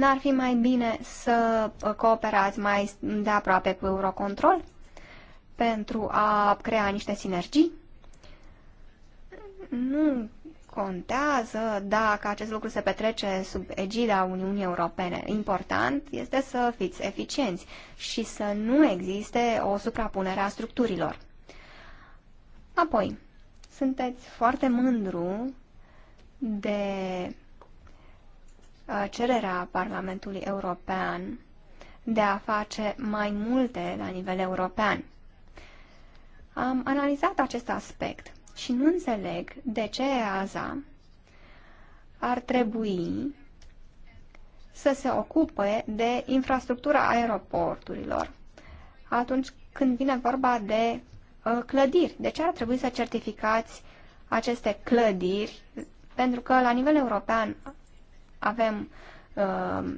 S1: N-ar fi mai bine să uh, cooperați mai de aproape cu Eurocontrol pentru a crea niște sinergii? Nu contează dacă acest lucru se petrece sub egida Uniunii Europene. Important este să fiți eficienți și să nu existe o suprapunere a structurilor. Apoi, sunteți foarte mândru de Uh, cererea Parlamentului European de a face mai multe la nivel european. Am analizat acest aspect și nu înțeleg de ce EASA ar trebui să se ocupe de infrastructura aeroporturilor atunci când vine vorba de uh, clădiri. De ce ar trebui să certificați aceste clădiri? Pentru că la nivel european avem uh,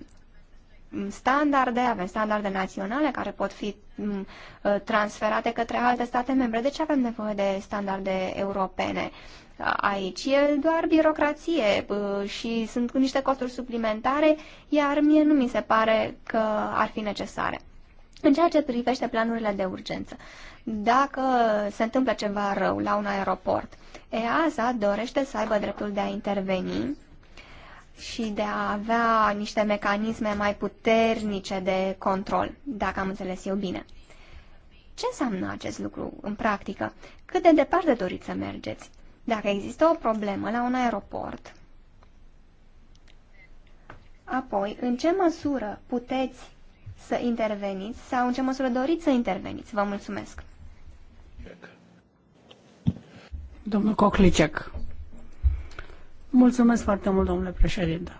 S1: standarde, avem standarde naționale care pot fi mm, uh, transferate către alte state membre. Deci avem nevoie de standarde europene. Aici e doar birocrație uh, și sunt niște costuri suplimentare, iar mie nu mi se pare că ar fi necesare. În ceea ce privește planurile de urgență, dacă se întâmplă ceva rău la un aeroport, EASA dorește să aibă dreptul de a interveni și de a avea niște mecanisme mai puternice de control, dacă am înțeles eu bine. Ce înseamnă acest lucru în practică? Cât de departe doriți să mergeți? Dacă există o problemă la un aeroport, apoi în ce măsură puteți să interveniți sau în ce măsură doriți să interveniți? Vă mulțumesc!
S2: Domnul Coclicec. Mulțumesc foarte mult, domnule președinte.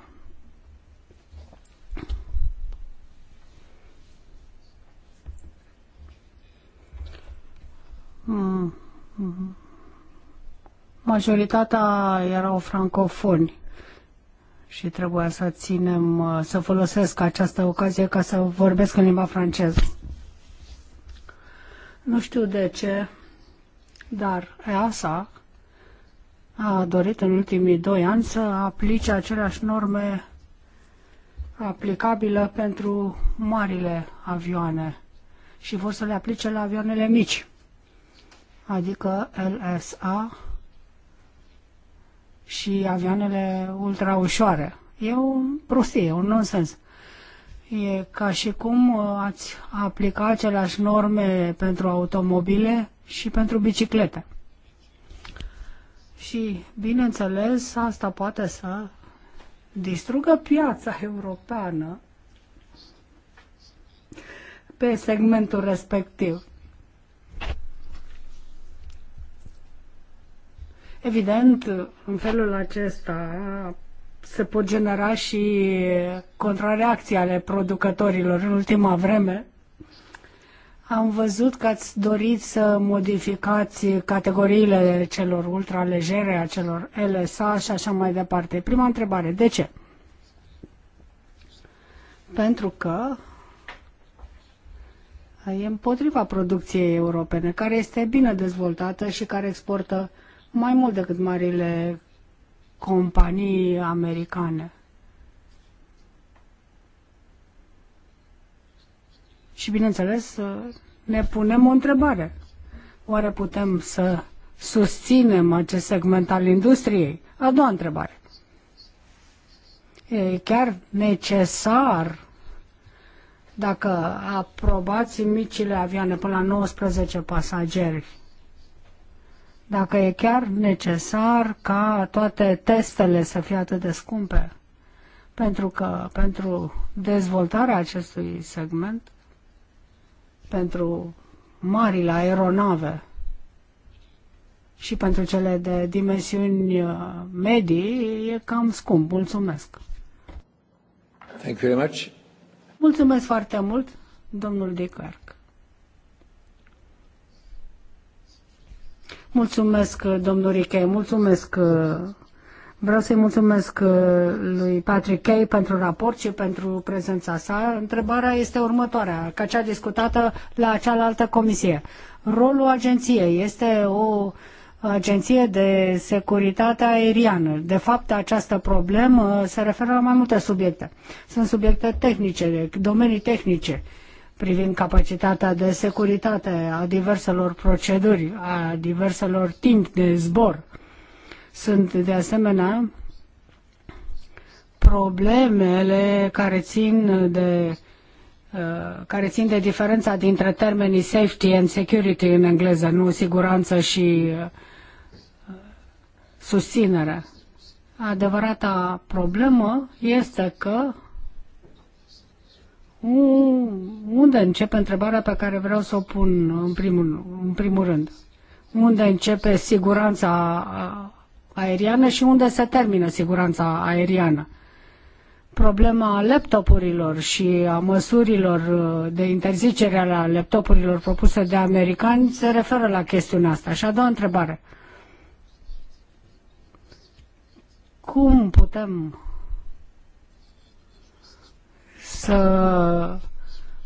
S2: Mm, mm. Majoritatea erau francofoni și trebuia să ținem, uh, să folosesc această ocazie ca să vorbesc în limba franceză. Nu știu de ce, dar EASA a dorit în ultimii doi ani să aplice aceleași norme aplicabile pentru marile avioane și vor să le aplice la avioanele mici, adică LSA și avioanele ultra ușoare. E o prostie, un nonsens. E ca și cum ați aplica aceleași norme pentru automobile și pentru biciclete. Și, bineînțeles, asta poate să distrugă piața europeană pe segmentul respectiv. Evident, în felul acesta se pot genera și contrareacții ale producătorilor în ultima vreme. Am văzut că ați dorit să modificați categoriile celor ultralegere, a celor LSA și așa mai departe. Prima întrebare, de ce? Pentru că e împotriva producției europene, care este bine dezvoltată și care exportă mai mult decât marile companii americane. Și, bineînțeles, ne punem o întrebare. Oare putem să susținem acest segment al industriei? A doua întrebare. E chiar necesar dacă aprobați micile avioane până la 19 pasageri, dacă e chiar necesar ca toate testele să fie atât de scumpe, pentru că pentru dezvoltarea acestui segment pentru marile aeronave și pentru cele de dimensiuni uh, medii e cam scump. Mulțumesc!
S4: Thank you very much.
S2: Mulțumesc foarte mult, domnul Decarc. Mulțumesc, domnul Riche, mulțumesc uh, Vreau să-i mulțumesc uh, lui Patrick Kay pentru raport și pentru prezența sa. Întrebarea este următoarea, ca cea discutată la cealaltă comisie. Rolul agenției este o agenție de securitate aeriană. De fapt, această problemă uh, se referă la mai multe subiecte. Sunt subiecte tehnice, domenii tehnice privind capacitatea de securitate a diverselor proceduri, a diverselor timp de zbor sunt de asemenea problemele care țin de uh, care țin de diferența dintre termenii safety and security în engleză, nu siguranță și uh, susținere. Adevărata problemă este că unde începe întrebarea pe care vreau să o pun în primul, în primul rând? Unde începe siguranța uh, aeriană și unde se termină siguranța aeriană. Problema laptopurilor și a măsurilor uh, de interzicere a laptopurilor propuse de americani se referă la chestiunea asta. Și a doua întrebare. Cum putem să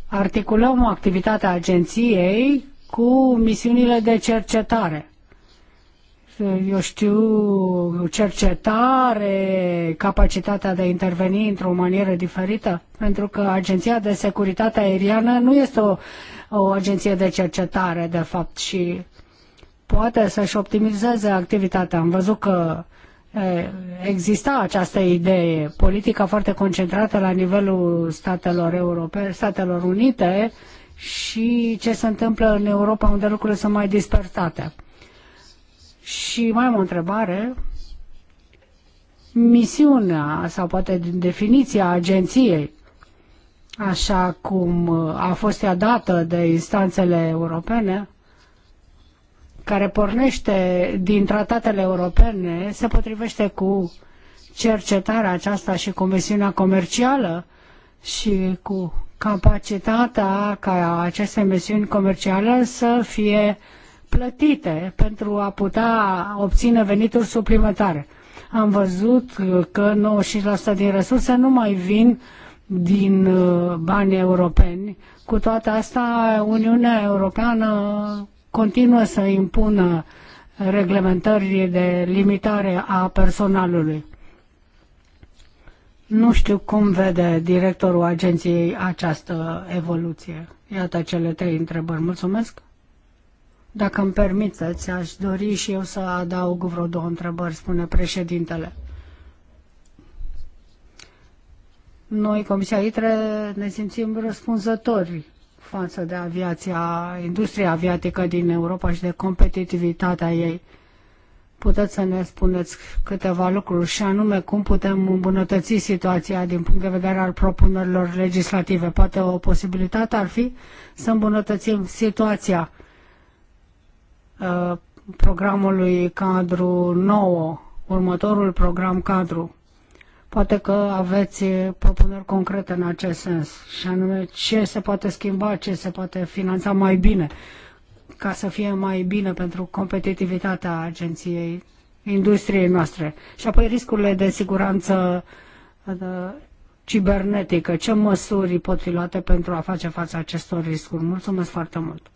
S2: articulăm activitatea agenției cu misiunile de cercetare? eu știu, cercetare, capacitatea de a interveni într-o manieră diferită? Pentru că Agenția de Securitate Aeriană nu este o, o agenție de cercetare, de fapt, și poate să-și optimizeze activitatea. Am văzut că exista această idee, politică foarte concentrată la nivelul statelor europene, Statelor Unite și ce se întâmplă în Europa unde lucrurile sunt mai dispersate. Și mai am o întrebare. Misiunea sau poate definiția agenției, așa cum uh, a fost ea dată de instanțele europene, care pornește din tratatele europene, se potrivește cu cercetarea aceasta și cu misiunea comercială și cu capacitatea ca aceste misiuni comerciale să fie uh, plătite pentru a putea obține venituri suplimentare. Am văzut că 95% din resurse nu mai vin din uh, bani europeni. Cu toate astea, Uniunea Europeană continuă să impună reglementări de limitare a personalului. Nu știu cum vede directorul agenției această evoluție. Iată cele trei întrebări. Mulțumesc! Dacă îmi permiteți, aș dori și eu să adaug vreo două întrebări, spune președintele. Noi, Comisia ITRE, ne simțim răspunzători față de aviația, industria aviatică din Europa și de competitivitatea ei. Puteți să ne spuneți câteva lucruri și anume cum putem îmbunătăți situația din punct de vedere al propunerilor legislative. Poate o posibilitate ar fi să îmbunătățim situația Uh, programului cadru nou următorul program cadru. Poate că aveți propuneri concrete în acest sens, și anume ce se poate schimba, ce se poate finanța mai bine, ca să fie mai bine pentru competitivitatea agenției, industriei noastre. Și apoi riscurile de siguranță uh, cibernetică. Ce măsuri pot fi luate pentru a face față acestor riscuri? Mulțumesc foarte mult!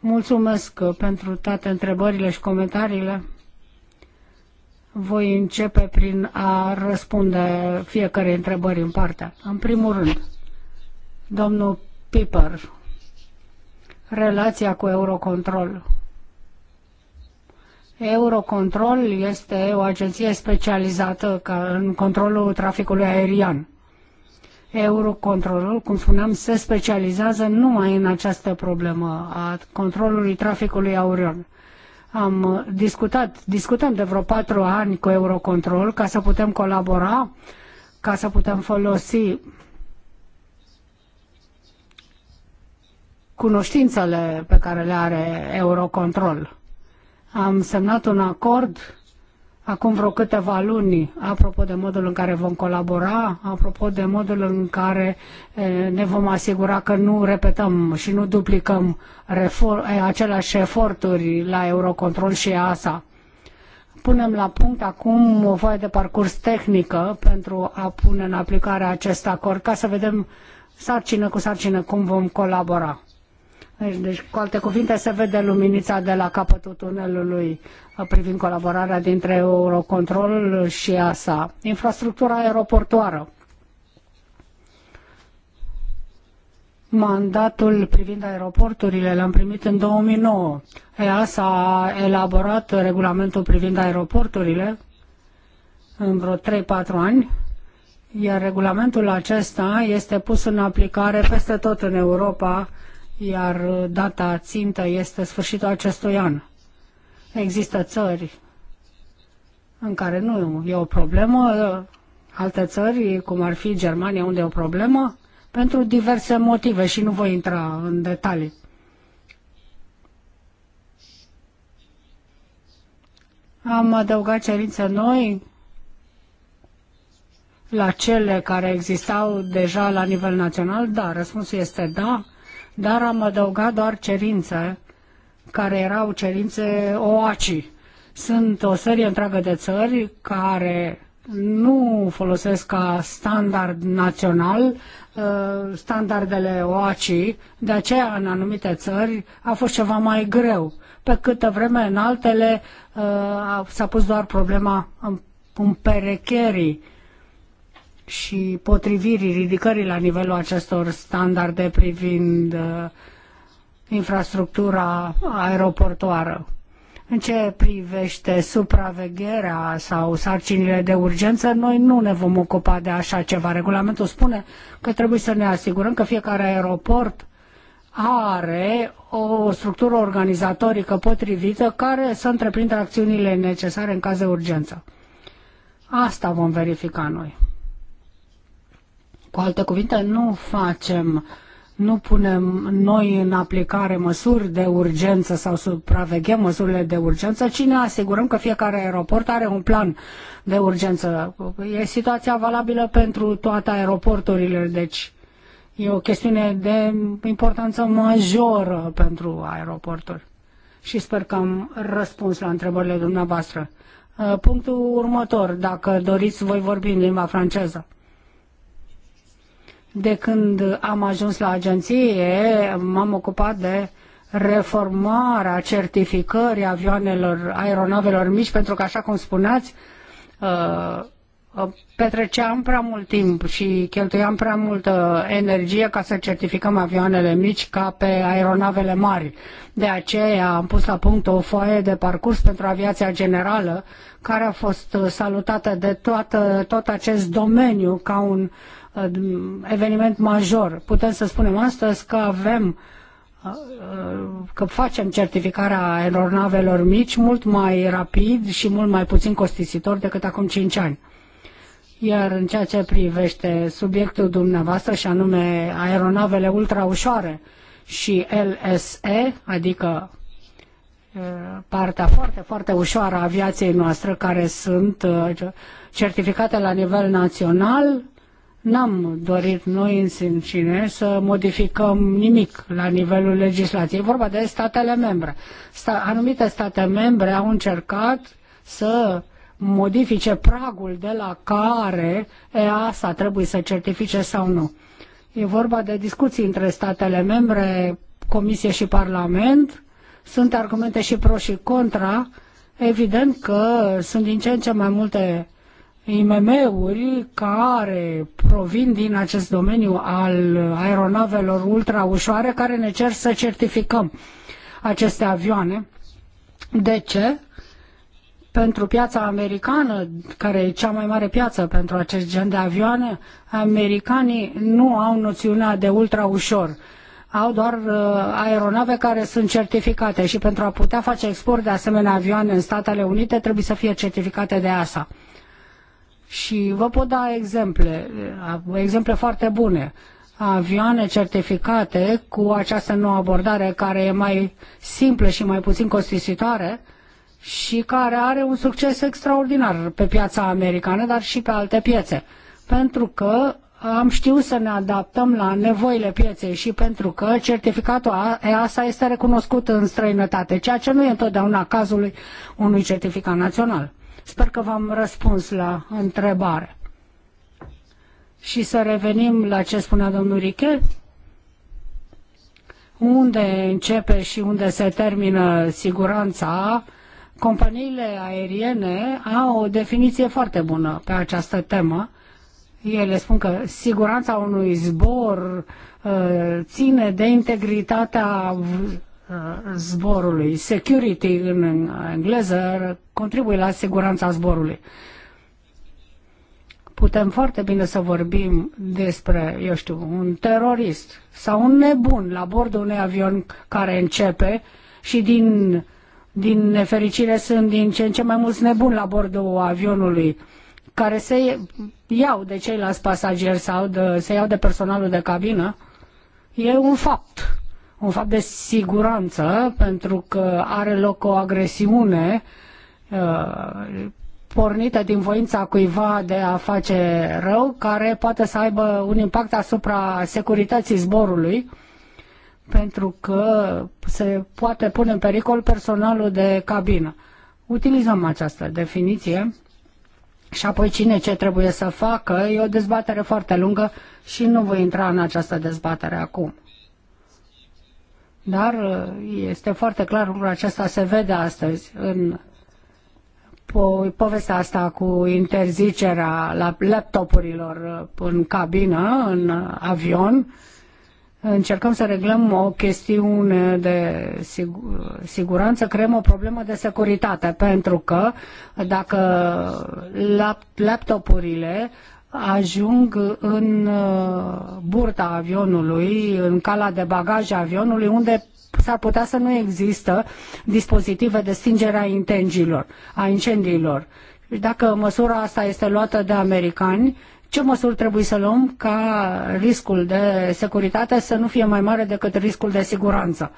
S2: Mulțumesc uh, pentru toate întrebările și comentariile. Voi începe prin a răspunde fiecare întrebări în parte. În primul rând, domnul Piper, relația cu Eurocontrol. Eurocontrol este o agenție specializată în controlul traficului aerian. Eurocontrolul, cum spuneam, se specializează numai în această problemă a controlului traficului aurion. Am discutat, discutăm de vreo patru ani cu Eurocontrol ca să putem colabora, ca să putem folosi cunoștințele pe care le are Eurocontrol. Am semnat un acord acum vreo câteva luni, apropo de modul în care vom colabora, apropo de modul în care ne vom asigura că nu repetăm și nu duplicăm aceleași eforturi la Eurocontrol și EASA. Punem la punct acum o voie de parcurs tehnică pentru a pune în aplicare acest acord, ca să vedem sarcină cu sarcină cum vom colabora. Deci, cu alte cuvinte, se vede luminița de la capătul tunelului uh, privind colaborarea dintre Eurocontrol și ASA. Infrastructura aeroportoară. Mandatul privind aeroporturile l-am primit în 2009. EASA a elaborat regulamentul privind aeroporturile în vreo 3-4 ani, iar regulamentul acesta este pus în aplicare peste tot în Europa iar uh, data țintă este sfârșitul acestui an. Există țări în care nu e o problemă, uh, alte țări, cum ar fi Germania, unde e o problemă, pentru diverse motive și nu voi intra în detalii. Am adăugat cerințe noi la cele care existau deja la nivel național? Da, răspunsul este da dar am adăugat doar cerințe care erau cerințe OACI. Sunt o serie întreagă de țări care nu folosesc ca standard național uh, standardele OACI, de aceea în anumite țări a fost ceva mai greu, pe câtă vreme în altele uh, s-a pus doar problema împerecherii și potrivirii ridicării la nivelul acestor standarde privind uh, infrastructura aeroportoară. În ce privește supravegherea sau sarcinile de urgență, noi nu ne vom ocupa de așa ceva. Regulamentul spune că trebuie să ne asigurăm că fiecare aeroport are o structură organizatorică potrivită care să întreprindă acțiunile necesare în caz de urgență. Asta vom verifica noi. Cu alte cuvinte, nu facem, nu punem noi în aplicare măsuri de urgență sau supraveghem măsurile de urgență, ci ne asigurăm că fiecare aeroport are un plan de urgență. E situația valabilă pentru toate aeroporturile, deci e o chestiune de importanță majoră pentru aeroporturi. Și sper că am răspuns la întrebările dumneavoastră. Punctul următor, dacă doriți, voi vorbi în limba franceză. De când am ajuns la agenție, m-am ocupat de reformarea certificării avioanelor, aeronavelor mici, pentru că, așa cum spuneați, uh, uh, petreceam prea mult timp și cheltuiam prea multă energie ca să certificăm avioanele mici ca pe aeronavele mari. De aceea am pus la punct o foaie de parcurs pentru aviația generală, care a fost salutată de toată, tot acest domeniu ca un Uh, eveniment major. Putem să spunem astăzi că avem uh, uh, că facem certificarea aeronavelor mici mult mai rapid și mult mai puțin costisitor decât acum 5 ani. Iar în ceea ce privește subiectul dumneavoastră și anume aeronavele ultraușoare și LSE, adică partea foarte, foarte ușoară a aviației noastre, care sunt certificate la nivel național, N-am dorit noi în sincine să modificăm nimic la nivelul legislației. E vorba de statele membre. Sta- anumite state membre au încercat să modifice pragul de la care EASA trebuie să certifice sau nu. E vorba de discuții între statele membre, Comisie și Parlament. Sunt argumente și pro și contra. Evident că sunt din ce în ce mai multe IMM-uri care provin din acest domeniu al aeronavelor ultra ușoare care ne cer să certificăm aceste avioane. De ce? Pentru piața americană, care e cea mai mare piață pentru acest gen de avioane, americanii nu au noțiunea de ultra ușor au doar uh, aeronave care sunt certificate și pentru a putea face export de asemenea avioane în Statele Unite trebuie să fie certificate de ASA. Și vă pot da exemple, exemple foarte bune. Avioane certificate cu această nouă abordare care e mai simplă și mai puțin costisitoare și care are un succes extraordinar pe piața americană, dar și pe alte piețe. Pentru că am știut să ne adaptăm la nevoile pieței și pentru că certificatul EASA este recunoscut în străinătate, ceea ce nu e întotdeauna cazul unui certificat național. Sper că v-am răspuns la întrebare. Și să revenim la ce spunea domnul Riche. Unde începe și unde se termină siguranța, companiile aeriene au o definiție foarte bună pe această temă. Ele spun că siguranța unui zbor uh, ține de integritatea Uh, zborului. Security în engleză contribuie la siguranța zborului. Putem foarte bine să vorbim despre, eu știu, un terorist sau un nebun la bordul unui avion care începe și din, din nefericire sunt din ce în ce mai mulți nebuni la bordul avionului care se iau de ceilalți pasageri sau de, se iau de personalul de cabină, e un fapt un fapt de siguranță, pentru că are loc o agresiune uh, pornită din voința cuiva de a face rău, care poate să aibă un impact asupra securității zborului, pentru că se poate pune în pericol personalul de cabină. Utilizăm această definiție și apoi cine ce trebuie să facă e o dezbatere foarte lungă și nu voi intra în această dezbatere acum. Dar uh, este foarte clar lucrul acesta se vede astăzi în po- povestea asta cu interzicerea laptopurilor uh, în cabină, în avion. Încercăm să reglăm o chestiune de sigur, siguranță, creăm o problemă de securitate, pentru că dacă laptopurile ajung în uh, burta avionului, în cala de bagaj avionului, unde s-ar putea să nu există dispozitive de stingere a intengilor, a incendiilor. Deci dacă măsura asta este luată de americani, ce măsuri trebuie să luăm ca riscul de securitate să nu fie mai mare decât riscul de siguranță?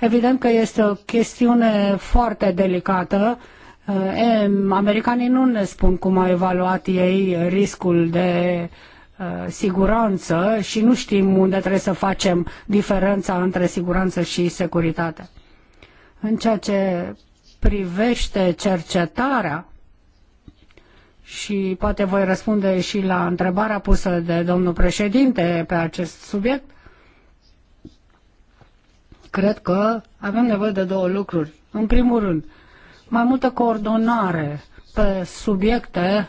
S2: Evident că este o chestiune foarte delicată, uh, E, eh, eh, americanii nu ne spun cum au evaluat ei riscul de eh, siguranță și nu știm unde trebuie să facem diferența între siguranță și securitate. În ceea ce privește cercetarea, și poate voi răspunde și la întrebarea pusă de domnul președinte pe acest subiect, cred că avem nevoie de două lucruri. În primul rând, mai multă coordonare pe subiecte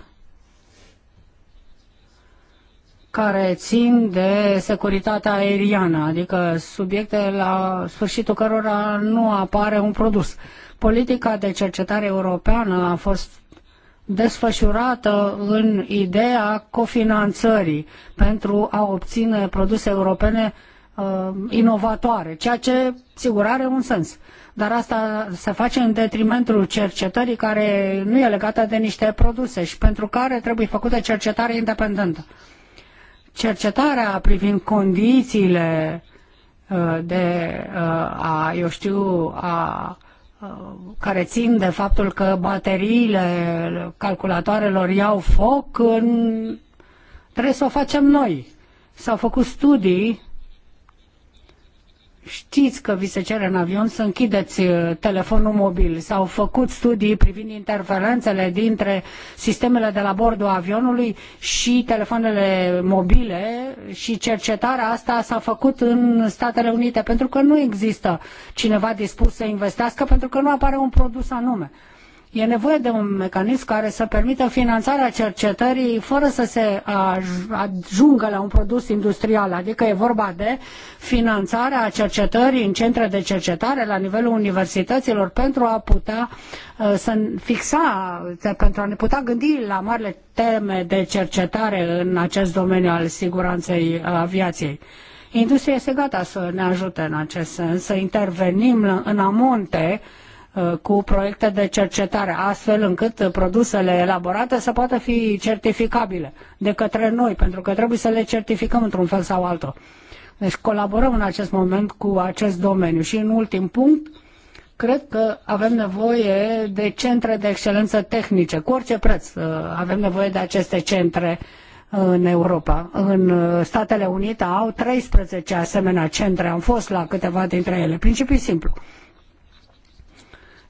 S2: care țin de securitatea aeriană, adică subiecte la sfârșitul cărora nu apare un produs. Politica de cercetare europeană a fost desfășurată în ideea cofinanțării pentru a obține produse europene uh, inovatoare, ceea ce sigur are un sens dar asta se face în detrimentul cercetării care nu e legată de niște produse și pentru care trebuie făcută cercetare independentă. Cercetarea privind condițiile uh, de uh, a, eu știu, a uh, care țin de faptul că bateriile calculatoarelor iau foc, trebuie să o facem noi. S-au făcut studii știți că vi se cere în avion să închideți uh, telefonul mobil. S-au făcut studii privind interferențele dintre sistemele de la bordul avionului și telefoanele mobile și cercetarea asta s-a făcut în Statele Unite pentru că nu există cineva dispus să investească pentru că nu apare un produs anume. E nevoie de un mecanism care să permită finanțarea cercetării fără să se ajungă la un produs industrial, adică e vorba de finanțarea cercetării în centre de cercetare la nivelul universităților pentru a putea uh, să fixa, pentru a ne putea gândi la marile teme de cercetare în acest domeniu al siguranței aviației. Industria este gata să ne ajute în acest sens, să intervenim în amonte Uh, cu proiecte de cercetare, astfel încât uh, produsele elaborate să poată fi certificabile de către noi, pentru că trebuie să le certificăm într-un fel sau altul. Deci colaborăm în acest moment cu acest domeniu. Și în ultim punct, cred că avem nevoie de centre de excelență tehnice, cu orice preț. Uh, avem nevoie de aceste centre în Europa. În Statele Unite au 13 asemenea centre, am fost la câteva dintre ele. Principiul simplu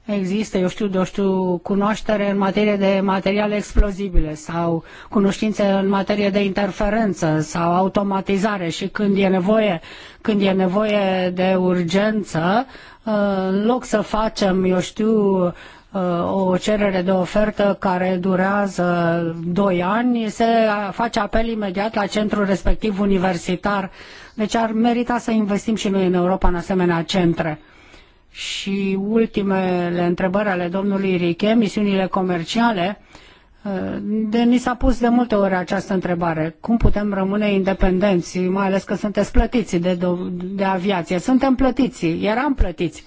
S2: există, eu știu, eu știu, cunoaștere în materie de materiale explozibile sau cunoștințe în materie de interferență sau automatizare și când e nevoie, când e nevoie de urgență, uh, în loc să facem, eu știu, uh, o cerere de ofertă care durează 2 ani, se face apel imediat la centrul respectiv universitar. Deci ar merita să investim și noi în Europa în asemenea centre și ultimele întrebări ale domnului Riche, misiunile comerciale, uh, de, ni s-a pus de multe ori această întrebare. Cum putem rămâne independenți, mai ales că sunteți plătiți de, de aviație? Suntem plătiți, eram plătiți.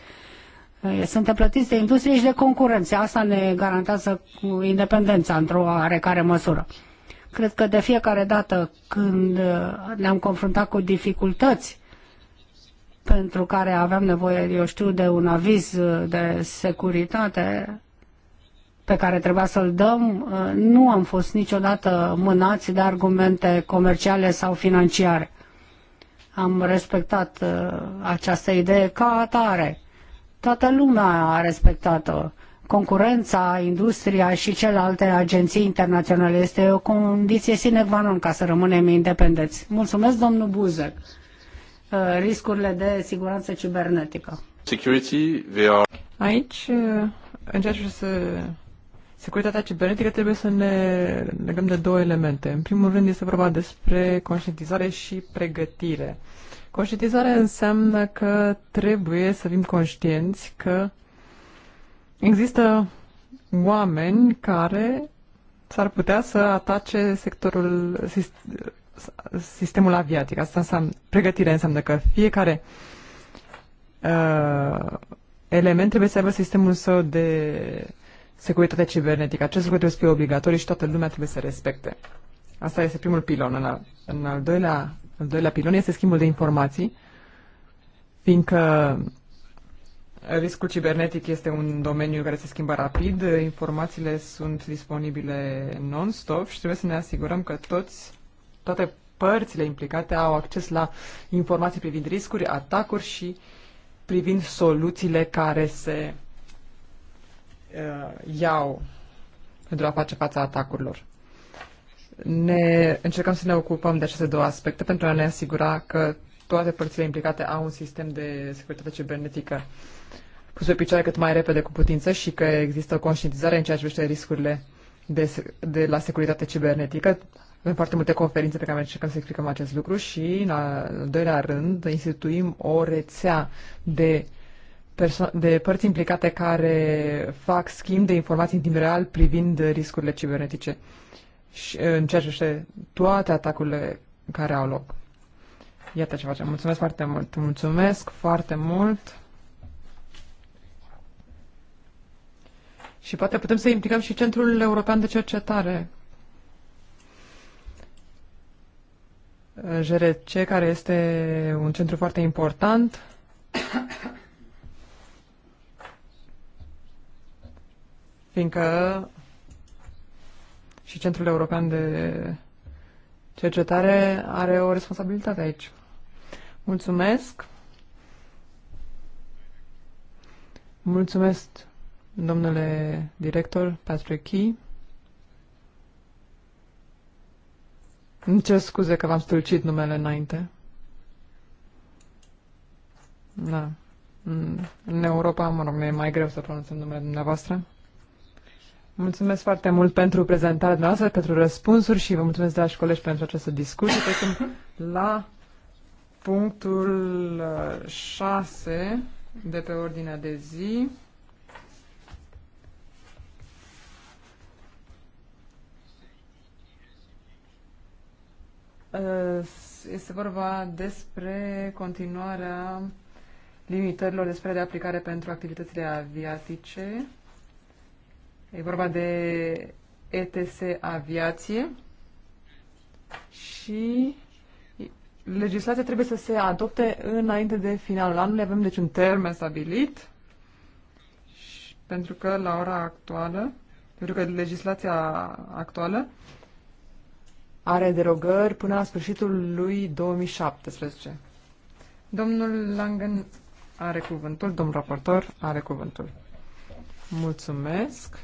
S2: Uh, suntem plătiți de industrie și de concurență. Asta ne garantează independența într-o oarecare măsură. Cred că de fiecare dată când uh, ne-am confruntat cu dificultăți, pentru care aveam nevoie, eu știu, de un aviz de securitate pe care trebuia să-l dăm, nu am fost niciodată mânați de argumente comerciale sau financiare. Am respectat uh, această idee ca atare. Toată lumea a respectat-o. Concurența, industria și celelalte agenții internaționale este o condiție sine qua non ca să rămânem independenți. Mulțumesc, domnul Buzek. Uh, riscurile de siguranță cibernetică.
S3: Security, are...
S2: Aici, uh,
S3: în ceea ce se Securitatea cibernetică trebuie să ne legăm de două elemente. În primul rând este vorba despre conștientizare și pregătire. Conștientizarea înseamnă că trebuie să fim conștienți că există oameni care s-ar putea să atace sectorul sistemul aviatic. Asta înseamnă, pregătire înseamnă că fiecare uh, element trebuie să aibă sistemul său de securitate cibernetică. Acest lucru trebuie să fie obligatoriu și toată lumea trebuie să respecte. Asta este primul pilon. În al, în al, doilea, al doilea pilon este schimbul de informații, fiindcă riscul cibernetic este un domeniu care se schimbă rapid, informațiile sunt disponibile non-stop și trebuie să ne asigurăm că toți toate părțile implicate au acces la informații privind riscuri, atacuri și privind soluțiile care se uh, iau pentru a face fața atacurilor. Ne încercăm să ne ocupăm de aceste două aspecte pentru a ne asigura că toate părțile implicate au un sistem de securitate cibernetică pus pe picioare cât mai repede cu putință și că există o conștientizare în ceea ce privește riscurile de, de la securitate cibernetică, avem foarte multe conferințe pe care încercăm să explicăm acest lucru și, în al doilea rând, instituim o rețea de de părți implicate care fac schimb de informații în timp real privind riscurile cibernetice și în ceea ce toate atacurile care au loc. Iată ce facem. Mulțumesc foarte mult. Mulțumesc foarte mult. Și poate putem să implicăm și Centrul European de Cercetare. JRC, care este un centru foarte important. fiindcă și Centrul European de Cercetare are o responsabilitate aici. Mulțumesc! Mulțumesc, domnule director Patrick Key. Îmi cer scuze că v-am strălucit numele înainte. Da. În Europa, mă rog, e mai greu să pronunțăm numele dumneavoastră. Mulțumesc foarte mult pentru prezentarea dumneavoastră, pentru răspunsuri și vă mulțumesc, dragi colegi, pentru această discuție. Trecem la punctul 6 uh, de pe ordinea de zi. Uh, este vorba despre continuarea limitărilor despre de aplicare pentru activitățile aviatice. E vorba de ETS aviație și legislația trebuie să se adopte înainte de finalul anului. Avem deci un termen stabilit și pentru că la ora actuală, pentru că legislația actuală are derogări până la sfârșitul lui 2017. Domnul Langen are cuvântul, domnul raportor are cuvântul. Mulțumesc.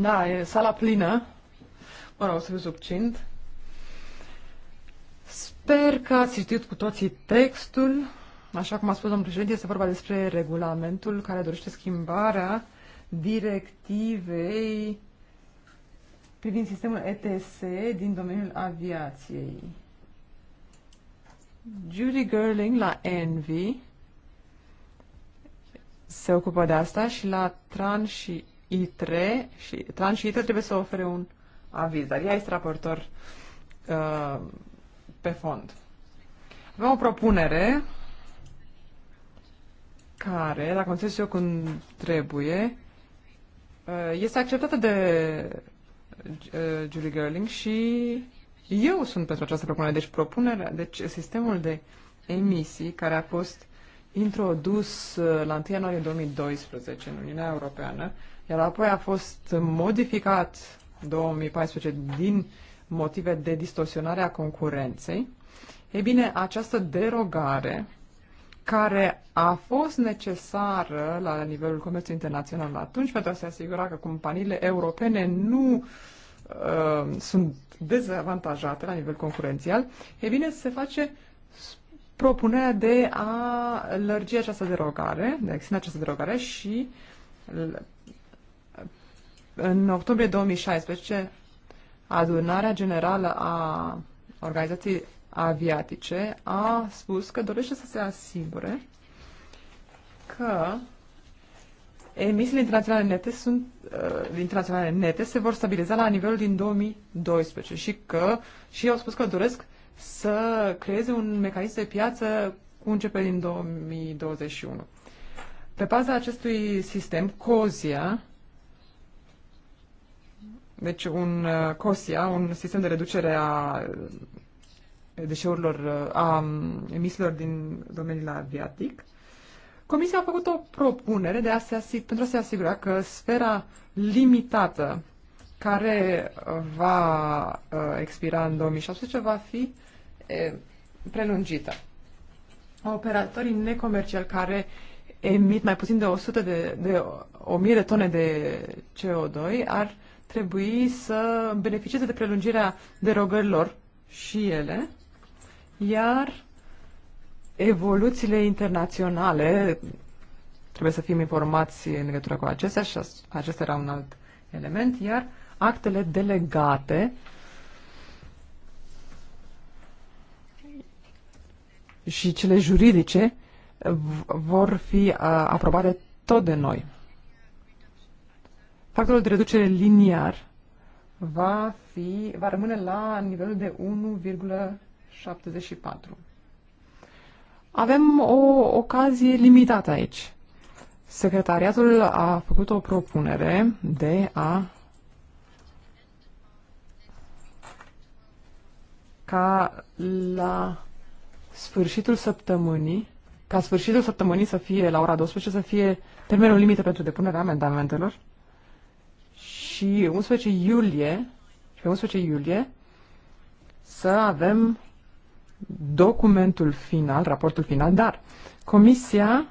S3: Da, e sala plină. Mă rog, să fiu subțint. Sper că ați citit cu toții textul. Așa cum a spus domnul președinte, este vorba despre regulamentul care dorește schimbarea directivei privind sistemul ETS din domeniul aviației. Judy Gerling la Envy se ocupă de asta și la Tran și ITRE și Tran și ITRE trebuie să ofere un aviz, dar ea este raportor uh, pe fond. Avem o propunere care, dacă înțeles eu cum trebuie, uh, este acceptată de Julie Gerling și eu sunt pentru această propunere. Deci propunerea, deci sistemul de emisii care a fost introdus uh, la 1 ianuarie 2012 în Uniunea Europeană, iar apoi a fost modificat 2014 din motive de distorsionare a concurenței. Ei bine, această derogare care a fost necesară la nivelul comerțului internațional atunci pentru a se asigura că companiile europene nu uh, sunt dezavantajate la nivel concurențial, e bine, să se face propunerea de a lărgi această derogare, de a extinde această derogare și în octombrie 2016 adunarea generală a Organizației aviatice a spus că dorește să se asigure că emisiile internaționale nete, sunt, uh, internaționale nete se vor stabiliza la nivelul din 2012 și că și au spus că doresc să creeze un mecanism de piață cu începe din 2021. Pe baza acestui sistem, COSIA, deci un uh, COSIA, un sistem de reducere a deșeurilor, uh, a um, emisiilor din domeniul aviatic, Comisia a făcut o propunere de a se asigura pentru a se asigura că sfera limitată care va uh, expira în 2016 va fi prelungită. Operatorii necomerciali care emit mai puțin de 100 de, de 1000 de tone de CO2 ar trebui să beneficieze de prelungirea derogărilor și ele iar evoluțiile internaționale, trebuie să fim informați în legătură cu acestea și acesta era un alt element, iar actele delegate și cele juridice vor fi aprobate tot de noi. Factorul de reducere liniar va, fi, va rămâne la nivelul de 74. Avem o ocazie limitată aici. Secretariatul a făcut o propunere de a ca la sfârșitul săptămânii, ca sfârșitul săptămânii să fie la ora 12, să fie termenul limită pentru depunerea amendamentelor și 11 iulie, și pe 11 iulie să avem documentul final, raportul final, dar Comisia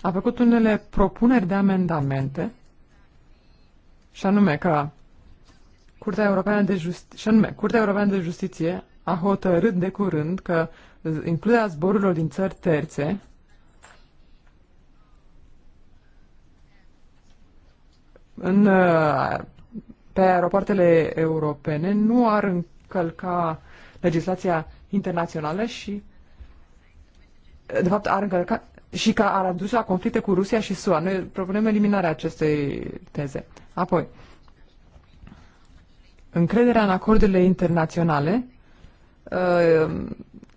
S3: a făcut unele propuneri de amendamente și anume că Curtea Europeană de Justiție, și anume, Curtea Europeană de Justiție a hotărât de curând că includerea zborurilor din țări terțe în uh, pe aeropoartele europene nu ar încălca legislația internațională și, de fapt, ar încălca și că ar aduce la conflicte cu Rusia și SUA. Noi propunem eliminarea acestei teze. Apoi, încrederea în acordurile internaționale uh,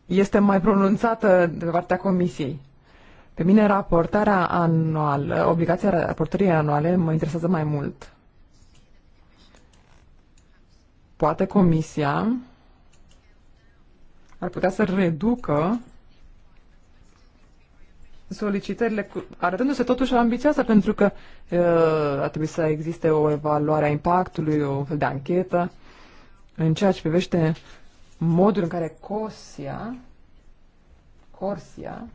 S3: este mai pronunțată de partea Comisiei. Pe mine raportarea anuală, obligația raportării anuale mă interesează mai mult. Poate Comisia ar putea să reducă solicitările, arătându-se totuși ambițioasă, pentru că uh, ar trebui să existe o evaluare a impactului, o fel de anchetă, în ceea ce privește modul în care Corsia, Corsia,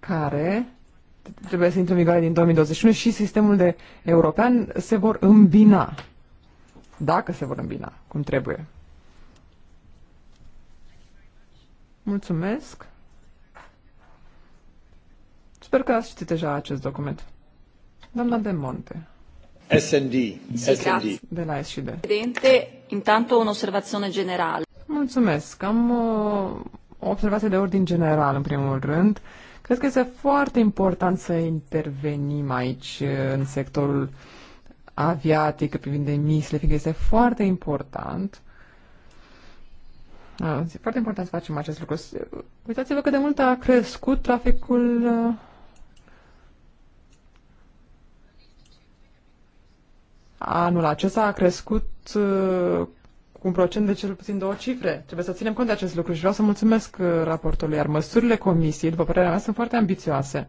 S3: care trebuie să intre în vigoare din 2021 și sistemul de european se vor îmbina dacă se vor îmbina cum trebuie. Mulțumesc. Sper că ați citit deja acest document. Doamna De Monte. SND. SND. De la S
S2: Presidente, intanto
S4: un'osservazione generale.
S3: Mulțumesc. Am uh, o observație de ordin general, în primul rând. Cred că este foarte important să intervenim aici, uh, în sectorul uh, aviatică, privind emisiile, fiindcă este foarte important. Da, este foarte important să facem acest lucru. Uitați-vă că de mult a crescut traficul uh, anul acesta a crescut uh, cu un procent de cel puțin două cifre. Trebuie să ținem cont de acest lucru și vreau să mulțumesc uh, raportului, iar măsurile comisiei, după părerea mea, sunt foarte ambițioase.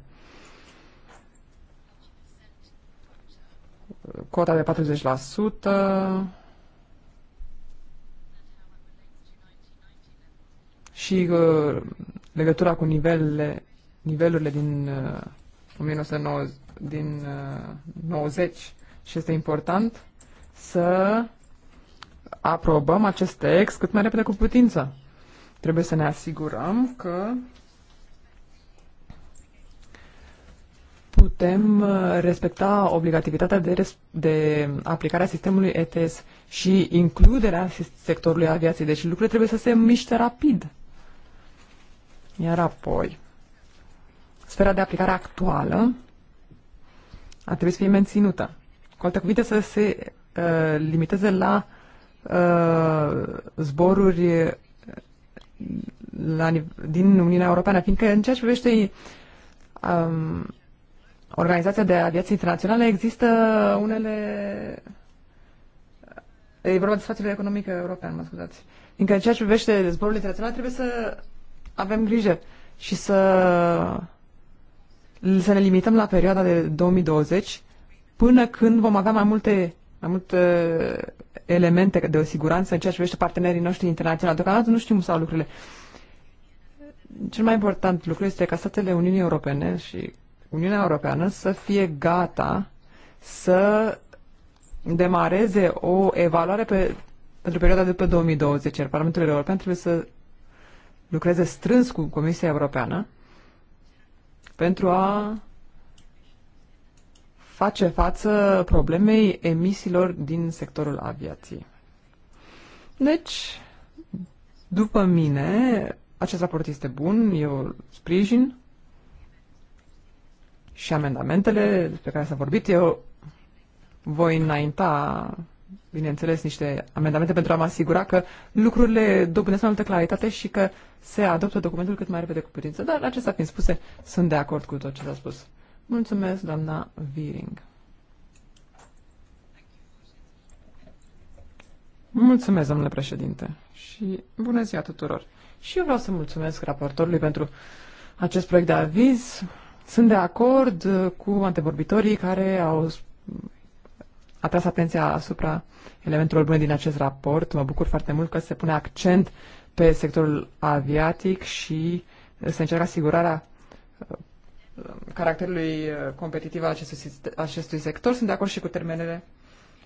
S3: cota de 40% și uh, legătura cu nivelurile, nivelurile din, 1990, uh, din 90 uh, și este important să aprobăm acest text cât mai repede cu putință. Trebuie să ne asigurăm că putem uh, respecta obligativitatea de, res- de aplicarea sistemului ETS și includerea sectorului aviației. Deci lucrurile trebuie să se miște rapid. Iar apoi, sfera de aplicare actuală ar trebui să fie menținută. Cu alte cuvinte, să se uh, limiteze la uh, zboruri la, din Uniunea Europeană, fiindcă în ceea ce privește um, Organizația de Aviație Internațională există unele... E vorba de spațiul economic european, mă scuzați. în ceea ce privește zborul internațional trebuie să avem grijă și să, să ne limităm la perioada de 2020 până când vom avea mai multe, mai multe uh, elemente de siguranță în ceea ce privește partenerii noștri internaționali. Deocamdată nu știm cum stau lucrurile. Cel mai important lucru este ca statele Uniunii Europene și Uniunea Europeană să fie gata să demareze o evaluare pe, pentru perioada de pe 2020, iar Parlamentul European trebuie să lucreze strâns cu Comisia Europeană pentru a face față problemei emisiilor din sectorul aviației. Deci, după mine, acest raport este bun, eu sprijin și amendamentele despre care s-a vorbit. Eu voi înainta, bineînțeles, niște amendamente pentru a mă asigura că lucrurile dobândesc mai multă claritate și că se adoptă documentul cât mai repede cu putință. Dar acestea fiind spuse, sunt de acord cu tot ce s-a spus. Mulțumesc, doamna Viring. Mulțumesc, domnule președinte, și bună ziua tuturor. Și eu vreau să mulțumesc raportorului pentru acest proiect de aviz sunt de acord uh, cu antevorbitorii care au atras atenția asupra elementelor bune din acest raport. Mă bucur foarte mult că se pune accent pe sectorul aviatic și se încearcă asigurarea uh, caracterului uh, competitiv al acestui, acestui sector. Sunt de acord și cu termenele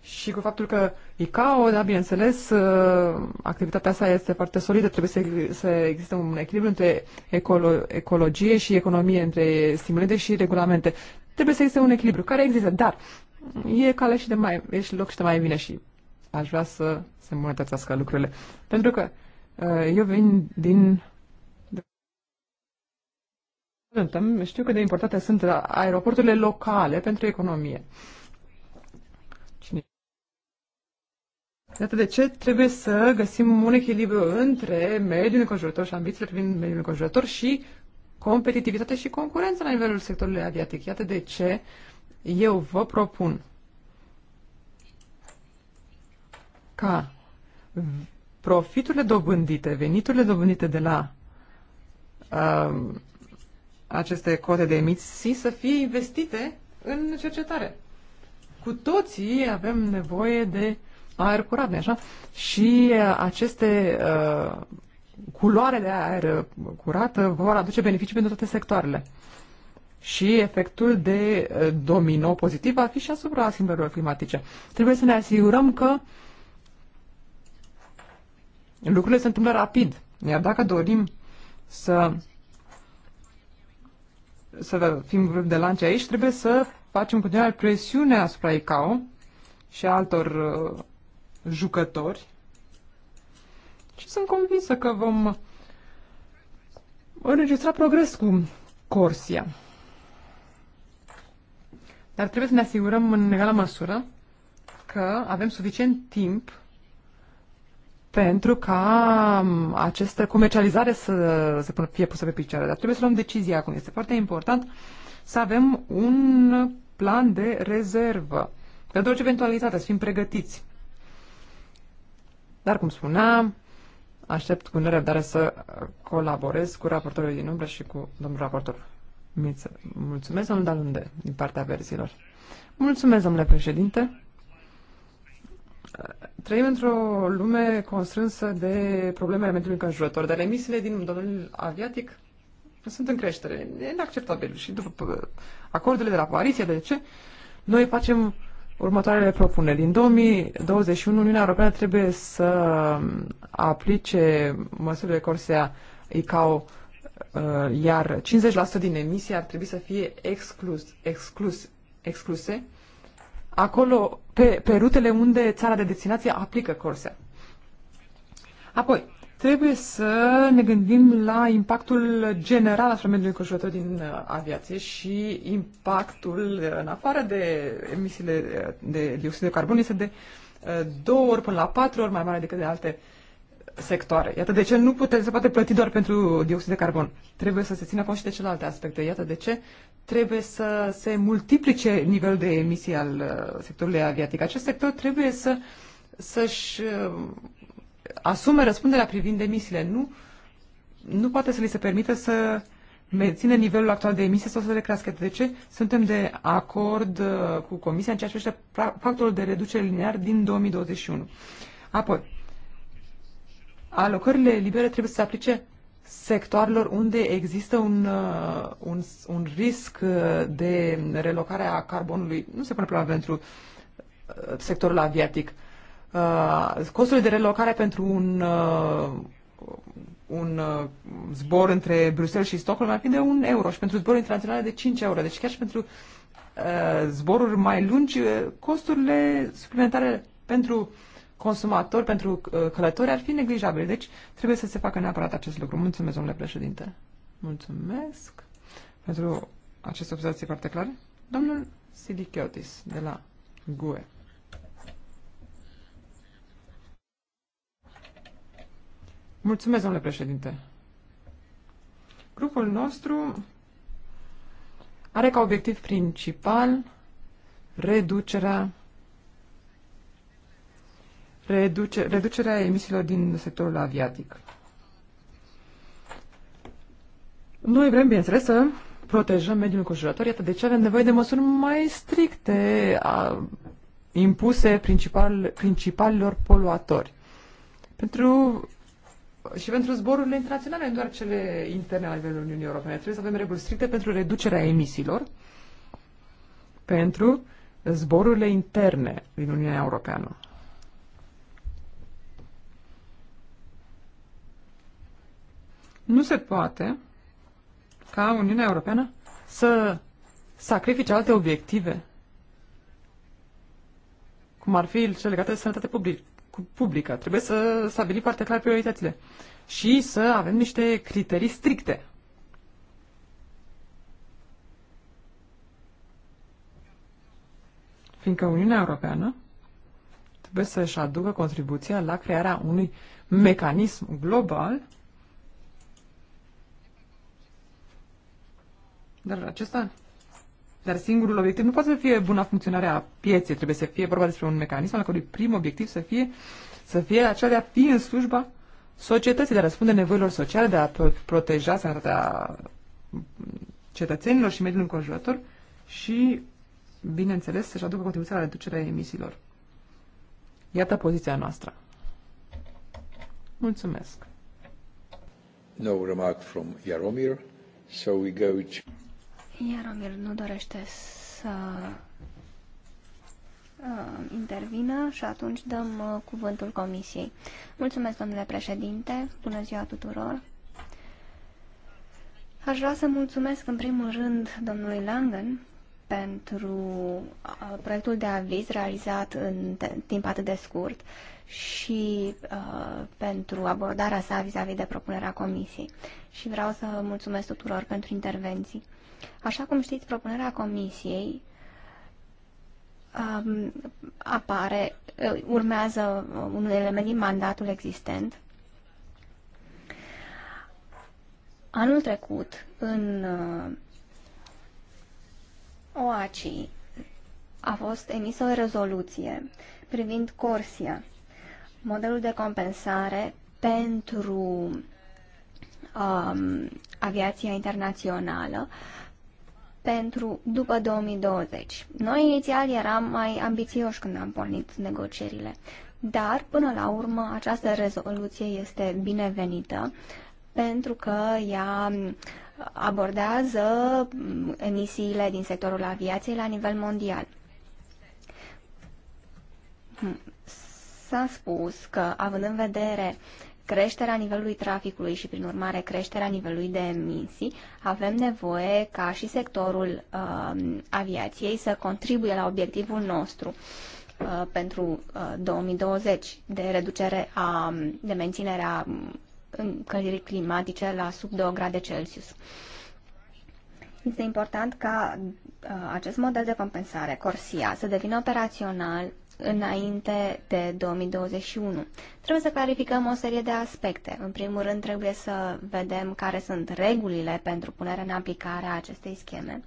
S3: și cu faptul că ICAO, da, bineînțeles, uh, activitatea sa este foarte solidă, trebuie să, să existe un echilibru între ecolo, ecologie și economie, între stimulente și regulamente. Trebuie să existe un echilibru care există, dar e cale și de mai, e și loc și de mai bine și aș vrea să se îmbunătățească lucrurile. Pentru că uh, eu vin din știu cât de importante sunt aeroporturile locale pentru economie. Uh, Iată de ce trebuie să găsim un echilibru între mediul înconjurător și ambițiile privind mediul înconjurător și competitivitate și concurență la nivelul sectorului aviatic. Iată de ce eu vă propun ca profiturile dobândite, veniturile dobândite de la uh, aceste cote de emisii să fie investite în cercetare. Cu toții avem nevoie de uh, aer curat, nu așa? Și uh, aceste uh, culoare de aer curat uh, vor aduce beneficii pentru toate sectoarele. Și efectul de uh, domino pozitiv va fi și asupra schimbărilor climatice. Trebuie să ne asigurăm că lucrurile se întâmplă rapid. Iar dacă dorim să să fim de lance aici, trebuie să facem continuare presiune asupra ICAO și altor jucători și sunt convinsă că vom înregistra progres cu Corsia. Dar trebuie să ne asigurăm în egală măsură că avem suficient timp pentru ca um, această comercializare să, să fie pusă pe picioare. Dar trebuie să luăm decizia acum. Este foarte important să avem un plan de rezervă. Pentru orice eventualitate, să fim pregătiți. Dar, cum spuneam, aștept cu nerăbdare să colaborez cu raportorul din umbră și cu domnul raportor. Mulțumesc, domnul Dalunde, din partea verzilor. Mulțumesc, domnule președinte. Trăim într-o lume constrânsă de problemele mediului înconjurător, dar emisiile din domeniul aviatic sunt în creștere. E inacceptabil. Și după acordurile de la Paris, de ce, noi facem următoarele propuneri. Din 2021, Uniunea Europeană trebuie să aplice măsurile Corsea ICAO, uh, iar 50% din emisii ar trebui să fie exclus, exclus, excluse acolo, pe, pe rutele unde țara de destinație aplică Corsea. Apoi, trebuie să ne gândim la impactul general asupra mediului înconjurător din uh, aviație și impactul, uh, în afară de emisiile uh, de dioxid de carbon, este de două ori până la patru ori mai mare decât de alte sectoare. Iată de ce nu pute, se poate plăti doar pentru dioxid de carbon. Trebuie să se țină cont și de celelalte aspecte. Iată de ce trebuie să se multiplice nivelul de emisii al sectorului aviatic. Acest sector trebuie să să-și asume răspunderea privind emisiile. Nu, nu poate să li se permită să menține nivelul actual de emisie sau să le crească. De ce? Suntem de acord uh, cu Comisia în ceea ce privește factorul de reducere linear din 2021. Apoi, alocările libere trebuie să se aplice sectoarelor unde există un, uh, un, un risc uh, de relocare a carbonului. Nu se pune problema pentru sectorul aviatic. Uh, costurile de relocare pentru un, uh, un uh, zbor între Bruxelles și Stockholm ar fi de un euro și pentru zboruri internaționale de 5 euro. Deci chiar și pentru zboruri mai lungi, costurile suplimentare pentru consumatori, pentru călători ar fi neglijabile. Deci trebuie să se facă neapărat acest lucru. Mulțumesc, domnule președinte. Mulțumesc pentru aceste observații foarte clare. Domnul Silichiotis de la GUE. Mulțumesc, domnule președinte. Grupul nostru are ca obiectiv principal reducerea reduce, reducerea emisiilor din sectorul aviatic. Noi vrem, bineînțeles, să protejăm mediul înconjurător, iată de ce avem nevoie de măsuri mai stricte a, impuse principal, principalilor poluatori. Pentru și pentru zborurile internaționale, nu doar cele interne la nivelul Uniunii Europene. Trebuie să avem reguli stricte pentru reducerea emisiilor pentru zborurile interne din Uniunea Europeană. Nu se poate ca Uniunea Europeană să sacrifice alte obiective, cum ar fi cele legate de sănătate publică cu publică. Trebuie să stabilim foarte clar prioritățile și să avem niște criterii stricte. Fiindcă Uniunea Europeană trebuie să-și aducă contribuția la crearea unui mecanism global dar acesta dar singurul obiectiv nu poate să fie buna funcționare a pieței, trebuie să fie vorba despre un mecanism al cărui prim obiectiv să fie, să fie acela de a fi în slujba societății, de a răspunde nevoilor sociale, de a proteja sănătatea cetățenilor și mediul înconjurător și, bineînțeles, să-și aducă contribuția la reducerea emisiilor. Iată poziția noastră. Mulțumesc.
S4: No remark from Jaromir, so we go to...
S1: Iaromir nu dorește să uh, intervină și atunci dăm uh, cuvântul comisiei. Mulțumesc, domnule președinte. Bună ziua tuturor. Aș vrea să mulțumesc în primul rând domnului Langen pentru uh, proiectul de aviz realizat în timp atât de scurt și uh, pentru abordarea sa vis-a-vis -vis de propunerea comisiei. Și vreau să mulțumesc tuturor pentru intervenții. Așa cum știți, propunerea comisiei um, uh, apare, urmează un element din mandatul existent. Anul trecut, în uh, OACI a fost emisă o rezoluție privind Corsia, modelul de compensare pentru um, aviația internațională pentru după 2020. Noi inițial eram mai ambițioși când am pornit negocierile, dar până la urmă această rezoluție este binevenită pentru că ea uh, abordează mm, emisiile din sectorul aviației la nivel mondial. Mm, s-a spus că, având în vedere creșterea nivelului traficului și, prin urmare, creșterea nivelului de emisii, avem nevoie ca și sectorul uh, aviației să contribuie la obiectivul nostru uh, pentru uh, 2020 de reducere a, de menținerea mm, încălzirii climatice la sub 2 grade Celsius. Este important ca uh, acest model de compensare, Corsia, să devină operațional înainte de 2021. Trebuie să clarificăm o serie de aspecte. În primul rând, trebuie să vedem care sunt regulile pentru punerea în aplicare a acestei scheme.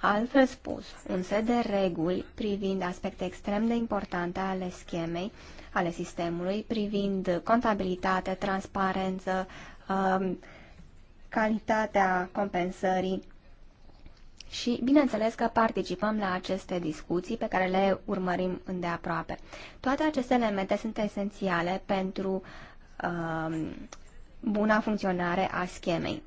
S1: Altfel spus, un set de reguli privind aspecte extrem de importante ale schemei ale sistemului privind contabilitate, transparență, um, calitatea compensării și, bineînțeles, că participăm la aceste discuții pe care le urmărim îndeaproape. Toate aceste elemente sunt esențiale pentru uh, buna funcționare a schemei.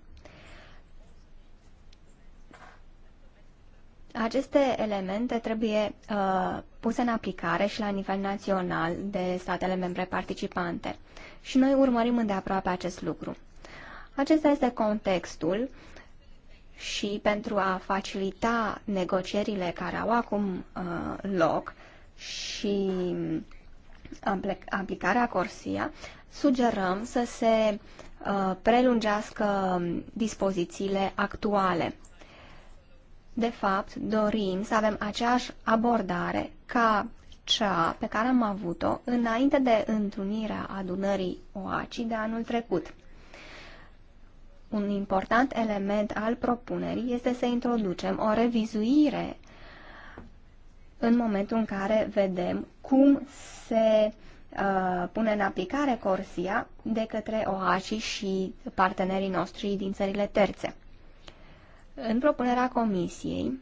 S1: Aceste elemente trebuie uh, puse în aplicare și la nivel național de statele membre participante. Și noi urmărim îndeaproape acest lucru. Acesta este contextul și pentru a facilita negocierile care au acum uh, loc și uh, aplicarea Corsia, sugerăm să se uh, prelungească um, dispozițiile actuale de fapt, dorim să avem aceeași abordare ca cea pe care am avut-o înainte de întrunirea adunării OACI de anul trecut. Un important element al propunerii este să introducem o revizuire în momentul în care vedem cum se uh, pune în aplicare Corsia de către OACI și partenerii noștri din țările terțe. În propunerea comisiei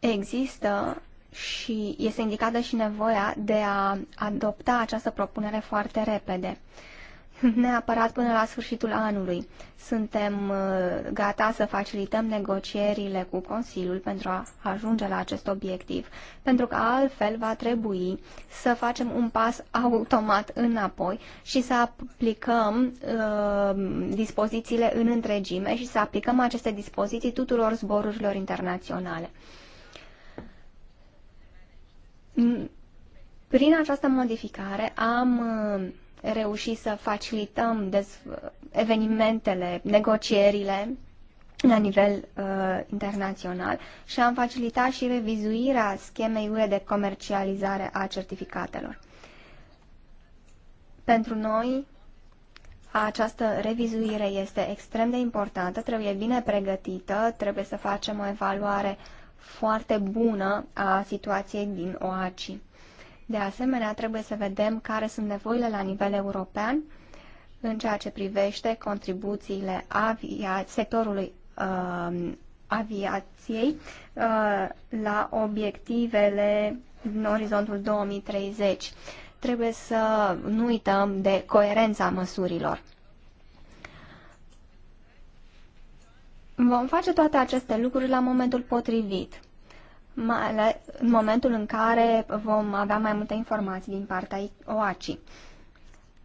S1: există și este indicată și nevoia de a adopta această propunere foarte repede. Uh, neapărat până la sfârșitul anului. Suntem uh, gata să facilităm negocierile cu Consiliul pentru a ajunge la acest obiectiv, pentru că altfel va trebui să facem un pas automat înapoi și să aplicăm uh, dispozițiile în întregime și să aplicăm aceste dispoziții tuturor zborurilor internaționale. Prin această modificare am uh, reuși să facilităm evenimentele, negocierile la nivel uh, internațional și am facilitat și revizuirea schemei UE de comercializare a certificatelor. Pentru noi, această revizuire este extrem de importantă, trebuie bine pregătită, trebuie să facem o evaluare foarte bună a situației din OACI. De asemenea, trebuie să vedem care sunt nevoile la nivel european în ceea ce privește contribuțiile avia, sectorului uh, aviației uh, la obiectivele în orizontul 2030. Trebuie să nu uităm de coerența măsurilor. Vom face toate aceste lucruri la momentul potrivit în momentul în care vom avea mai multe informații din partea OACI.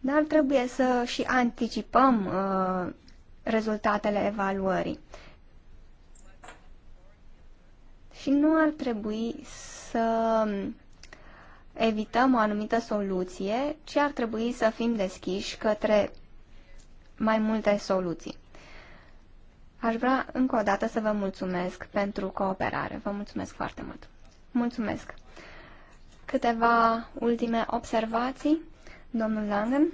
S1: Dar trebuie să și anticipăm uh, rezultatele evaluării. Și nu ar trebui să um, evităm o anumită soluție, ci ar trebui să fim deschiși către mai multe soluții. Aș vrea încă o dată să vă mulțumesc pentru cooperare. Vă mulțumesc foarte mult. Mulțumesc. Câteva ultime observații, domnul Langen.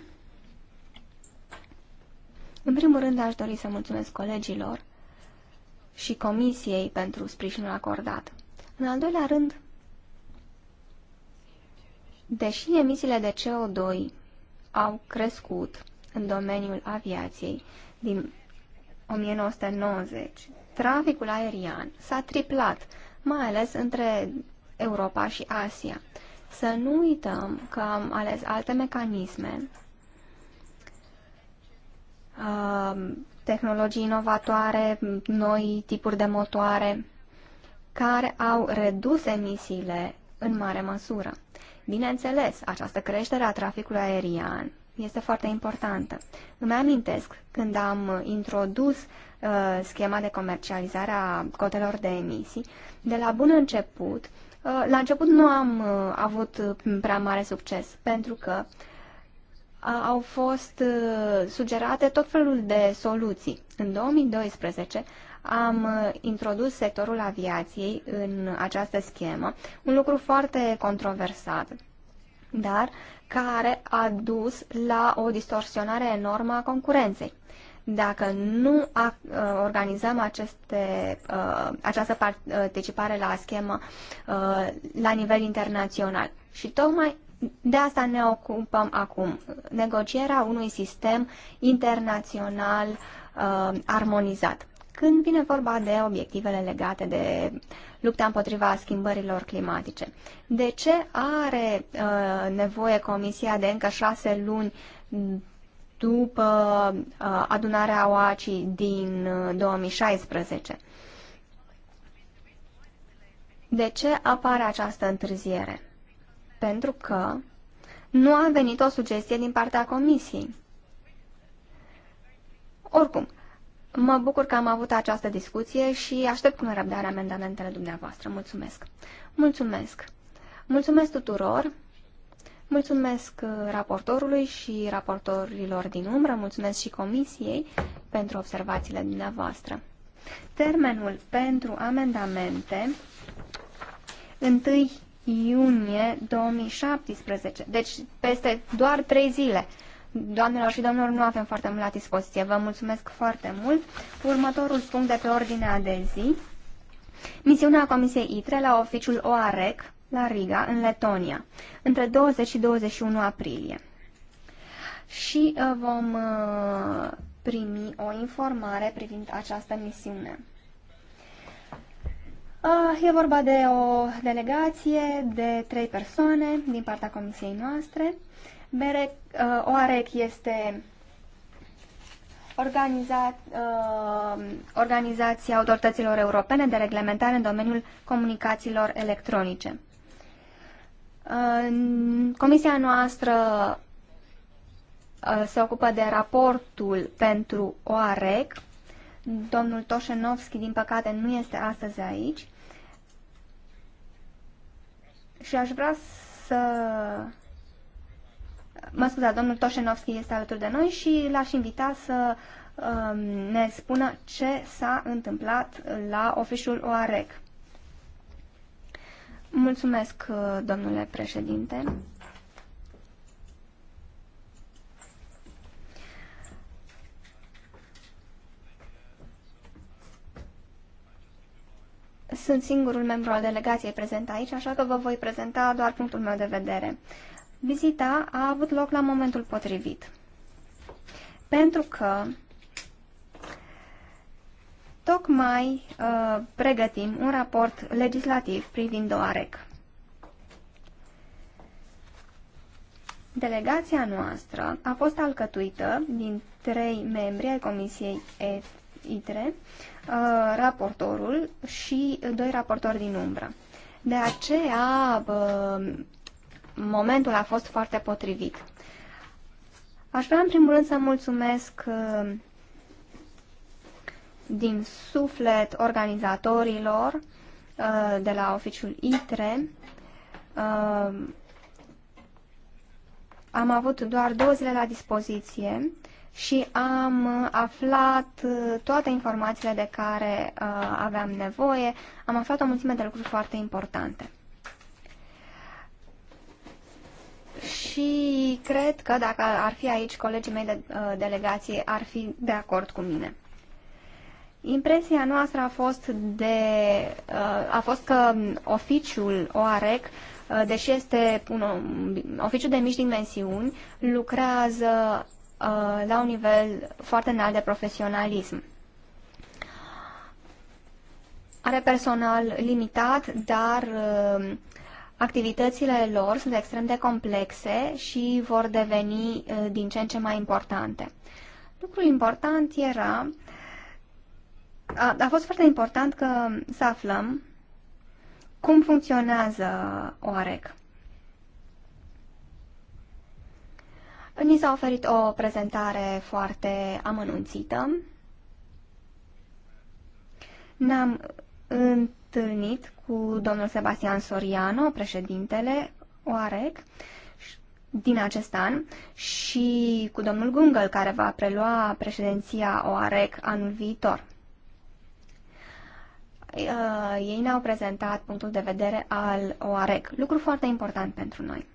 S1: În primul rând, aș dori să mulțumesc colegilor și comisiei pentru sprijinul acordat. În al doilea rând, deși emisiile de CO2 au crescut în domeniul aviației din 1990, traficul aerian s-a triplat, mai ales între Europa și Asia. Să nu uităm că am ales alte mecanisme, uh, tehnologii inovatoare, noi tipuri de motoare, care au redus emisiile în mare măsură. Bineînțeles, această creștere a traficului aerian este foarte importantă. Îmi amintesc când am introdus uh, schema de comercializare a cotelor de emisii, de la bun început, uh, la început nu am uh, avut prea mare succes, pentru că au fost uh, sugerate tot felul de soluții. În 2012 am uh, introdus sectorul aviației în această schemă, un lucru foarte controversat dar care a dus la o distorsionare enormă a concurenței. Dacă nu uh, organizăm aceste, uh, această participare la schemă uh, la nivel internațional și tocmai de asta ne ocupăm acum, negocierea unui sistem internațional armonizat. Când vine vorba de obiectivele legate de lupta împotriva schimbărilor climatice. De ce are uh, nevoie Comisia de încă șase luni după uh, adunarea OACI din uh, 2016? De ce apare această întârziere? Pentru că nu a venit o sugestie din partea Comisiei. Oricum, Mă bucur că am avut această discuție și aștept cu nerăbdare amendamentele dumneavoastră. Mulțumesc! Mulțumesc! Mulțumesc tuturor! Mulțumesc uh, raportorului și raportorilor din umbră, mulțumesc și comisiei pentru observațiile dumneavoastră. Termenul pentru amendamente 1 iunie 2017, deci peste doar 3 zile. Doamnelor și domnilor, nu avem foarte mult la dispoziție. Vă mulțumesc foarte mult. Următorul punct de pe ordinea de zi. Misiunea Comisiei ITRE la oficiul OAREC la Riga, în Letonia, între 20 și 21 aprilie. Și uh, vom uh, primi o informare privind această misiune. Uh, e vorba de o delegație de trei persoane din partea comisiei noastre. Merec, uh, OAREC este organiza, uh, Organizația Autorităților Europene de Reglementare în domeniul comunicațiilor electronice. Uh, comisia noastră uh, se ocupă de raportul pentru OAREC. Domnul Toșenovski, din păcate, nu este astăzi aici. Și aș vrea să mă scuza, domnul Toșenovski este alături de noi și l-aș invita să um, ne spună ce s-a întâmplat la oficiul OAREC. Mulțumesc, uh, domnule președinte. Sunt singurul membru al delegației prezent aici, așa că vă voi prezenta doar punctul meu de vedere. Uh, Vizita a avut loc la momentul potrivit. Pentru că tocmai uh, pregătim un raport legislativ privind OAREC. Delegația noastră a fost alcătuită din trei membri ai Comisiei ITRE, uh, raportorul și doi raportori din umbră. De aceea, uh, momentul a fost foarte potrivit. Aș vrea în primul rând să mulțumesc uh, din suflet organizatorilor uh, de la oficiul ITRE. Uh, am avut doar două zile la dispoziție și am aflat toate informațiile de care aveam nevoie. Am aflat o mulțime de lucruri foarte importante. și cred că dacă ar fi aici colegii mei de uh, delegație ar fi de acord cu mine. Impresia noastră a fost, de, uh, a fost că oficiul OAREC, uh, deși este un oficiu de mici dimensiuni, lucrează la un nivel foarte înalt de profesionalism. Are personal limitat, dar Activitățile lor sunt extrem de complexe și vor deveni uh, din ce în ce mai importante. Lucrul important era, a, a fost foarte important că să aflăm cum funcționează OAREC. Ni s-a oferit o prezentare foarte amănunțită. Ne-am întâlnit întâlnit cu domnul Sebastian Soriano, președintele OAREC, din acest an și cu domnul Gungel, care va prelua președinția OAREC anul viitor. Uh, ei ne-au prezentat punctul de vedere al OAREC, lucru foarte important pentru noi.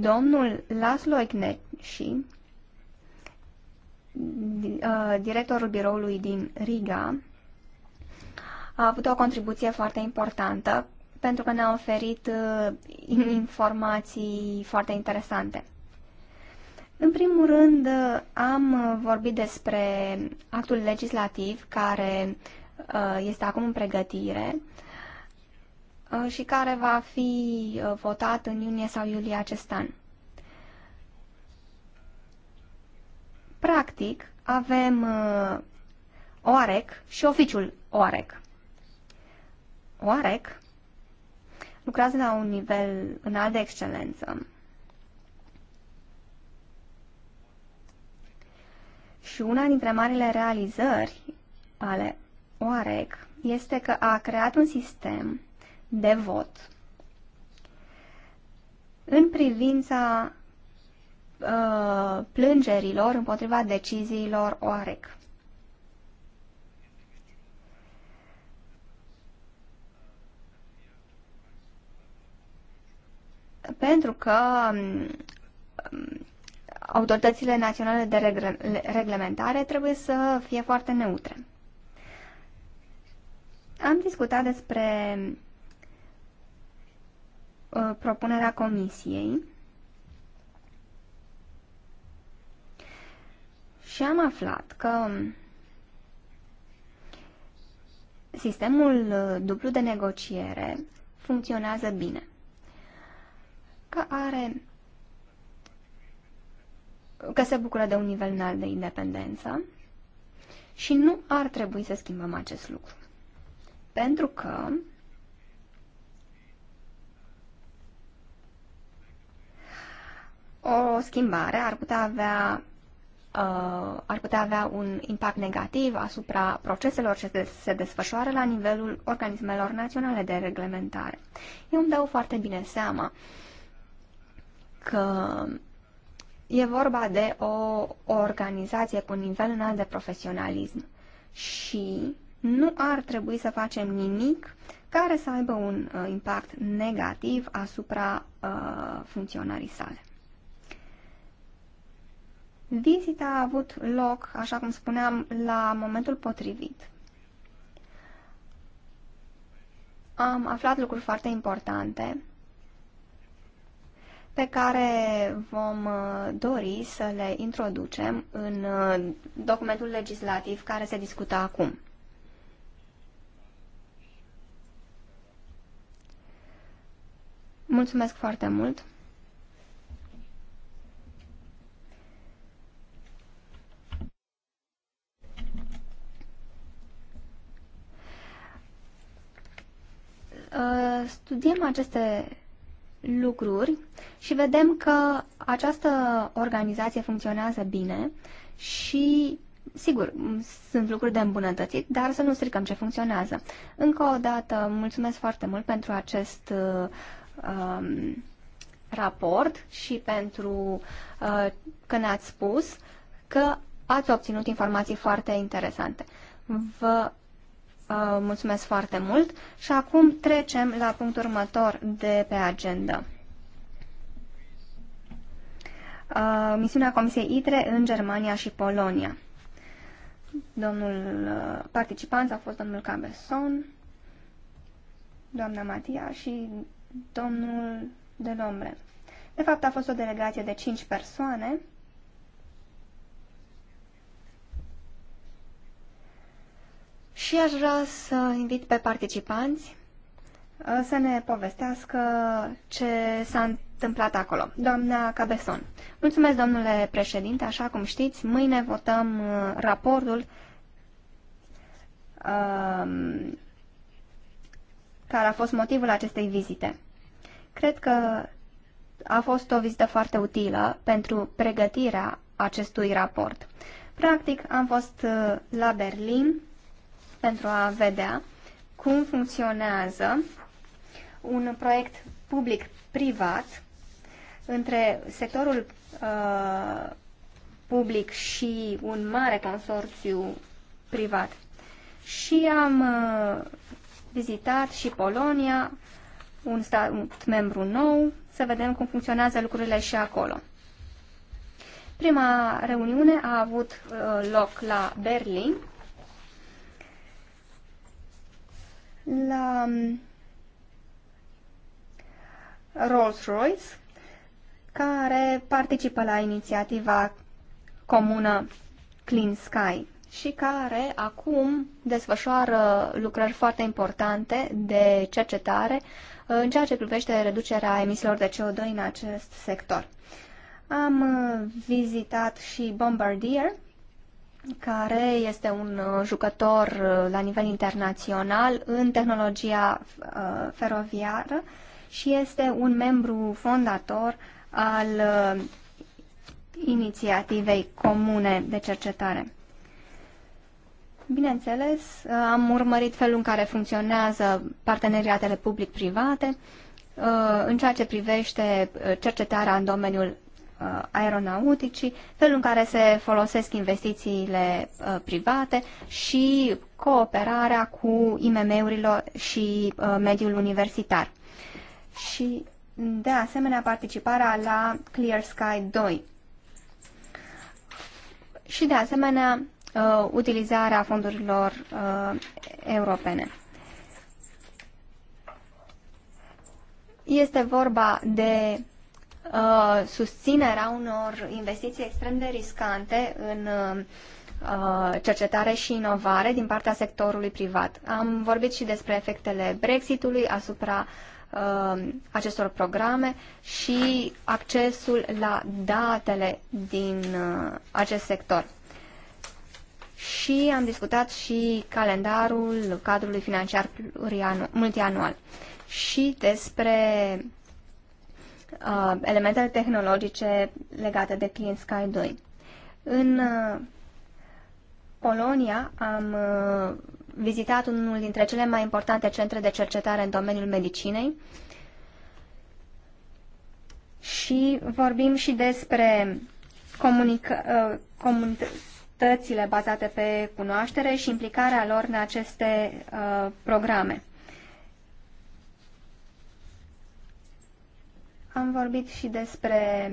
S1: Domnul Laszlo Ignești, Uh, directorul biroului din Riga a avut o contribuție foarte importantă pentru că ne-a oferit uh, informații foarte interesante. În primul rând, uh, am vorbit despre actul legislativ care este acum în pregătire și care va fi votat în iunie sau iulie acest an. Practic, avem uh, OAREC și oficiul OAREC. OAREC lucrează la un nivel înalt de excelență. Și una dintre marile realizări ale OAREC este că a creat un sistem de vot în privința Uh, plângerilor împotriva deciziilor OAREC. Pentru că um, autoritățile naționale de reglementare trebuie să fie foarte neutre. Am discutat despre uh, propunerea comisiei Și am aflat că sistemul uh, dublu de negociere funcționează bine. Că are că se bucură de un nivel înalt de independență și nu ar trebui să schimbăm acest lucru. Pentru că o schimbare ar putea avea Uh, ar putea avea un impact negativ asupra proceselor ce se desfășoară la nivelul organismelor naționale de reglementare. Eu îmi dau foarte bine seama că e vorba de o organizație cu un nivel înalt de profesionalism și nu ar trebui să facem nimic care să aibă un uh, impact negativ asupra uh, funcționarii sale. Vizita a avut loc, așa cum spuneam, la momentul potrivit. Am aflat lucruri foarte importante pe care vom uh, dori să le introducem în uh, documentul legislativ care se discută acum. Mulțumesc foarte mult! Uh, studiem aceste lucruri și vedem că această organizație funcționează bine și, sigur, sunt lucruri de îmbunătățit, dar să nu stricăm ce funcționează. Încă o dată, mulțumesc foarte mult pentru acest uh, um, raport și pentru uh, că ne-ați spus că ați obținut informații foarte interesante. Vă Uh, mulțumesc foarte mult și acum trecem la punctul următor de pe agenda. Uh, misiunea Comisiei ITRE în Germania și Polonia. Domnul uh, participant a fost domnul Cabeson, doamna Matia și domnul Delombre. De fapt, a fost o delegație de 5 persoane Și aș vrea să invit pe participanți uh, să ne povestească ce s-a întâmplat acolo. Doamna Cabeson. Mulțumesc, domnule președinte. Așa cum știți, mâine votăm uh, raportul um, care a fost motivul acestei vizite. Cred că a fost o vizită foarte utilă pentru pregătirea acestui raport. Practic, am fost uh, la Berlin pentru a vedea cum funcționează un proiect public-privat între sectorul uh, public și un mare consorțiu privat. Și am uh, vizitat și Polonia, un stat membru nou, să vedem cum funcționează lucrurile și acolo. Prima reuniune a avut uh, loc la Berlin la um, Rolls-Royce, care participă la inițiativa comună Clean Sky și care acum desfășoară lucrări foarte importante de cercetare uh, în ceea ce privește reducerea emisiilor de CO2 în acest sector. Am uh, vizitat și Bombardier, care este un uh, jucător uh, la nivel internațional în tehnologia uh, feroviară și este un membru fondator al inițiativei comune de cercetare. Bineînțeles, am urmărit felul în care funcționează parteneriatele public-private în ceea ce privește cercetarea în domeniul Uh, aeronauticii, felul în care se folosesc investițiile uh, private și cooperarea cu IMM-urile și uh, mediul universitar. Și, de asemenea, participarea la Clear Sky 2. Și, de asemenea, utilizarea fondurilor europene. Este vorba de Uh, susținerea unor investiții extrem de riscante în uh, cercetare și inovare din partea sectorului privat. Am vorbit și despre efectele Brexitului asupra uh, acestor programe și accesul la datele din acest sector. Și am discutat și calendarul cadrului financiar multianual și despre uh, elementele tehnologice legate de Clean Sky 2. În uh, Polonia am uh, vizitat unul dintre cele mai importante centre de cercetare în domeniul medicinei și vorbim și despre comunica, uh, comunitățile bazate pe cunoaștere și implicarea lor în aceste uh, programe. Am vorbit și despre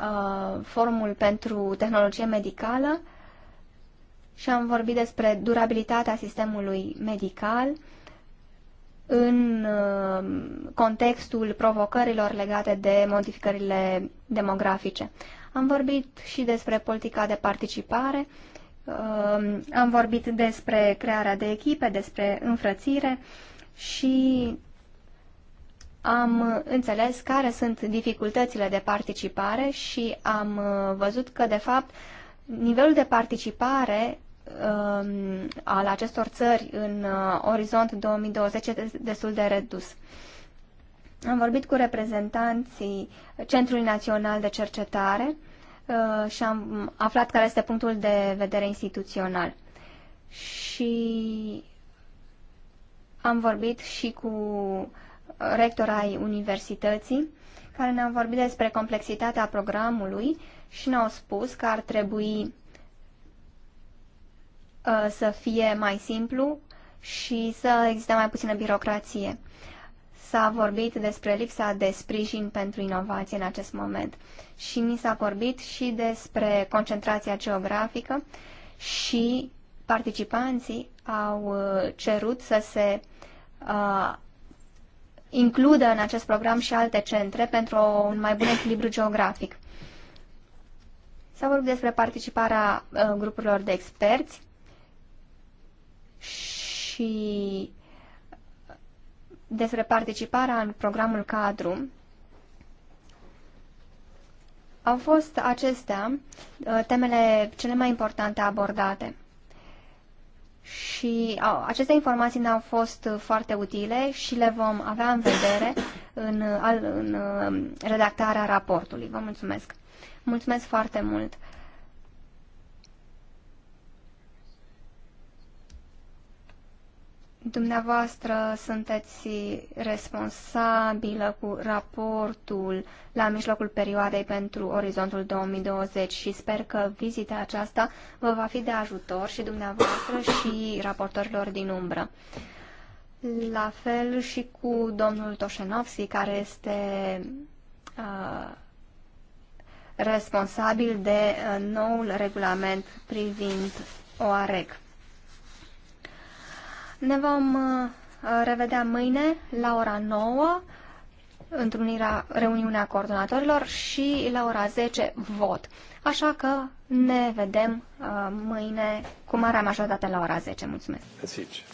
S1: uh, formul pentru tehnologie medicală și am vorbit despre durabilitatea sistemului medical în uh, contextul provocărilor legate de modificările demografice. Am vorbit și despre politica de participare, uh, am vorbit despre crearea de echipe, despre înfrățire și am uh, înțeles care sunt dificultățile de participare și am uh, văzut că, de fapt, nivelul de participare um, al acestor țări în uh, orizont 2020 este destul de redus. Am vorbit cu reprezentanții Centrului Național de Cercetare uh, și am aflat care este punctul de vedere instituțional. Și am vorbit și cu uh, rector ai universității, care ne-au vorbit despre complexitatea programului și ne-au spus că ar trebui uh, să fie mai simplu și să existe mai puțină birocrație. S-a vorbit despre lipsa de sprijin pentru inovație în acest moment și ni s-a vorbit și despre concentrația geografică și participanții au uh, cerut să se uh, includă în acest program și alte centre pentru un mai bun echilibru geografic. S-a vorbit despre participarea uh, grupurilor de experți și uh, despre participarea în programul cadru. Au fost acestea uh, temele cele mai importante abordate și aceste informații ne-au fost uh, foarte utile și le vom avea în vedere în, în uh, redactarea raportului. Vă mulțumesc! Mulțumesc foarte mult! Dumneavoastră sunteți responsabilă cu raportul la mijlocul perioadei pentru Orizontul 2020 și sper că vizita aceasta vă va fi de ajutor și dumneavoastră și raportorilor din umbră. La fel și cu domnul Toșenovski, care este uh, responsabil de uh, noul regulament privind OAREC. Ne vom uh, revedea mâine la ora 9, întrunirea, reuniunea coordonatorilor și la ora 10 vot. Așa că ne vedem uh, mâine cu marea majoritate la ora 10. Mulțumesc!
S4: Asici.